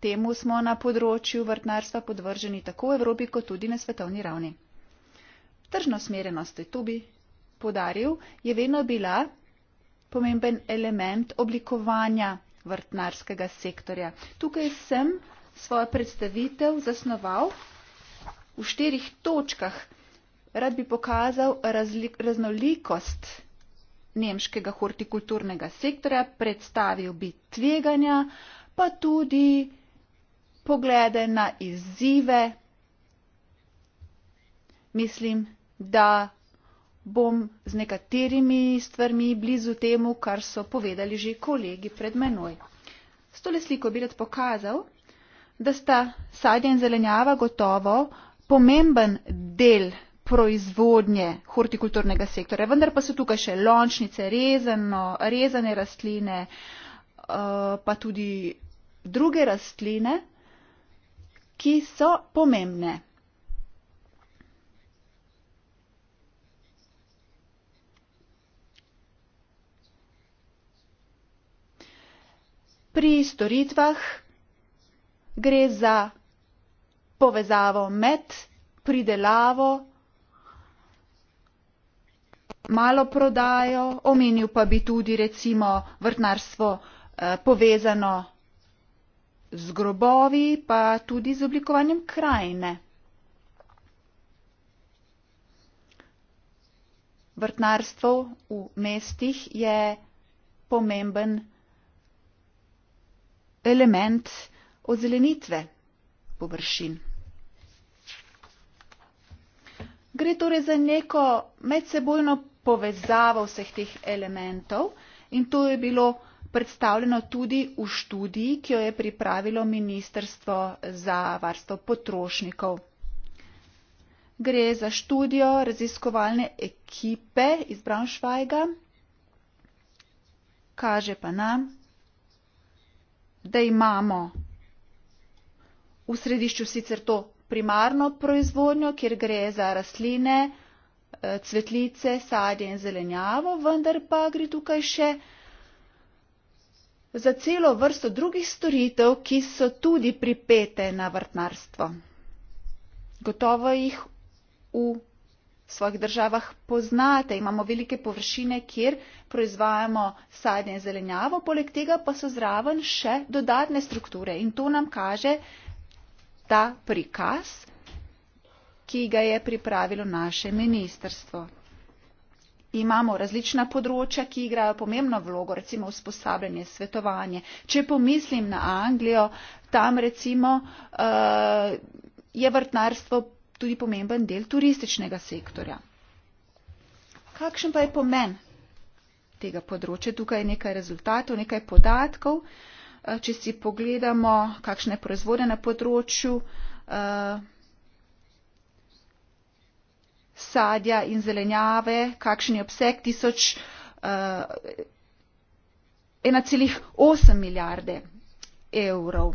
Temu smo na področju vrtnarstva podvrženi tako v Evropi, kot tudi na svetovni ravni. Tržno smerenost, tu bi podaril, je vedno bila pomemben element oblikovanja vrtnarskega sektorja. Tukaj sem svojo predstavitev zasnoval v štirih točkah rad bi pokazal raznolikost nemškega hortikulturnega sektorja, predstavil bi tveganja, pa tudi poglede na izzive. Mislim, da bom z nekaterimi stvarmi blizu temu, kar so povedali že kolegi pred menoj. S tole sliko bi rad pokazal, da sta sadje in zelenjava gotovo pomemben del proizvodnje hortikulturnega sektorja, vendar pa so tukaj še lončnice, rezano, rezane rastline, eh, pa tudi druge rastline, ki so pomembne. Pri storitvah gre za povezavo med pridelavo, malo prodajo, omenil pa bi tudi recimo vrtnarstvo eh, povezano z grobovi, pa tudi z oblikovanjem krajine. Vrtnarstvo v mestih je pomemben element ozelenitve površin. Gre torej za neko medsebojno povezavo vseh teh elementov in to je bilo predstavljeno tudi v študiji, ki jo je pripravilo Ministrstvo za varstvo potrošnikov. Gre za študijo raziskovalne ekipe iz Braunschweiga. Kaže pa nam, da imamo v središču sicer to primarno proizvodnjo, kjer gre za rastline, eh, cvetlice, sadje in zelenjavo, vendar pa gre tukaj še za celo vrsto drugih storitev, ki so tudi pripete na vrtnarstvo. Gotovo jih v svojih državah poznate. Imamo velike površine, kjer proizvajamo sadje in zelenjavo, poleg tega pa so zraven še dodatne strukture in to nam kaže, ta prikaz, ki ga je pripravilo naše ministrstvo. Imamo različna področja, ki igrajo pomembno vlogo, recimo usposabljanje, svetovanje. Če pomislim na Anglijo, tam recimo eh, je vrtnarstvo tudi pomemben del turističnega sektorja. Kakšen pa je pomen tega področja? Tukaj je nekaj rezultatov, nekaj podatkov. Eh, če si pogledamo, kakšne proizvode na področju uh, sadja in zelenjave, kakšen je obseg tisoč, uh, eh, 1,8 milijarde evrov.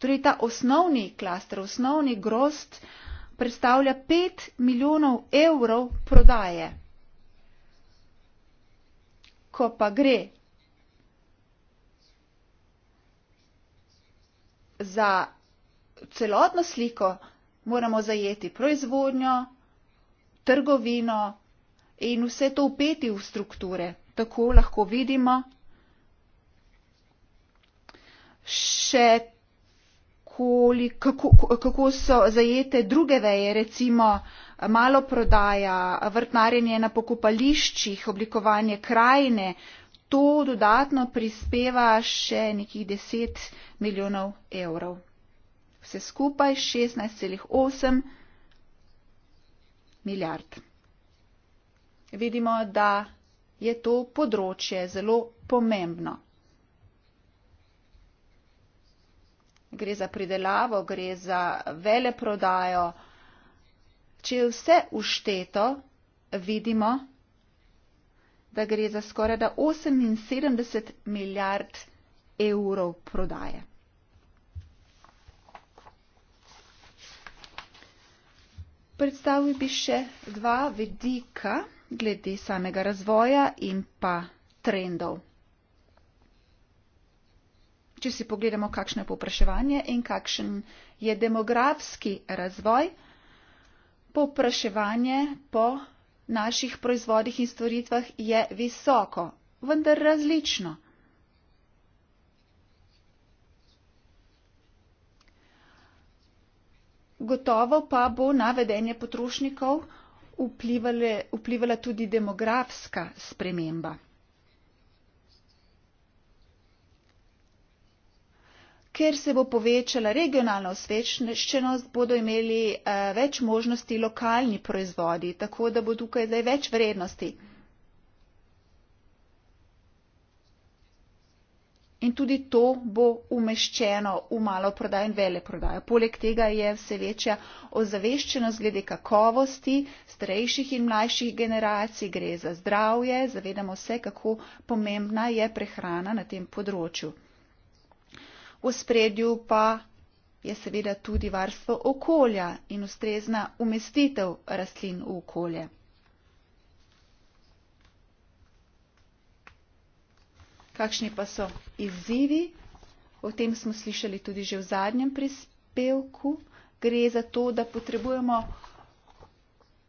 Torej ta osnovni klaster, osnovni grost predstavlja 5 milijonov evrov prodaje. Ko pa gre za celotno sliko moramo zajeti proizvodnjo, trgovino in vse to upeti v strukture. Tako lahko vidimo še, koli, kako, kako so zajete druge veje, recimo malo prodaja, vrtnarjenje na pokopališčih, oblikovanje krajine, to dodatno prispeva še nekih 10 milijonov evrov. Vse skupaj 16,8 milijard. Vidimo, da je to področje zelo pomembno. Gre za pridelavo, gre za veleprodajo. Če je vse ušteto, vidimo, da gre za skoraj da 78 milijard evrov prodaje. Predstavil bi še dva vedika glede samega razvoja in pa trendov. Če si pogledamo, kakšno je popraševanje in kakšen je demografski razvoj, popraševanje po naših proizvodih in storitvah je visoko, vendar različno. Gotovo pa bo na vedenje potrošnikov vplivala tudi demografska sprememba. Ker se bo povečala regionalna osveščenost, bodo imeli uh, več možnosti lokalni proizvodi, tako da bo tukaj zdaj več vrednosti. In tudi to bo umeščeno v malo prodaj in vele prodaj. Poleg tega je vse večja ozaveščenost glede kakovosti starejših in mlajših generacij, gre za zdravje, zavedamo se, kako pomembna je prehrana na tem področju v spredju pa je seveda tudi varstvo okolja in ustrezna umestitev rastlin v okolje. Kakšni pa so izzivi? O tem smo slišali tudi že v zadnjem prispevku. Gre za to, da potrebujemo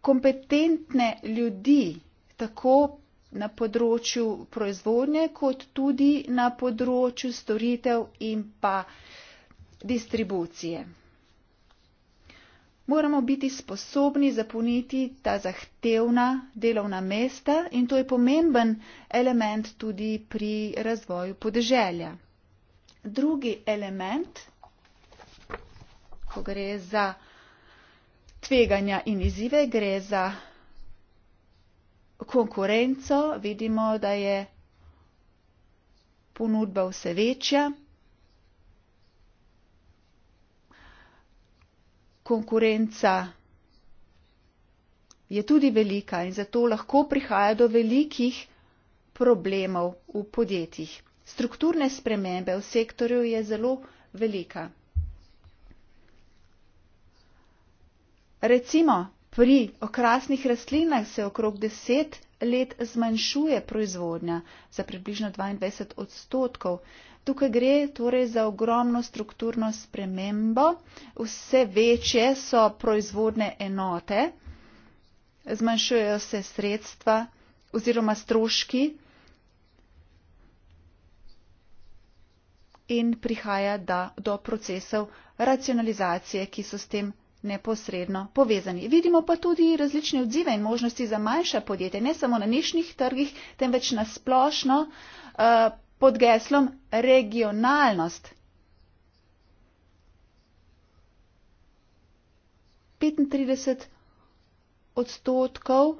kompetentne ljudi, tako na področju proizvodnje, kot tudi na področju storitev in pa distribucije. Moramo biti sposobni zapolniti ta zahtevna delovna mesta in to je pomemben element tudi pri razvoju podeželja. Drugi element, ko gre za tveganja in izive, gre za konkurenco, vidimo, da je ponudba vse večja. Konkurenca je tudi velika in zato lahko prihaja do velikih problemov v podjetjih. Strukturne spremembe v sektorju je zelo velika. Recimo, Pri okrasnih rastlinah se okrog deset let zmanjšuje proizvodnja za približno 22 odstotkov. Tukaj gre torej za ogromno strukturno spremembo, vse večje so proizvodne enote, zmanjšujejo se sredstva oziroma stroški in prihaja da, do procesov racionalizacije, ki so s tem povezani neposredno povezani. Vidimo pa tudi različne odzive in možnosti za manjša podjetja, ne samo na nišnih trgih, temveč na splošno uh, pod geslom regionalnost. 35 odstotkov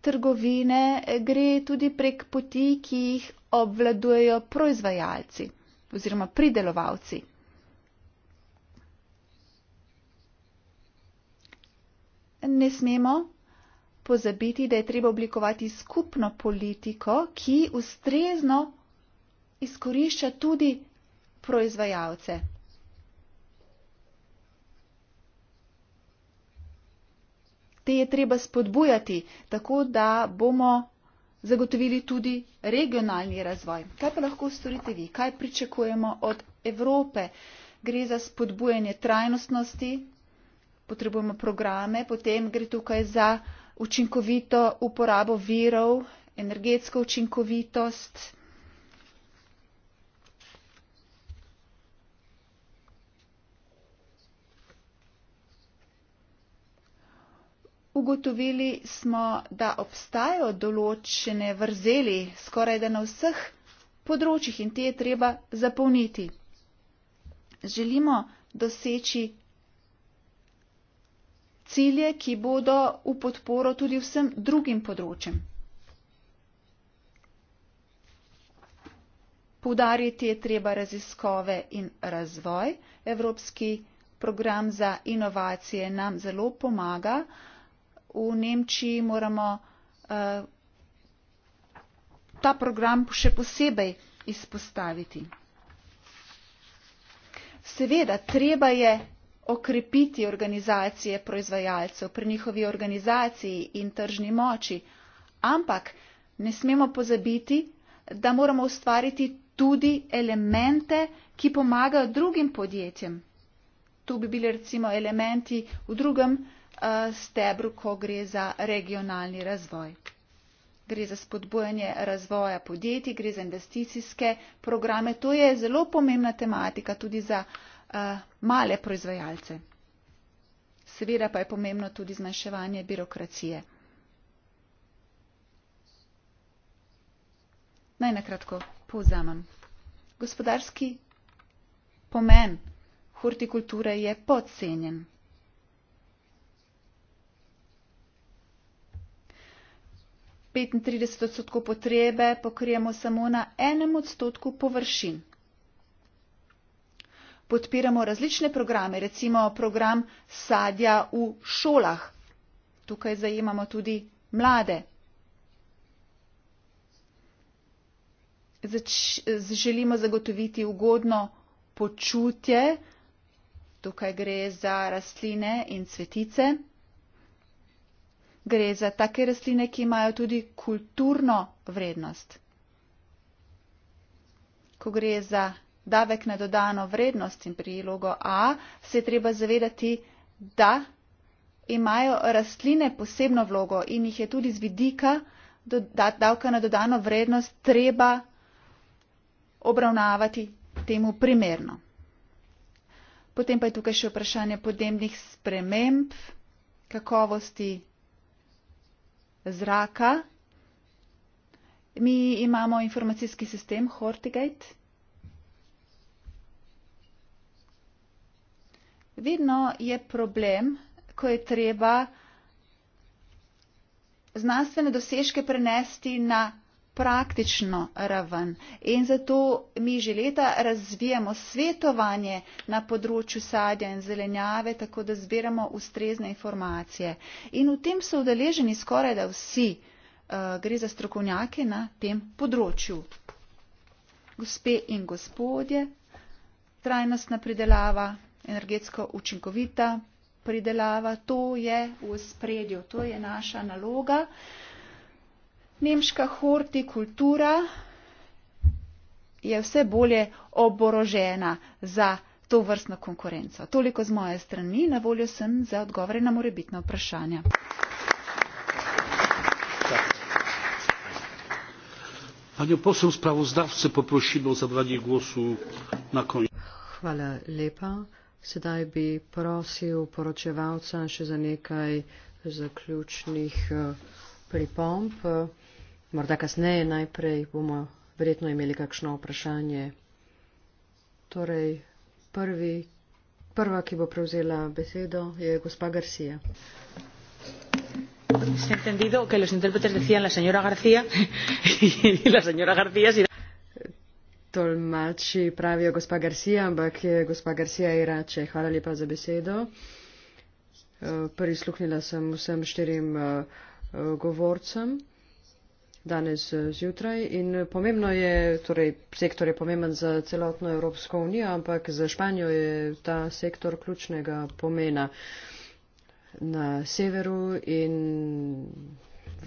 trgovine gre tudi prek poti, ki jih obvladujejo proizvajalci oziroma pridelovalci. ne smemo pozabiti, da je treba oblikovati skupno politiko, ki ustrezno izkorišča tudi proizvajalce. Te je treba spodbujati, tako da bomo zagotovili tudi regionalni razvoj. Kaj pa lahko storite vi? Kaj pričakujemo od Evrope? Gre za spodbujanje trajnostnosti, potrebujemo programe, potem gre tukaj za učinkovito uporabo virov, energetsko učinkovitost. Ugotovili smo, da obstajajo določene vrzeli skoraj da na vseh področjih in te je treba zapolniti. Želimo doseči cilje, ki bodo v podporo tudi vsem drugim področjem. Poudariti je treba raziskove in razvoj. Evropski program za inovacije nam zelo pomaga. V Nemčiji moramo uh, ta program še posebej izpostaviti. Seveda, treba je okrepiti organizacije proizvajalcev pri njihovi organizaciji in tržni moči, ampak ne smemo pozabiti, da moramo ustvariti tudi elemente, ki pomagajo drugim podjetjem. Tu bi bili recimo elementi v drugem uh, stebru, ko gre za regionalni razvoj. Gre za spodbojanje razvoja podjetij, gre za investicijske programe. To je zelo pomembna tematika tudi za uh, Eh, male proizvajalce. Seveda pa je pomembno tudi zmanjševanje birokracije. Naj nakratko povzamem. Gospodarski pomen hortikulture je podcenjen. Petintrideset odstotkov potrebe pokrijemo samo na enem odstotku površin podpiramo različne programe, recimo program sadja v šolah. Tukaj zajemamo tudi mlade. Zač želimo zagotoviti ugodno počutje, tukaj gre za rastline in cvetice. Gre za take rastline, ki imajo tudi kulturno vrednost. Ko gre za davek na dodano vrednost in prilogo A, se je treba zavedati, da imajo rastline posebno vlogo in jih je tudi z vidika davka na dodano vrednost treba obravnavati temu primerno. Potem pa je tukaj še vprašanje podnebnih sprememb, kakovosti zraka. Mi imamo informacijski sistem Hortigate, vedno je problem, ko je treba znanstvene dosežke prenesti na praktično raven. In zato mi že leta razvijamo svetovanje na področju sadja in zelenjave, tako da zbiramo ustrezne informacije. In v tem so udeleženi skoraj da vsi, eh, gre za strokovnjake na tem področju. Gospe in gospodje, trajnostna pridelava, energetsko učinkovita pridelava. To je v spredju, to je naša naloga. Nemška hortikultura je vse bolje oborožena za to vrstno konkurenco. Toliko z moje strani, na voljo sem za odgovore na morebitne vprašanja. Panjo posel sprawozdawcę poprosimy o zabranie głosu na koniec. Hvala lepa. Sedaj bi prosil poročevalca še za nekaj zaključnih eh, pripomp. Morda kasneje najprej bomo verjetno imeli kakšno vprašanje. Torej, prvi, prva, ki bo prevzela besedo, je gospa Garcia. Se je razumelo, da so intervjuje naredili gospa Garcia in gospa Garcia tolmači, pravijo gospa Garcia, ampak je gospa Garcia Irače. Hvala lepa za besedo. Eh, prisluhnila sem vsem štirim eh, govorcem danes eh, zjutraj in pomembno je, torej sektor je pomemben za celotno Evropsko unijo, ampak za Španijo je ta sektor ključnega pomena na severu in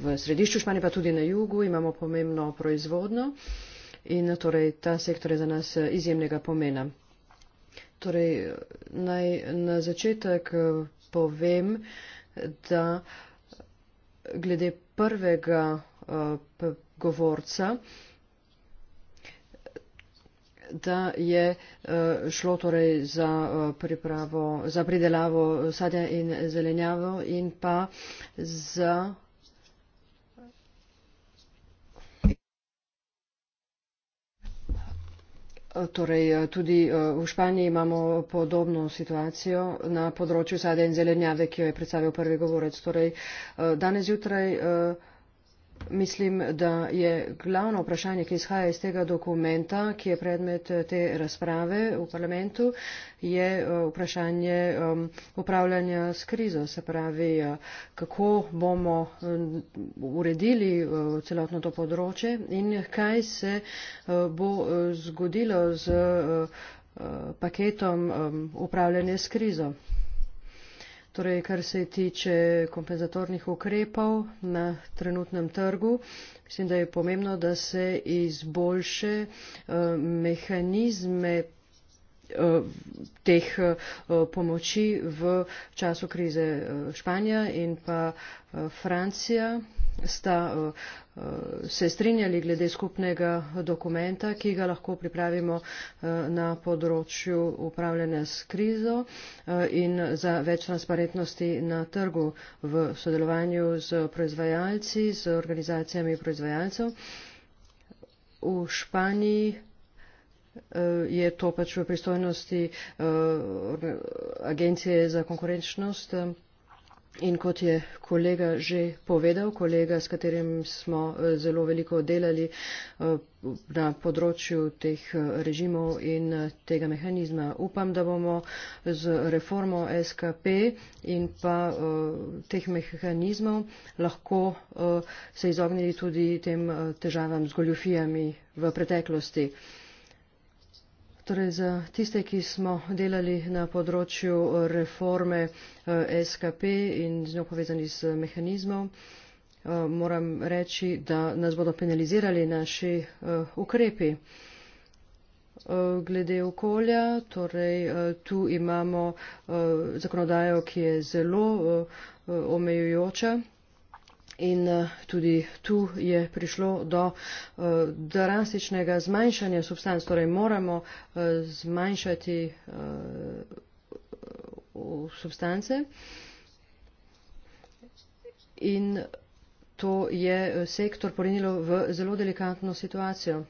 v središču Španije pa tudi na jugu imamo pomembno proizvodno. Uh, in torej ta sektor je za nas eh, izjemnega pomena. Torej, naj na začetek eh, povem, da eh, glede prvega govorca, da je šlo torej za pripravo, za pridelavo sadja in zelenjavo in pa za Torej, eh, tudi eh, v Španiji imamo podobno situacijo na področju sadja in zelenjave, ki jo je predstavil prvi govorec. Torej, eh, danes jutraj mislim, da je glavno vprašanje, ki izhaja iz tega dokumenta, ki je predmet eh, te razprave v parlamentu, je eh, vprašanje um, upravljanja s krizo. Se pravi, eh, kako bomo uredili celotno to področje in kaj se bo zgodilo z paketom um, upravljanja s krizo. Torej, kar se tiče kompenzatornih ukrepov na trenutnem trgu, mislim, da je pomembno, da se izboljše eh, mehanizme eh, teh eh, pomoči v času krize Španija in pa Francija, sta eh, eh, se strinjali glede skupnega dokumenta, ki ga lahko pripravimo eh, na področju upravljanja s krizo in za več transparentnosti na trgu v sodelovanju z proizvajalci, z organizacijami proizvajalcev. V Španiji je to pač v pristojnosti Agencije za konkurenčnost In kot je kolega že povedal, kolega, s katerim smo eh, zelo veliko delali eh, na področju teh eh, režimov in tega mehanizma, upam, da bomo z reformo SKP in pa teh mehanizmov lahko se izognili tudi tem težavam z goljufijami v preteklosti. Torej, za tiste, ki smo delali na področju reforme eh, SKP in z njo povezani z mehanizmom, eh, moram reči, da nas bodo penalizirali naši eh, ukrepi. Glede okolja, torej tu imamo zakonodajo, ki je zelo omejujoča in eh, tudi tu je prišlo do eh, drastičnega zmanjšanja substanc, torej moramo eh, zmanjšati substance. In to je sektor porinilo v zelo delikatno situacijo.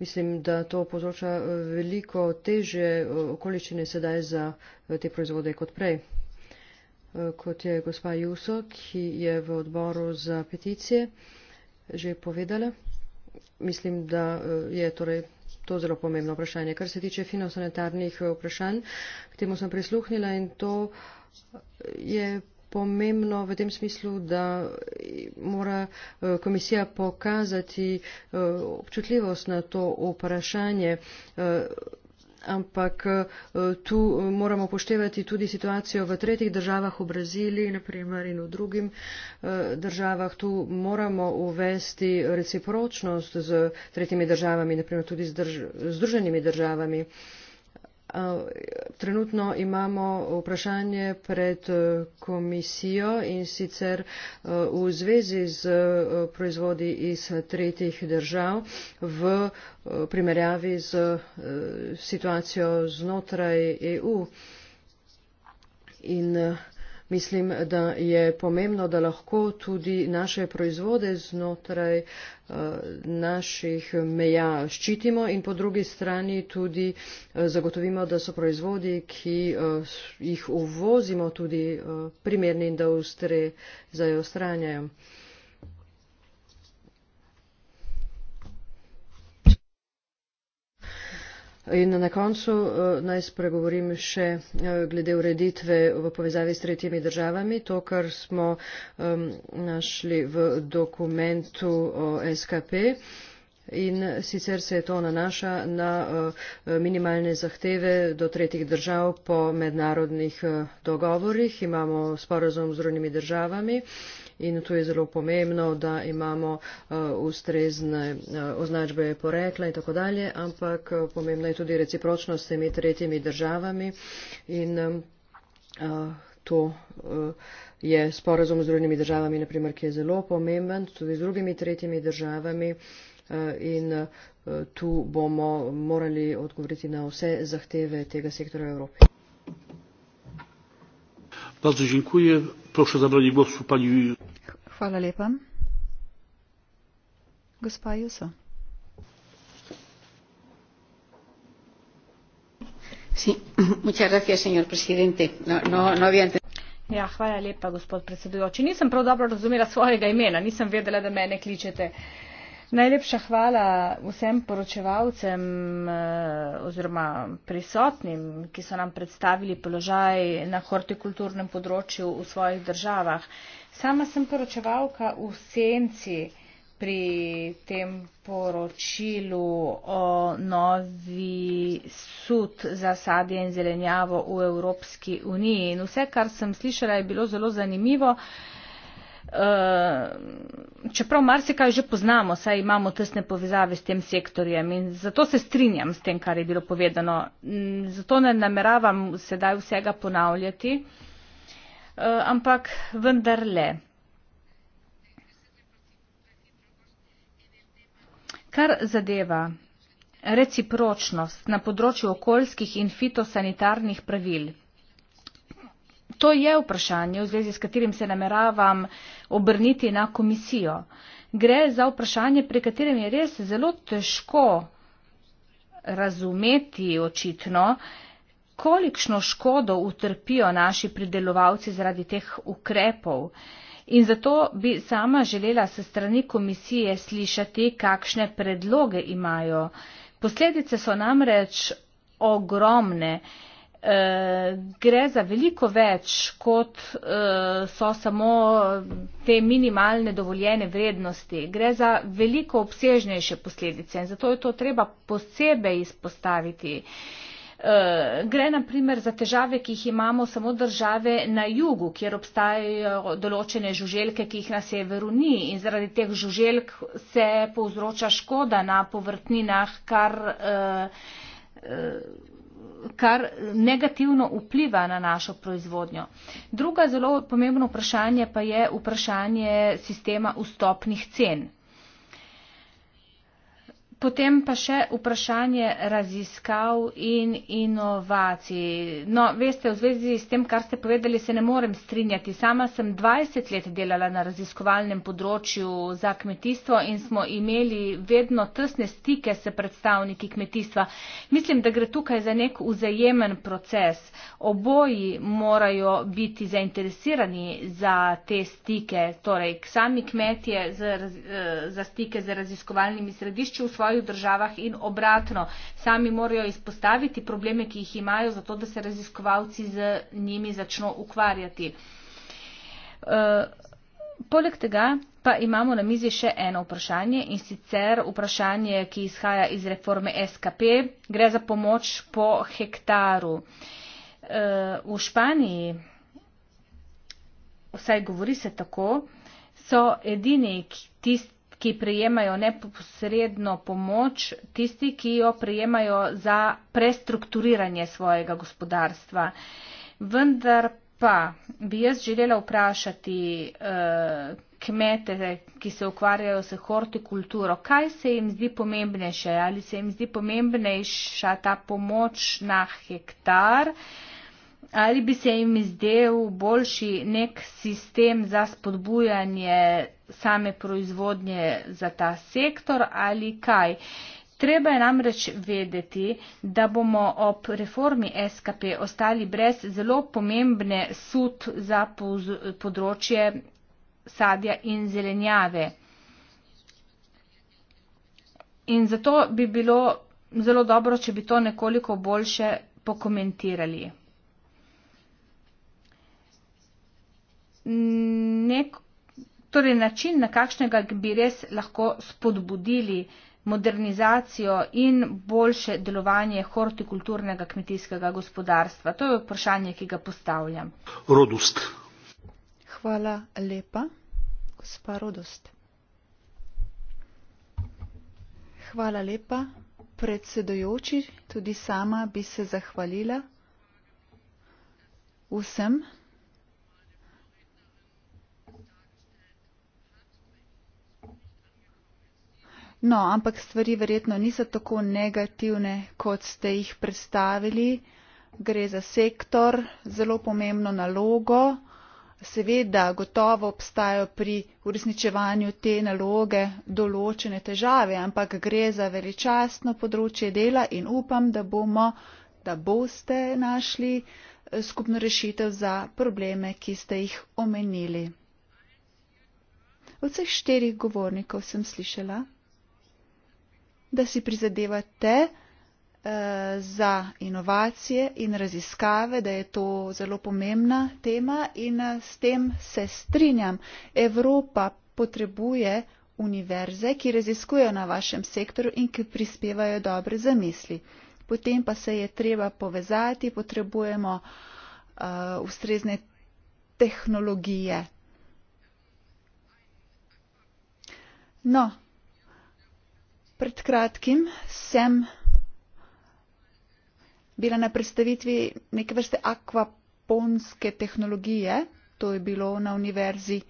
Mislim, da to povzroča veliko težje okoliščine sedaj za te proizvode kot prej kot je gospa Juso, ki je v odboru za peticije že povedala. Mislim, da eh, je torej to zelo pomembno vprašanje. Kar se tiče finosanitarnih eh, vprašanj, k temu sem prisluhnila in to eh, je pomembno v tem smislu, da mora komisija pokazati občutljivost na to vprašanje ampak eh, tu eh, moramo poštevati tudi situacijo v tretjih državah, v Braziliji naprimer in v drugim eh, državah. Tu moramo uvesti recipročnost z tretjimi državami, naprimer tudi z združenimi državami. Trenutno imamo vprašanje pred e, komisijo in sicer e, v zvezi z e, proizvodi iz tretjih držav v primerjavi z situacijo znotraj EU. In, uh, Mislim, da je pomembno, da lahko tudi naše proizvode znotraj eh, naših meja ščitimo in po drugi strani tudi eh, zagotovimo, da so proizvodi, ki eh, jih uvozimo, tudi primerni in da ustrezajo stranjajo. In na koncu eh, naj spregovorim še eh, glede ureditve v povezavi s tretjimi državami. To, kar smo našli v dokumentu o SKP. In sicer se to nanaša na eh, minimalne zahteve do tretjih držav po mednarodnih dogovorih. Imamo sporozum z drugimi državami in tu je zelo pomembno, da imamo eh, ustrezne eh, označbe porekla in tako dalje, ampak eh, pomembna je tudi recipročnost s temi tretjimi državami in to je sporazum z drugimi državami, naprimer, ki je zelo pomemben, tudi z drugimi tretjimi državami in tu bomo morali odgovoriti na vse zahteve tega sektora v Evropi. Bardzo dziękuję. Prošu zabranje glasu pani Hvala lepa. Gospa Juso. Sí, *clears throat* muchas gracias, señor presidente. No, no, no había ja, hvala lepa, gospod predsedujoči. Nisem prav dobro razumela svojega imena, nisem vedela, da mene kličete. Uh, Najlepša hvala vsem poročevalcem eh, oziroma prisotnim, ki so nam predstavili položaj na hortikulturnem področju v svojih državah. Sama sem poročevalka v senci pri tem poročilu o novi sud za sadje in zelenjavo v Evropski uniji. In vse, kar sem slišala, je bilo zelo zanimivo. Eh, čeprav marsikaj že poznamo, saj imamo tesne povezave s tem sektorjem in zato se strinjam s tem, kar je bilo povedano. Mm, zato ne nameravam sedaj vsega ponavljati, eh, ampak vendarle. Kar zadeva recipročnost na področju okoljskih in fitosanitarnih pravil, to je vprašanje, v zvezi s katerim se nameravam obrniti na komisijo. Gre za vprašanje, pri katerem je res zelo težko razumeti očitno, kolikšno škodo utrpijo naši pridelovalci zaradi teh ukrepov. In zato bi sama želela se strani komisije slišati, kakšne predloge imajo. Posledice so namreč ogromne. Eh, gre za veliko več, kot eh, so samo te minimalne dovoljene vrednosti. Gre za veliko obsežnejše posledice in zato je to treba posebej izpostaviti. Eh, gre naprimer za težave, ki jih imamo samo države na jugu, kjer obstajajo določene žuželke, ki jih na severu ni in zaradi teh žuželk se povzroča škoda na povrtninah, kar. Uh, uh, kar negativno vpliva na našo proizvodnjo. Druga zelo pomembno vprašanje pa je vprašanje sistema vstopnih cen. Potem pa še vprašanje raziskav in inovacij. No, veste, v zvezi s tem, kar ste povedali, se ne morem strinjati. Sama sem 20 let delala na raziskovalnem področju za kmetijstvo in smo imeli vedno tesne stike s predstavniki kmetijstva. Mislim, da gre tukaj za nek vzajemen proces. Oboji morajo biti zainteresirani za te stike, torej sami kmetje za, eh, za stike z raziskovalnimi središči v svojem svojih državah in obratno. Sami morajo izpostaviti probleme, ki jih imajo, zato da se raziskovalci z njimi začno ukvarjati. E, poleg tega pa imamo na mizi še eno vprašanje in sicer vprašanje, ki izhaja iz reforme SKP, gre za pomoč po hektaru. E, v Španiji, vsaj govori se tako, so edini tisti, ki prejemajo neposredno pomoč, tisti, ki jo prejemajo za prestrukturiranje svojega gospodarstva. Vendar pa bi jaz želela vprašati eh, kmete, ki se ukvarjajo s hortikulturo, kaj se jim zdi pomembnejše, ali se jim zdi pomembnejša ta pomoč na hektar, eh, ali bi se jim izdel boljši nek sistem za spodbujanje same proizvodnje za ta sektor ali kaj. Treba je namreč vedeti, da bomo ob reformi SKP ostali brez zelo pomembne sud za področje sadja in zelenjave. In zato bi bilo zelo dobro, če bi to nekoliko boljše pokomentirali. nek, torej način, na kakšnega bi res lahko spodbudili modernizacijo in boljše delovanje hortikulturnega kmetijskega gospodarstva. To je vprašanje, ki ga postavljam. Rodost. Hvala lepa, gospa Rodost. Hvala lepa, predsedojoči. Tudi sama bi se zahvalila vsem No, ampak stvari verjetno niso tako negativne, kot ste jih predstavili. Gre za sektor, zelo pomembno nalogo. Seveda, gotovo obstajajo pri uresničevanju te naloge določene težave, ampak gre za veličastno področje dela in upam, da bomo, da boste našli eh, skupno rešitev za probleme, ki ste jih omenili. Od vseh štirih govornikov sem slišala da si prizadevate eh, za inovacije in raziskave, da je to zelo pomembna tema in eh, s tem se strinjam. Evropa potrebuje univerze, ki raziskujejo na vašem sektoru in ki prispevajo dobre zamisli. Potem pa se je treba povezati, potrebujemo uh, ustrezne tehnologije. No, Pred kratkim sem bila na predstavitvi neke vrste akvaponske tehnologije. To je bilo na univerzi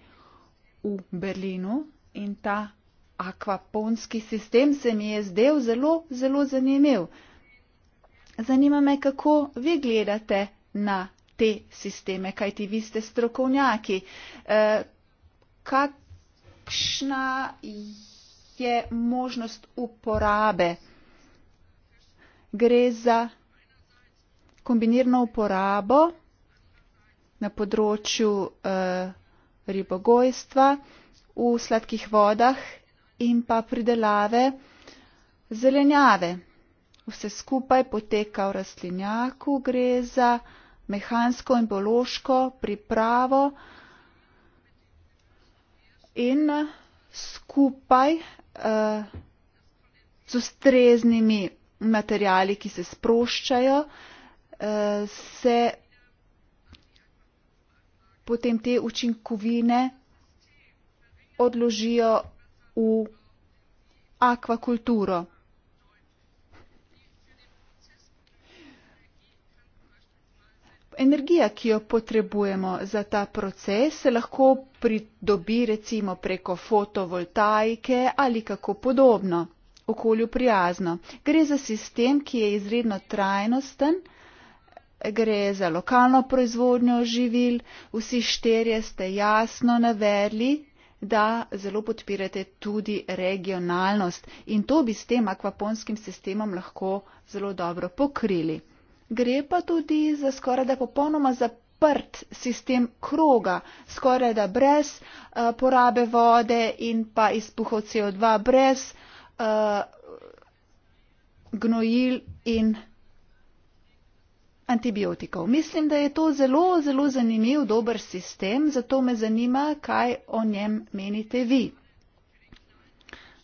v Berlinu in ta akvaponski sistem se mi je zdel zelo, zelo zanimiv. Zanima me, kako vi gledate na te sisteme, kajti vi ste strokovnjaki. E, kakšna je je možnost uporabe. Gre za kombinirano uporabo na področju eh, ribogojstva v sladkih vodah in pa pridelave zelenjave. Vse skupaj poteka v rastlinjaku, gre za mehansko in biološko pripravo in skupaj uh, z ustreznimi materijali, ki se sproščajo, uh, se potem te učinkovine odložijo v akvakulturo. Energija, ki jo potrebujemo za ta proces, se lahko pridobi recimo preko fotovoltaike ali kako podobno, okolju prijazno. Gre za sistem, ki je izredno trajnosten, gre za lokalno proizvodnjo živil, vsi šterje ste jasno navedli, da zelo podpirate tudi regionalnost in to bi s tem akvaponskim sistemom lahko zelo dobro pokrili. Gre pa tudi za skoraj da popolnoma zaprt sistem kroga, skoraj da brez uh, porabe vode in pa izpuhov CO2, brez uh, gnojil in antibiotikov. Mislim, da je to zelo, zelo zanimiv, dober sistem, zato me zanima, kaj o njem menite vi.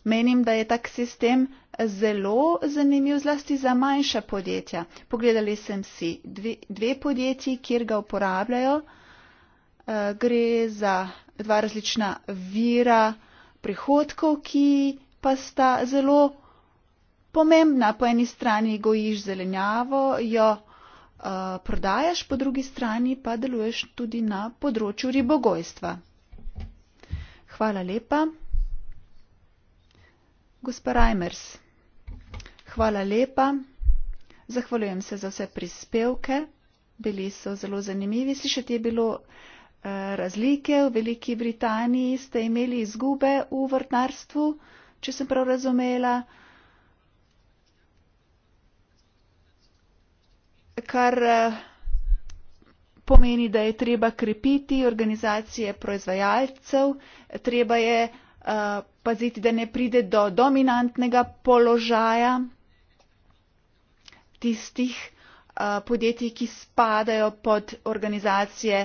Menim, da je tak sistem zelo zanimiv, zlasti za manjša podjetja. Pogledali sem si dve, dve podjetji, kjer ga uporabljajo. Eh, gre za dva različna vira prihodkov, ki pa sta zelo pomembna. Po eni strani gojiš zelenjavo, jo eh, prodajaš, po drugi strani pa deluješ tudi na področju ribogojstva. Hvala lepa. Gospa Reimers, hvala lepa. Zahvaljujem se za vse prispevke. Bili so zelo zanimivi. Slišati je bilo eh, razlike. V Veliki Britaniji ste imeli izgube v vrtnarstvu, če sem prav razumela. Kar eh, pomeni, da je treba krepiti organizacije proizvajalcev, treba je Uh, paziti, da ne pride do dominantnega položaja tistih uh, podjetij, ki spadajo pod organizacije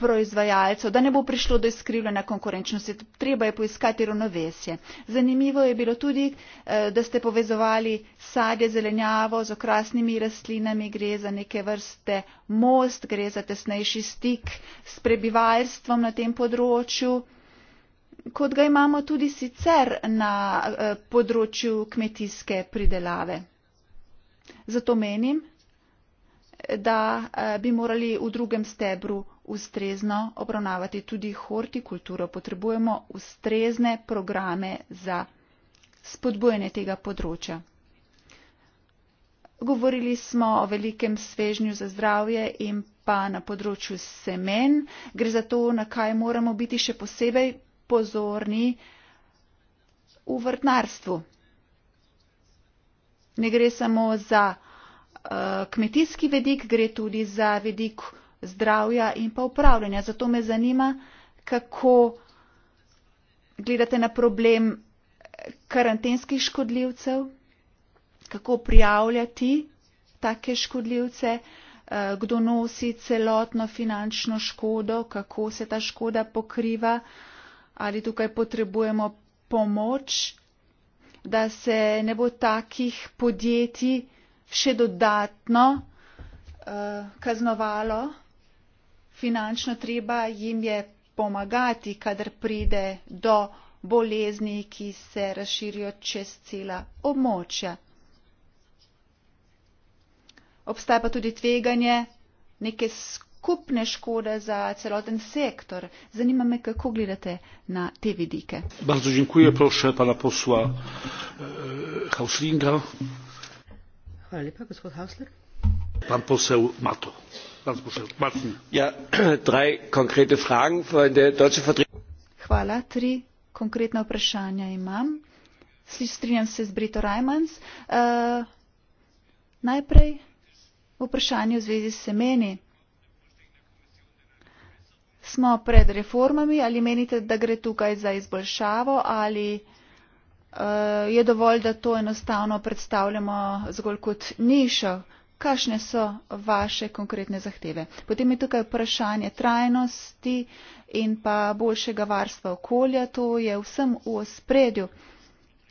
proizvajalcev, da ne bo prišlo do izkrivljena konkurenčnosti. Treba je poiskati ravnovesje. Zanimivo je bilo tudi, uh, da ste povezovali sadje, zelenjavo z okrasnimi rastlinami, gre za neke vrste most, gre za tesnejši stik s prebivalstvom na tem področju kot ga imamo tudi sicer na eh, področju kmetijske pridelave. Zato menim, da eh, bi morali v drugem stebru ustrezno obravnavati tudi hortikulturo. Potrebujemo ustrezne programe za spodbojanje tega področja. Govorili smo o velikem svežnju za zdravje in pa na področju semen. Gre za to, na kaj moramo biti še posebej pozorni v vrtnarstvu. Ne gre samo za uh, kmetijski vedik, gre tudi za vedik zdravja in pa upravljanja. Zato me zanima, kako gledate na problem karantenskih škodljivcev, kako prijavljati take škodljivce, eh, kdo nosi celotno finančno škodo, kako se ta škoda pokriva. Uh, ali tukaj potrebujemo pomoč, da se ne bo takih podjetij še dodatno uh, kaznovalo. Finančno treba jim je pomagati, kadar pride do bolezni, ki se razširijo čez cela območja. Obstaja pa tudi tveganje neke skupine, skupne škode za celoten sektor. Zanima me, kako gledate na te vidike. Bardzo dziękuję, proszę pana posła uh, Hauslinga. Hvala lepa, gospod Hausler. Pan posel Mato. Ja, *clears throat* drei konkrete Fragen von der deutschen Vertretung. Hvala, tri konkretna vprašanja imam. Strinjam se z Brito Reimans. Uh, najprej vprašanje v zvezi s semeni smo pred reformami, ali menite, da gre tukaj za izboljšavo ali uh, je dovolj, da to enostavno predstavljamo zgolj kot nišo? Kakšne so vaše konkretne zahteve? Potem je tukaj vprašanje trajnosti in pa boljšega varstva okolja, to je vsem v ospredju.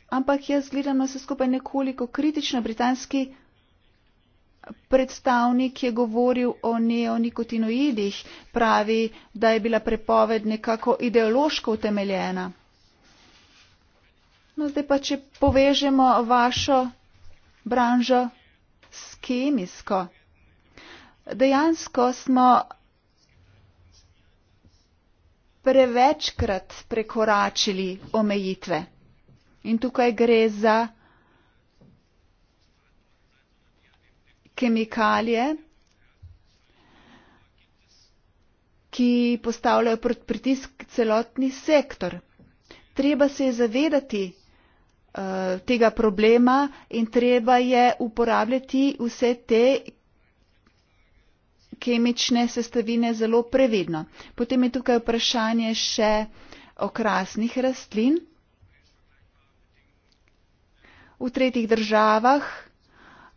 Ampak jaz gledam na vse skupaj nekoliko kritično. Britanski predstavnik je govoril o neonikotinoidih, pravi, da je bila prepoved nekako ideološko utemeljena. No, zdaj pa, če povežemo vašo branžo s kemijsko. Dejansko smo prevečkrat prekoračili omejitve. In tukaj gre za kemikalije, ki postavljajo pod pritisk celotni sektor. Treba se je zavedati uh, tega problema in treba je uporabljati vse te kemične sestavine zelo previdno. Potem je tukaj vprašanje še okrasnih rastlin. V tretjih državah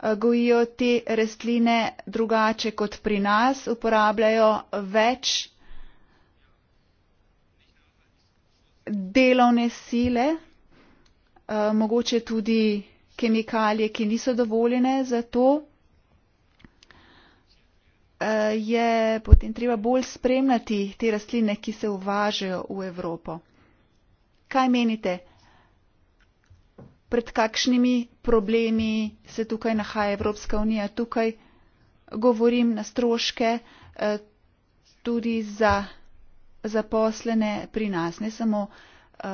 Eh, gojijo te rastline drugače kot pri nas, uporabljajo več delovne sile, eh, mogoče tudi kemikalije, ki niso dovoljene za to, eh, je potem treba bolj spremljati te rastline, ki se uvažajo v Evropo. Kaj menite? pred kakšnimi problemi se tukaj nahaja Evropska unija. Tukaj govorim na stroške eh, tudi za zaposlene pri nas. Ne, samo, eh,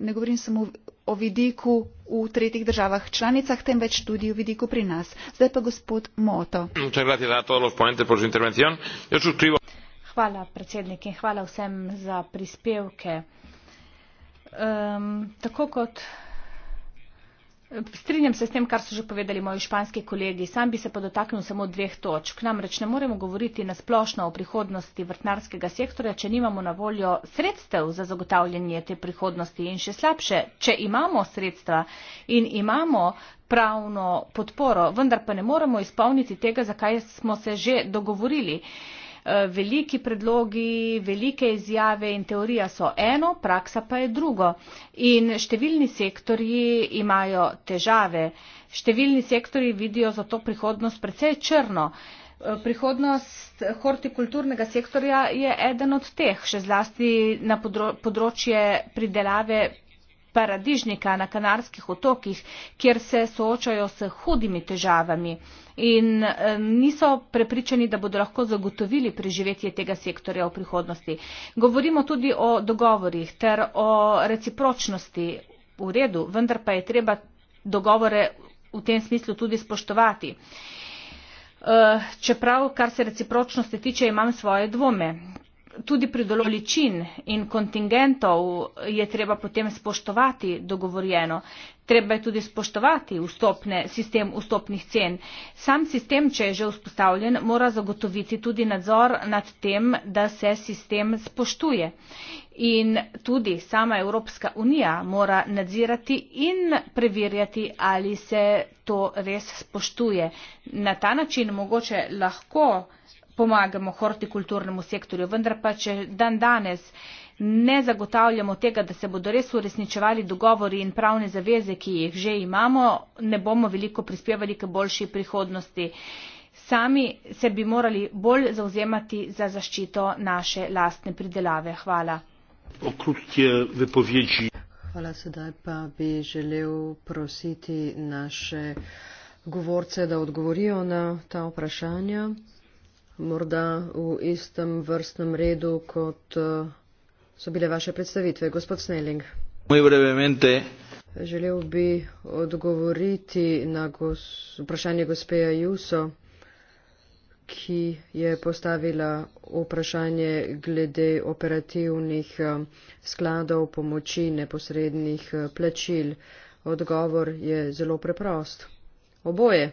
ne govorim samo o vidiku v tretjih državah članicah, temveč tudi o vidiku pri nas. Zdaj pa gospod Moto. Hvala predsednik in hvala vsem za prispevke. Um, tako kot Strinjam se s tem, kar so že povedali moji španski kolegi. Sam bi se pa dotaknil samo dveh točk. Namreč ne moremo govoriti na splošno o prihodnosti vrtnarskega sektorja, če nimamo na voljo sredstev za zagotavljanje te prihodnosti. In še slabše, če imamo sredstva in imamo pravno podporo, vendar pa ne moremo izpolniti tega, zakaj smo se že dogovorili. Eh, veliki predlogi, velike izjave in teorija so eno, praksa pa je drugo. In številni sektorji imajo težave, številni sektorji vidijo za to prihodnost precej črno. Eh, prihodnost hortikulturnega sektorja je eden od teh, še zlasti na področje pridelave paradižnika na Kanarskih otokih, kjer se soočajo s hudimi težavami in eh, niso prepričani, da bodo lahko zagotovili preživetje tega sektorja v prihodnosti. Govorimo tudi o dogovorih ter o recipročnosti v redu, vendar pa je treba dogovore v tem smislu tudi spoštovati. Eh, čeprav, kar se recipročnosti tiče, imam svoje dvome tudi pri določin in kontingentov je treba potem spoštovati dogovorjeno. Treba je tudi spoštovati vstopne, sistem vstopnih cen. Sam sistem, če je že vzpostavljen, mora zagotoviti tudi nadzor nad tem, da se sistem spoštuje. In tudi sama Evropska unija mora nadzirati in preverjati, ali se to res spoštuje. Na ta način mogoče lahko pomagamo hortikulturnemu sektorju, vendar pa če dan danes ne zagotavljamo tega, da se bodo res uresničevali dogovori in pravne zaveze, ki jih že imamo, ne bomo veliko prispevali k boljši prihodnosti. Sami se bi morali bolj zauzemati za zaščito naše lastne pridelave. Hvala. Hvala, sedaj pa bi želel prositi naše govorce, da odgovorijo na ta vprašanja morda v istem vrstnem redu, kot eh, so bile vaše predstavitve. Gospod Sneling. Želel bi odgovoriti na gos vprašanje gospeja Juso, ki je postavila vprašanje glede operativnih eh, skladov pomoči neposrednih eh, plačil. Odgovor je zelo preprost. Oboje.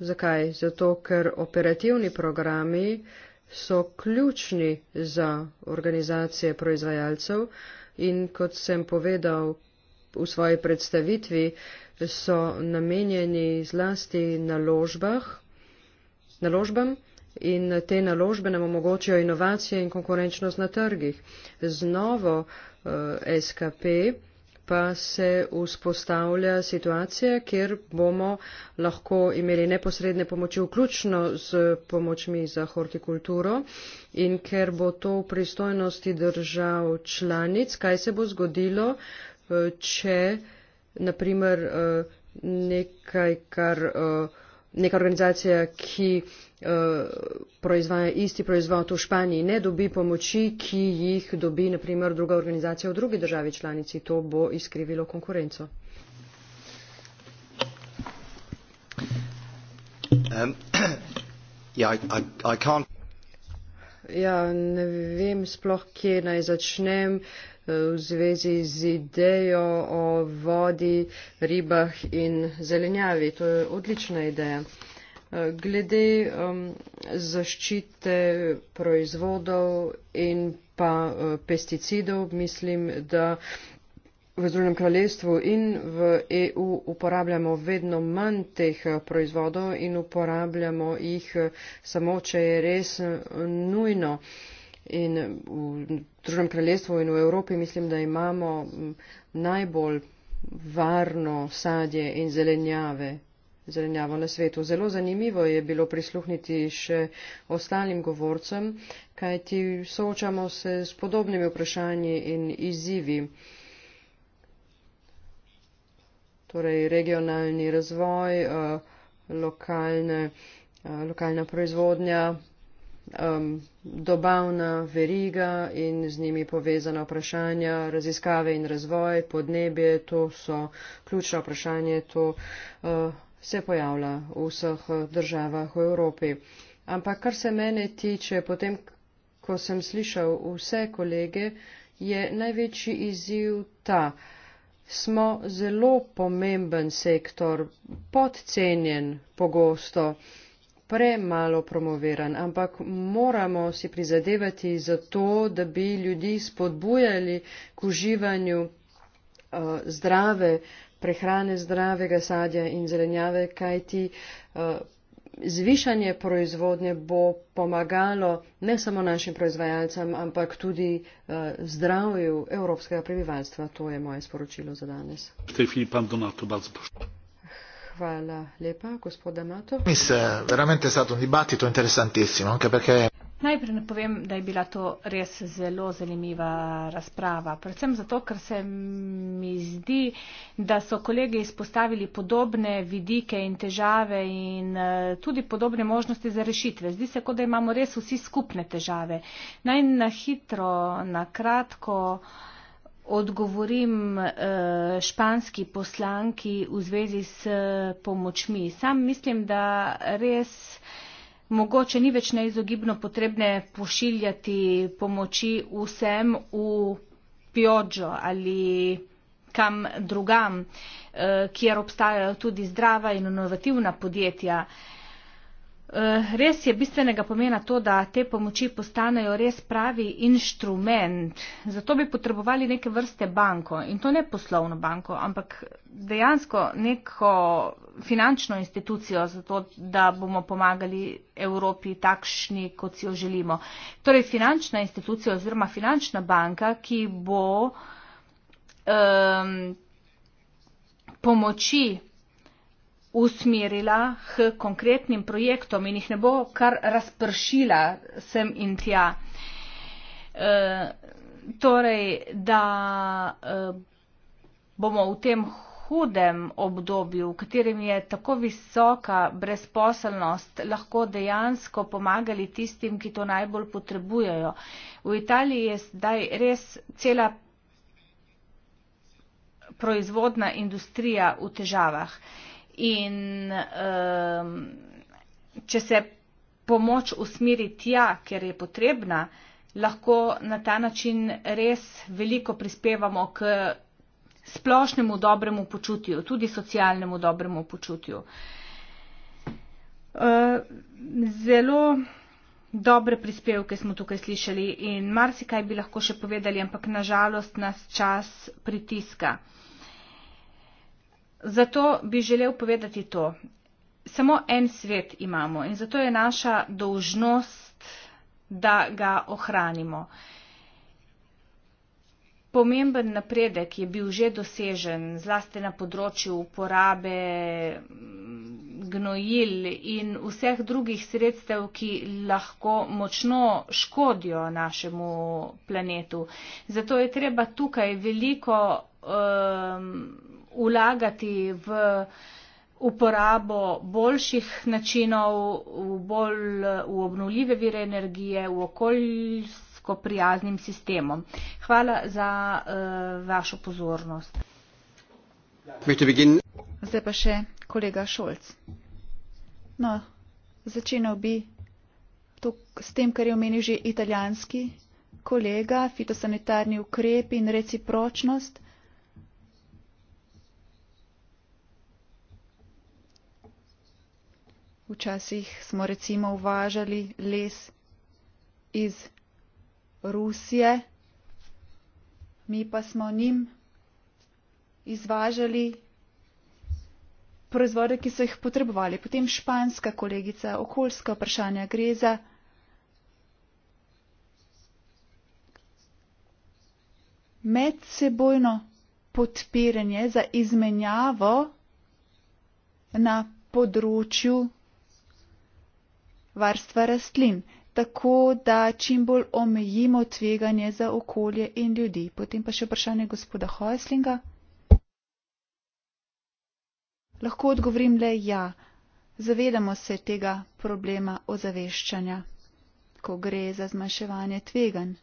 Zakaj? Zato, ker operativni programi so ključni za organizacije proizvajalcev in, kot sem povedal v svoji predstavitvi, so namenjeni zlasti naložbah, naložbam. In te naložbe nam omogočajo inovacije in konkurenčnost na trgih. Z novo eh, SKP pa se vzpostavlja situacija, kjer bomo lahko imeli neposredne pomoči, vključno z pomočmi za hortikulturo in ker bo to v pristojnosti držav članic, kaj se bo zgodilo, eh, če naprimer eh, nekaj, kar, eh, neka organizacija, ki Eh, proizvaja isti proizvod v Španiji, ne dobi pomoči, ki jih dobi naprimer druga organizacija v drugi državi članici. To bo izkrivilo konkurenco. Um, *clears throat* yeah, I, I, I can't. Ja, ne vem sploh, kje naj začnem eh, v zvezi z idejo o vodi, ribah in zelenjavi. To je odlična ideja glede um, zaščite proizvodov in pa uh, pesticidov. Mislim, da v Združenem kraljestvu in v EU uporabljamo vedno manj teh uh, proizvodov in uporabljamo jih uh, samo, če je res uh, nujno. In v Združenem kraljestvu in v Evropi mislim, da imamo najbolj varno sadje in zelenjave zelenjavo na svetu. Zelo zanimivo je bilo prisluhniti še ostalim govorcem, kajti soočamo se s podobnimi vprašanji in izzivi. Torej regionalni razvoj, eh, lokalne, eh, lokalna proizvodnja, dobavna veriga in z njimi povezana vprašanja, raziskave in razvoj, podnebje, to so ključna vprašanja, to eh, se pojavlja v vseh eh, državah v Evropi. Ampak kar se mene tiče, potem, ko sem slišal vse kolege, je največji izziv ta. Smo zelo pomemben sektor, podcenjen pogosto, premalo promoviran, ampak moramo si prizadevati za to, da bi ljudi spodbujali k uživanju uh, zdrave prehrane zdravega sadja in zelenjave, kajti eh, zvišanje proizvodnje bo pomagalo ne samo našim proizvajalcem, ampak tudi eh, zdravju evropskega prebivalstva. To je moje sporočilo za danes. Hvala lepa, gospod Damato. Mislim, eh, da je res bil debat interesantissimo, tudi ker. Perché... Najprej napovem, da je bila to res zelo zanimiva razprava, predvsem zato, ker se mi zdi, da so kolege izpostavili podobne vidike in težave in eh, tudi podobne možnosti za rešitve. Zdi se, kot da imamo res vsi skupne težave. Naj na hitro, na kratko odgovorim eh, španski poslanki v zvezi s eh, pomočmi. Sam mislim, da res mogoče ni več neizogibno potrebne pošiljati pomoči vsem v Pjodžo ali kam drugam, eh, kjer obstajajo tudi zdrava in inovativna podjetja. Eh, res je bistvenega pomena to, da te pomoči postanejo res pravi inštrument. Zato bi potrebovali neke vrste banko in to ne poslovno banko, ampak dejansko neko finančno institucijo, zato da bomo pomagali Evropi takšni, kot si jo želimo. Torej finančna institucija oziroma finančna banka, ki bo um, pomoči usmerila k konkretnim projektom in jih ne bo kar razpršila sem in tja. E, torej, da e, bomo v tem hudem obdobju, v katerem je tako visoka brezposelnost, lahko dejansko pomagali tistim, ki to najbolj potrebujejo. V Italiji je zdaj res cela proizvodna industrija v težavah in um, če se pomoč usmeri tja, ker je potrebna, lahko na ta način res veliko prispevamo k splošnemu dobremu počutju, tudi socialnemu dobremu počutju. Uh, zelo dobre prispevke smo tukaj slišali in marsikaj bi lahko še povedali, ampak nažalost nas čas pritiska. Zato bi želel povedati to. Samo en svet imamo in zato je naša dolžnost, da ga ohranimo. Pomemben napredek je bil že dosežen, zlasti na področju uporabe mm, gnojil in vseh drugih sredstev, ki lahko močno škodijo našemu planetu. Zato je treba tukaj veliko. Um, vlagati v uporabo boljših načinov, v bolj v obnuljive vire energije, v okoljsko prijaznim sistemom. Hvala za uh, vašo pozornost. Zdaj pa še kolega Šolc. No, začenal bi to, s tem, kar je omenil že italijanski kolega, fitosanitarni ukrepi in recipročnost. Včasih smo recimo uvažali les iz Rusije, mi pa smo njim izvažali proizvode, ki so jih potrebovali. Potem španska kolegica, okoljska vprašanja gre za. medsebojno podpiranje za izmenjavo na področju varstva rastlin, tako da čim bolj omejimo tveganje za okolje in ljudi. Potem pa še vprašanje gospoda Hoeslinga. Lahko odgovorim le ja. Zavedamo se tega problema ozaveščanja, ko gre za zmanjševanje tveganj.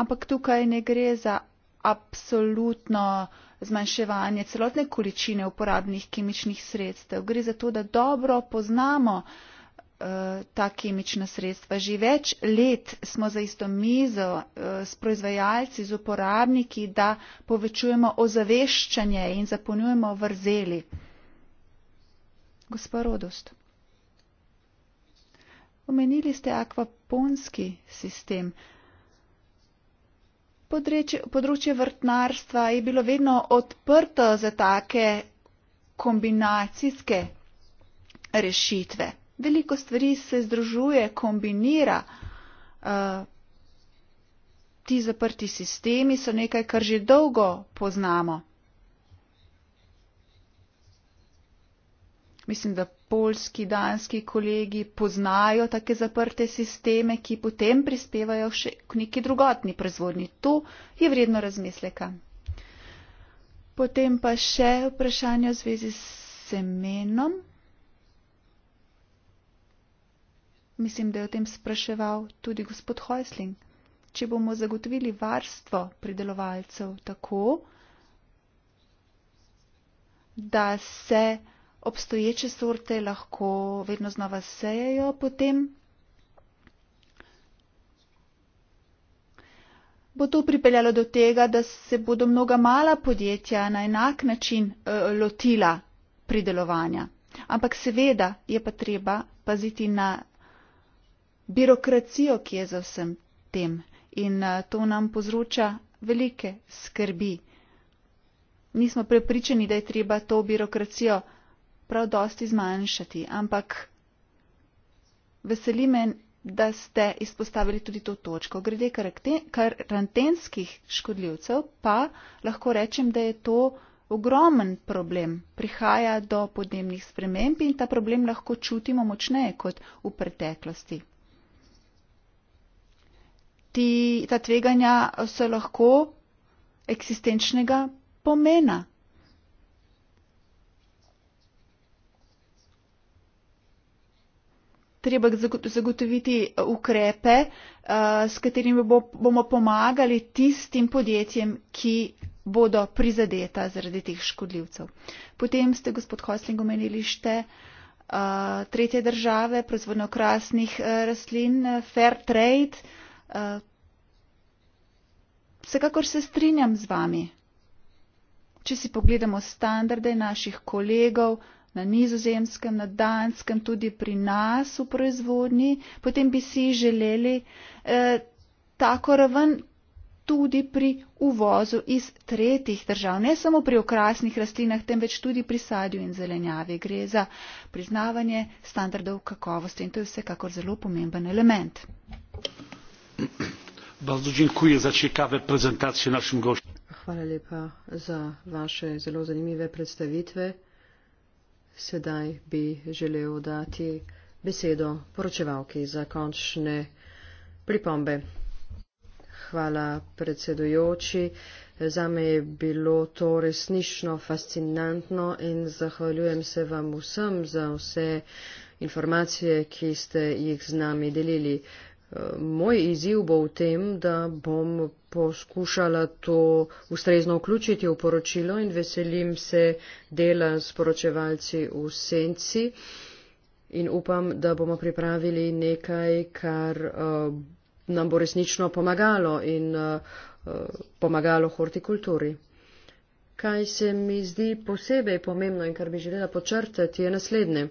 Ampak tukaj ne gre za absolutno zmanjševanje celotne količine uporabnih kemičnih sredstev. Gre za to, da dobro poznamo eh, ta kemična sredstva. Že več let smo za isto mizo eh, s proizvajalci, z uporabniki, da povečujemo ozaveščanje in zapolnjujemo vrzeli. Gospod Rodost, omenili ste akvaponski sistem. Področje, področje vrtnarstva je bilo vedno odprto za take kombinacijske rešitve. Veliko stvari se združuje, kombinira. Uh, ti zaprti sistemi so nekaj, kar že dolgo poznamo. Mislim, da polski, danski kolegi poznajo take zaprte sisteme, ki potem prispevajo še k neki drugotni proizvodni. To je vredno razmisleka. Potem pa še vprašanje v zvezi s semenom. Mislim, da je o tem spraševal tudi gospod Hojsling. Če bomo zagotovili varstvo pridelovalcev tako, da se obstoječe sorte lahko vedno znova sejajo potem. Bo to pripeljalo do tega, da se bodo mnoga mala podjetja na enak način uh, lotila pridelovanja. Ampak seveda je pa treba paziti na birokracijo, ki je za vsem tem. In uh, to nam povzroča velike skrbi. Nismo prepričani, da je treba to birokracijo prav dosti zmanjšati, ampak veseli me, da ste izpostavili tudi to točko. Grede karantenskih škodljivcev pa lahko rečem, da je to ogromen problem. Prihaja do podnebnih sprememb in ta problem lahko čutimo močneje kot v preteklosti. Ti, ta tveganja so lahko eksistenčnega pomena. treba zagotoviti uh, ukrepe, uh, s katerimi bomo pomagali tistim podjetjem, ki bodo prizadeta zaradi teh škodljivcev. Potem ste, gospod Hosling, omenili šte uh, tretje države, proizvodno krasnih rastlin, fair trade. Vsekakor se strinjam z vami. Če si pogledamo standarde naših kolegov, na nizozemskem, na danskem, tudi pri nas v proizvodnji, potem bi si želeli eh, tako raven tudi pri uvozu iz tretjih držav, ne samo pri okrasnih rastlinah, temveč tudi pri sadju in zelenjavi. Gre za priznavanje standardov kakovosti in to je vsekakor zelo pomemben element. Hvala lepa za vaše zelo zanimive predstavitve. Sedaj bi želel dati besedo poročevalki za končne pripombe. Hvala, predsedujoči. Zame je bilo to resnično fascinantno in zahvaljujem se vam vsem za vse informacije, ki ste jih z nami delili. Moj izziv bo v tem, da bom poskušala to ustrezno vključiti v poročilo in veselim se dela s poročevalci v senci in upam, da bomo pripravili nekaj, kar uh, nam bo resnično pomagalo in uh, pomagalo hortikulturi. Kaj se mi zdi posebej pomembno in kar bi želela počrtati, je naslednje.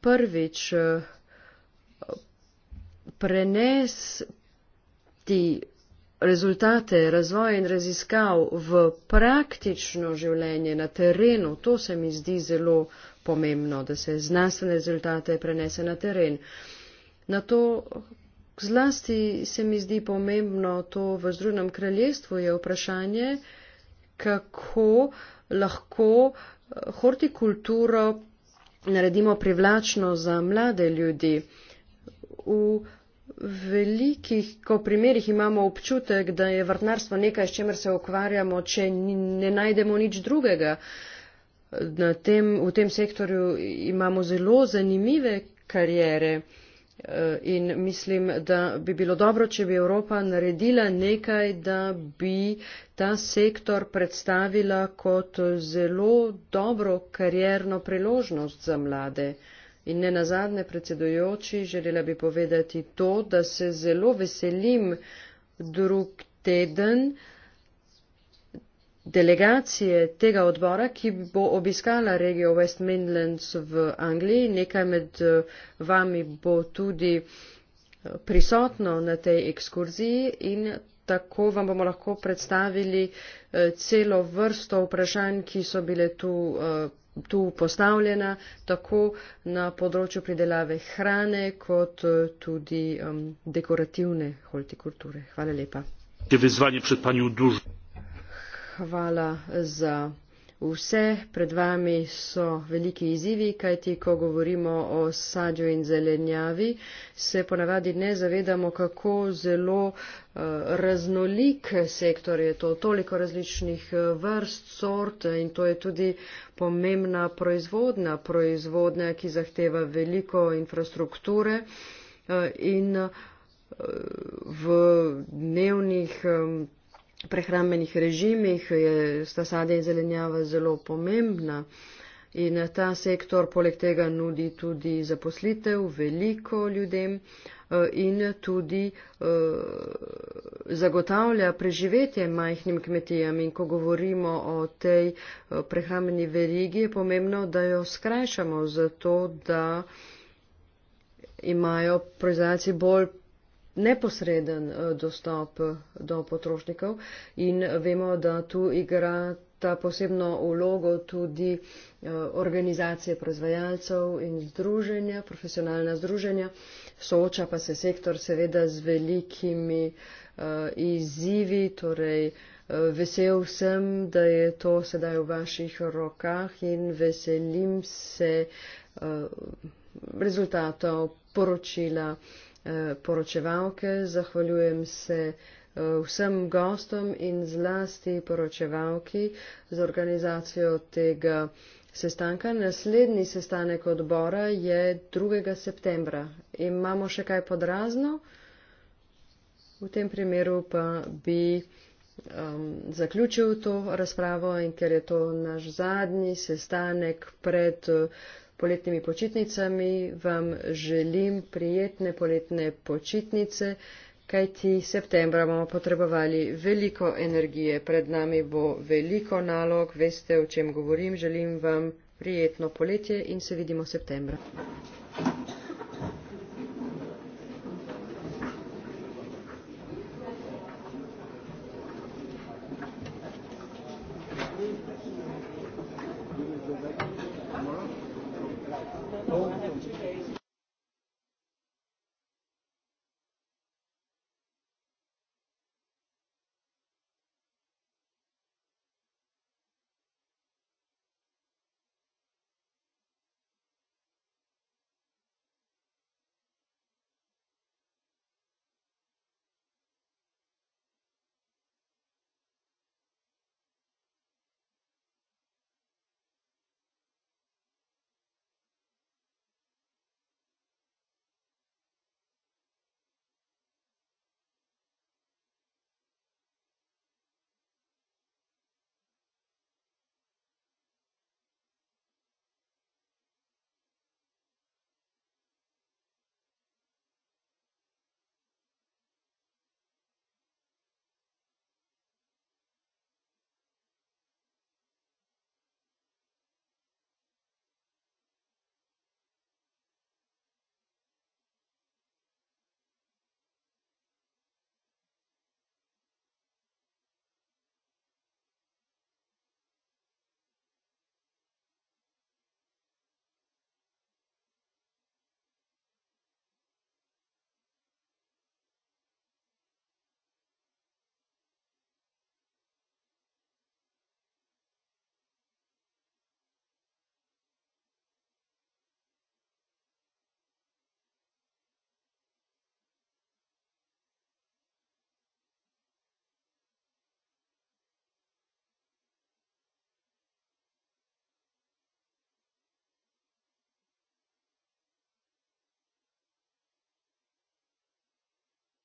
Prvič. Uh, prenesti rezultate razvoja in raziskav v praktično življenje na terenu, to se mi zdi zelo pomembno, da se znanstvene rezultate prenese na teren. Na to zlasti se mi zdi pomembno to v Združenem kraljestvu je vprašanje, kako lahko eh, hortikulturo naredimo privlačno za mlade ljudi. V velikih primerih imamo občutek, da je vrtnarstvo nekaj, s čemer se ukvarjamo, če ne najdemo nič drugega. Tem, v tem sektorju imamo zelo zanimive karijere eh, in mislim, da bi bilo dobro, če bi Evropa naredila nekaj, da bi ta sektor predstavila kot zelo dobro karjerno priložnost za mlade. In ne nazadne predsedojoči, želela bi povedati to, da se zelo veselim drug teden delegacije tega odbora, ki bo obiskala regijo West Midlands v Angliji. Nekaj med eh, vami bo tudi eh, prisotno na tej ekskurziji in Tako vam bomo lahko predstavili eh, celo vrsto vprašanj, ki so bile tu, eh, tu postavljena, tako na področju pridelave hrane, kot eh, tudi dekorativne holtikulture. Hvala lepa. Hvala za. Vse pred vami so veliki izzivi, kajti ko govorimo o sadju in zelenjavi, se ponavadi ne zavedamo, kako zelo eh, raznolik sektor je to, toliko različnih eh, vrst, sort eh, in to je tudi pomembna proizvodna, proizvodna, ki zahteva veliko infrastrukture in v dnevnih prehrambenih režimih je sta sadje in zelenjava zelo pomembna in ta sektor poleg tega nudi tudi zaposlitev veliko ljudem eh, in tudi eh, zagotavlja preživetje majhnim kmetijam. In ko govorimo o tej eh, prehrambeni verigi, je pomembno, da jo skrajšamo zato, da imajo proizvajalci bolj neposreden eh, dostop do potrošnikov in vemo, da tu igra ta posebno vlogo tudi eh, organizacije proizvajalcev in združenja, profesionalna združenja. Sooča pa se sektor seveda z velikimi eh, izzivi, torej vesel sem, da je to sedaj v vaših rokah in veselim se rezultatov poročila Eh, poročevalke, zahvaljujem se eh, vsem gostom in zlasti poročevalki z organizacijo tega sestanka. Naslednji sestanek odbora je 2. septembra. Imamo še kaj podrazno? V tem primeru pa bi um, zaključil to razpravo in ker je to naš zadnji sestanek pred. Uh, poletnimi počitnicami, vam želim prijetne poletne počitnice, kajti septembra bomo potrebovali veliko energije, pred nami bo veliko nalog, veste, o čem govorim, želim vam prijetno poletje in se vidimo septembra.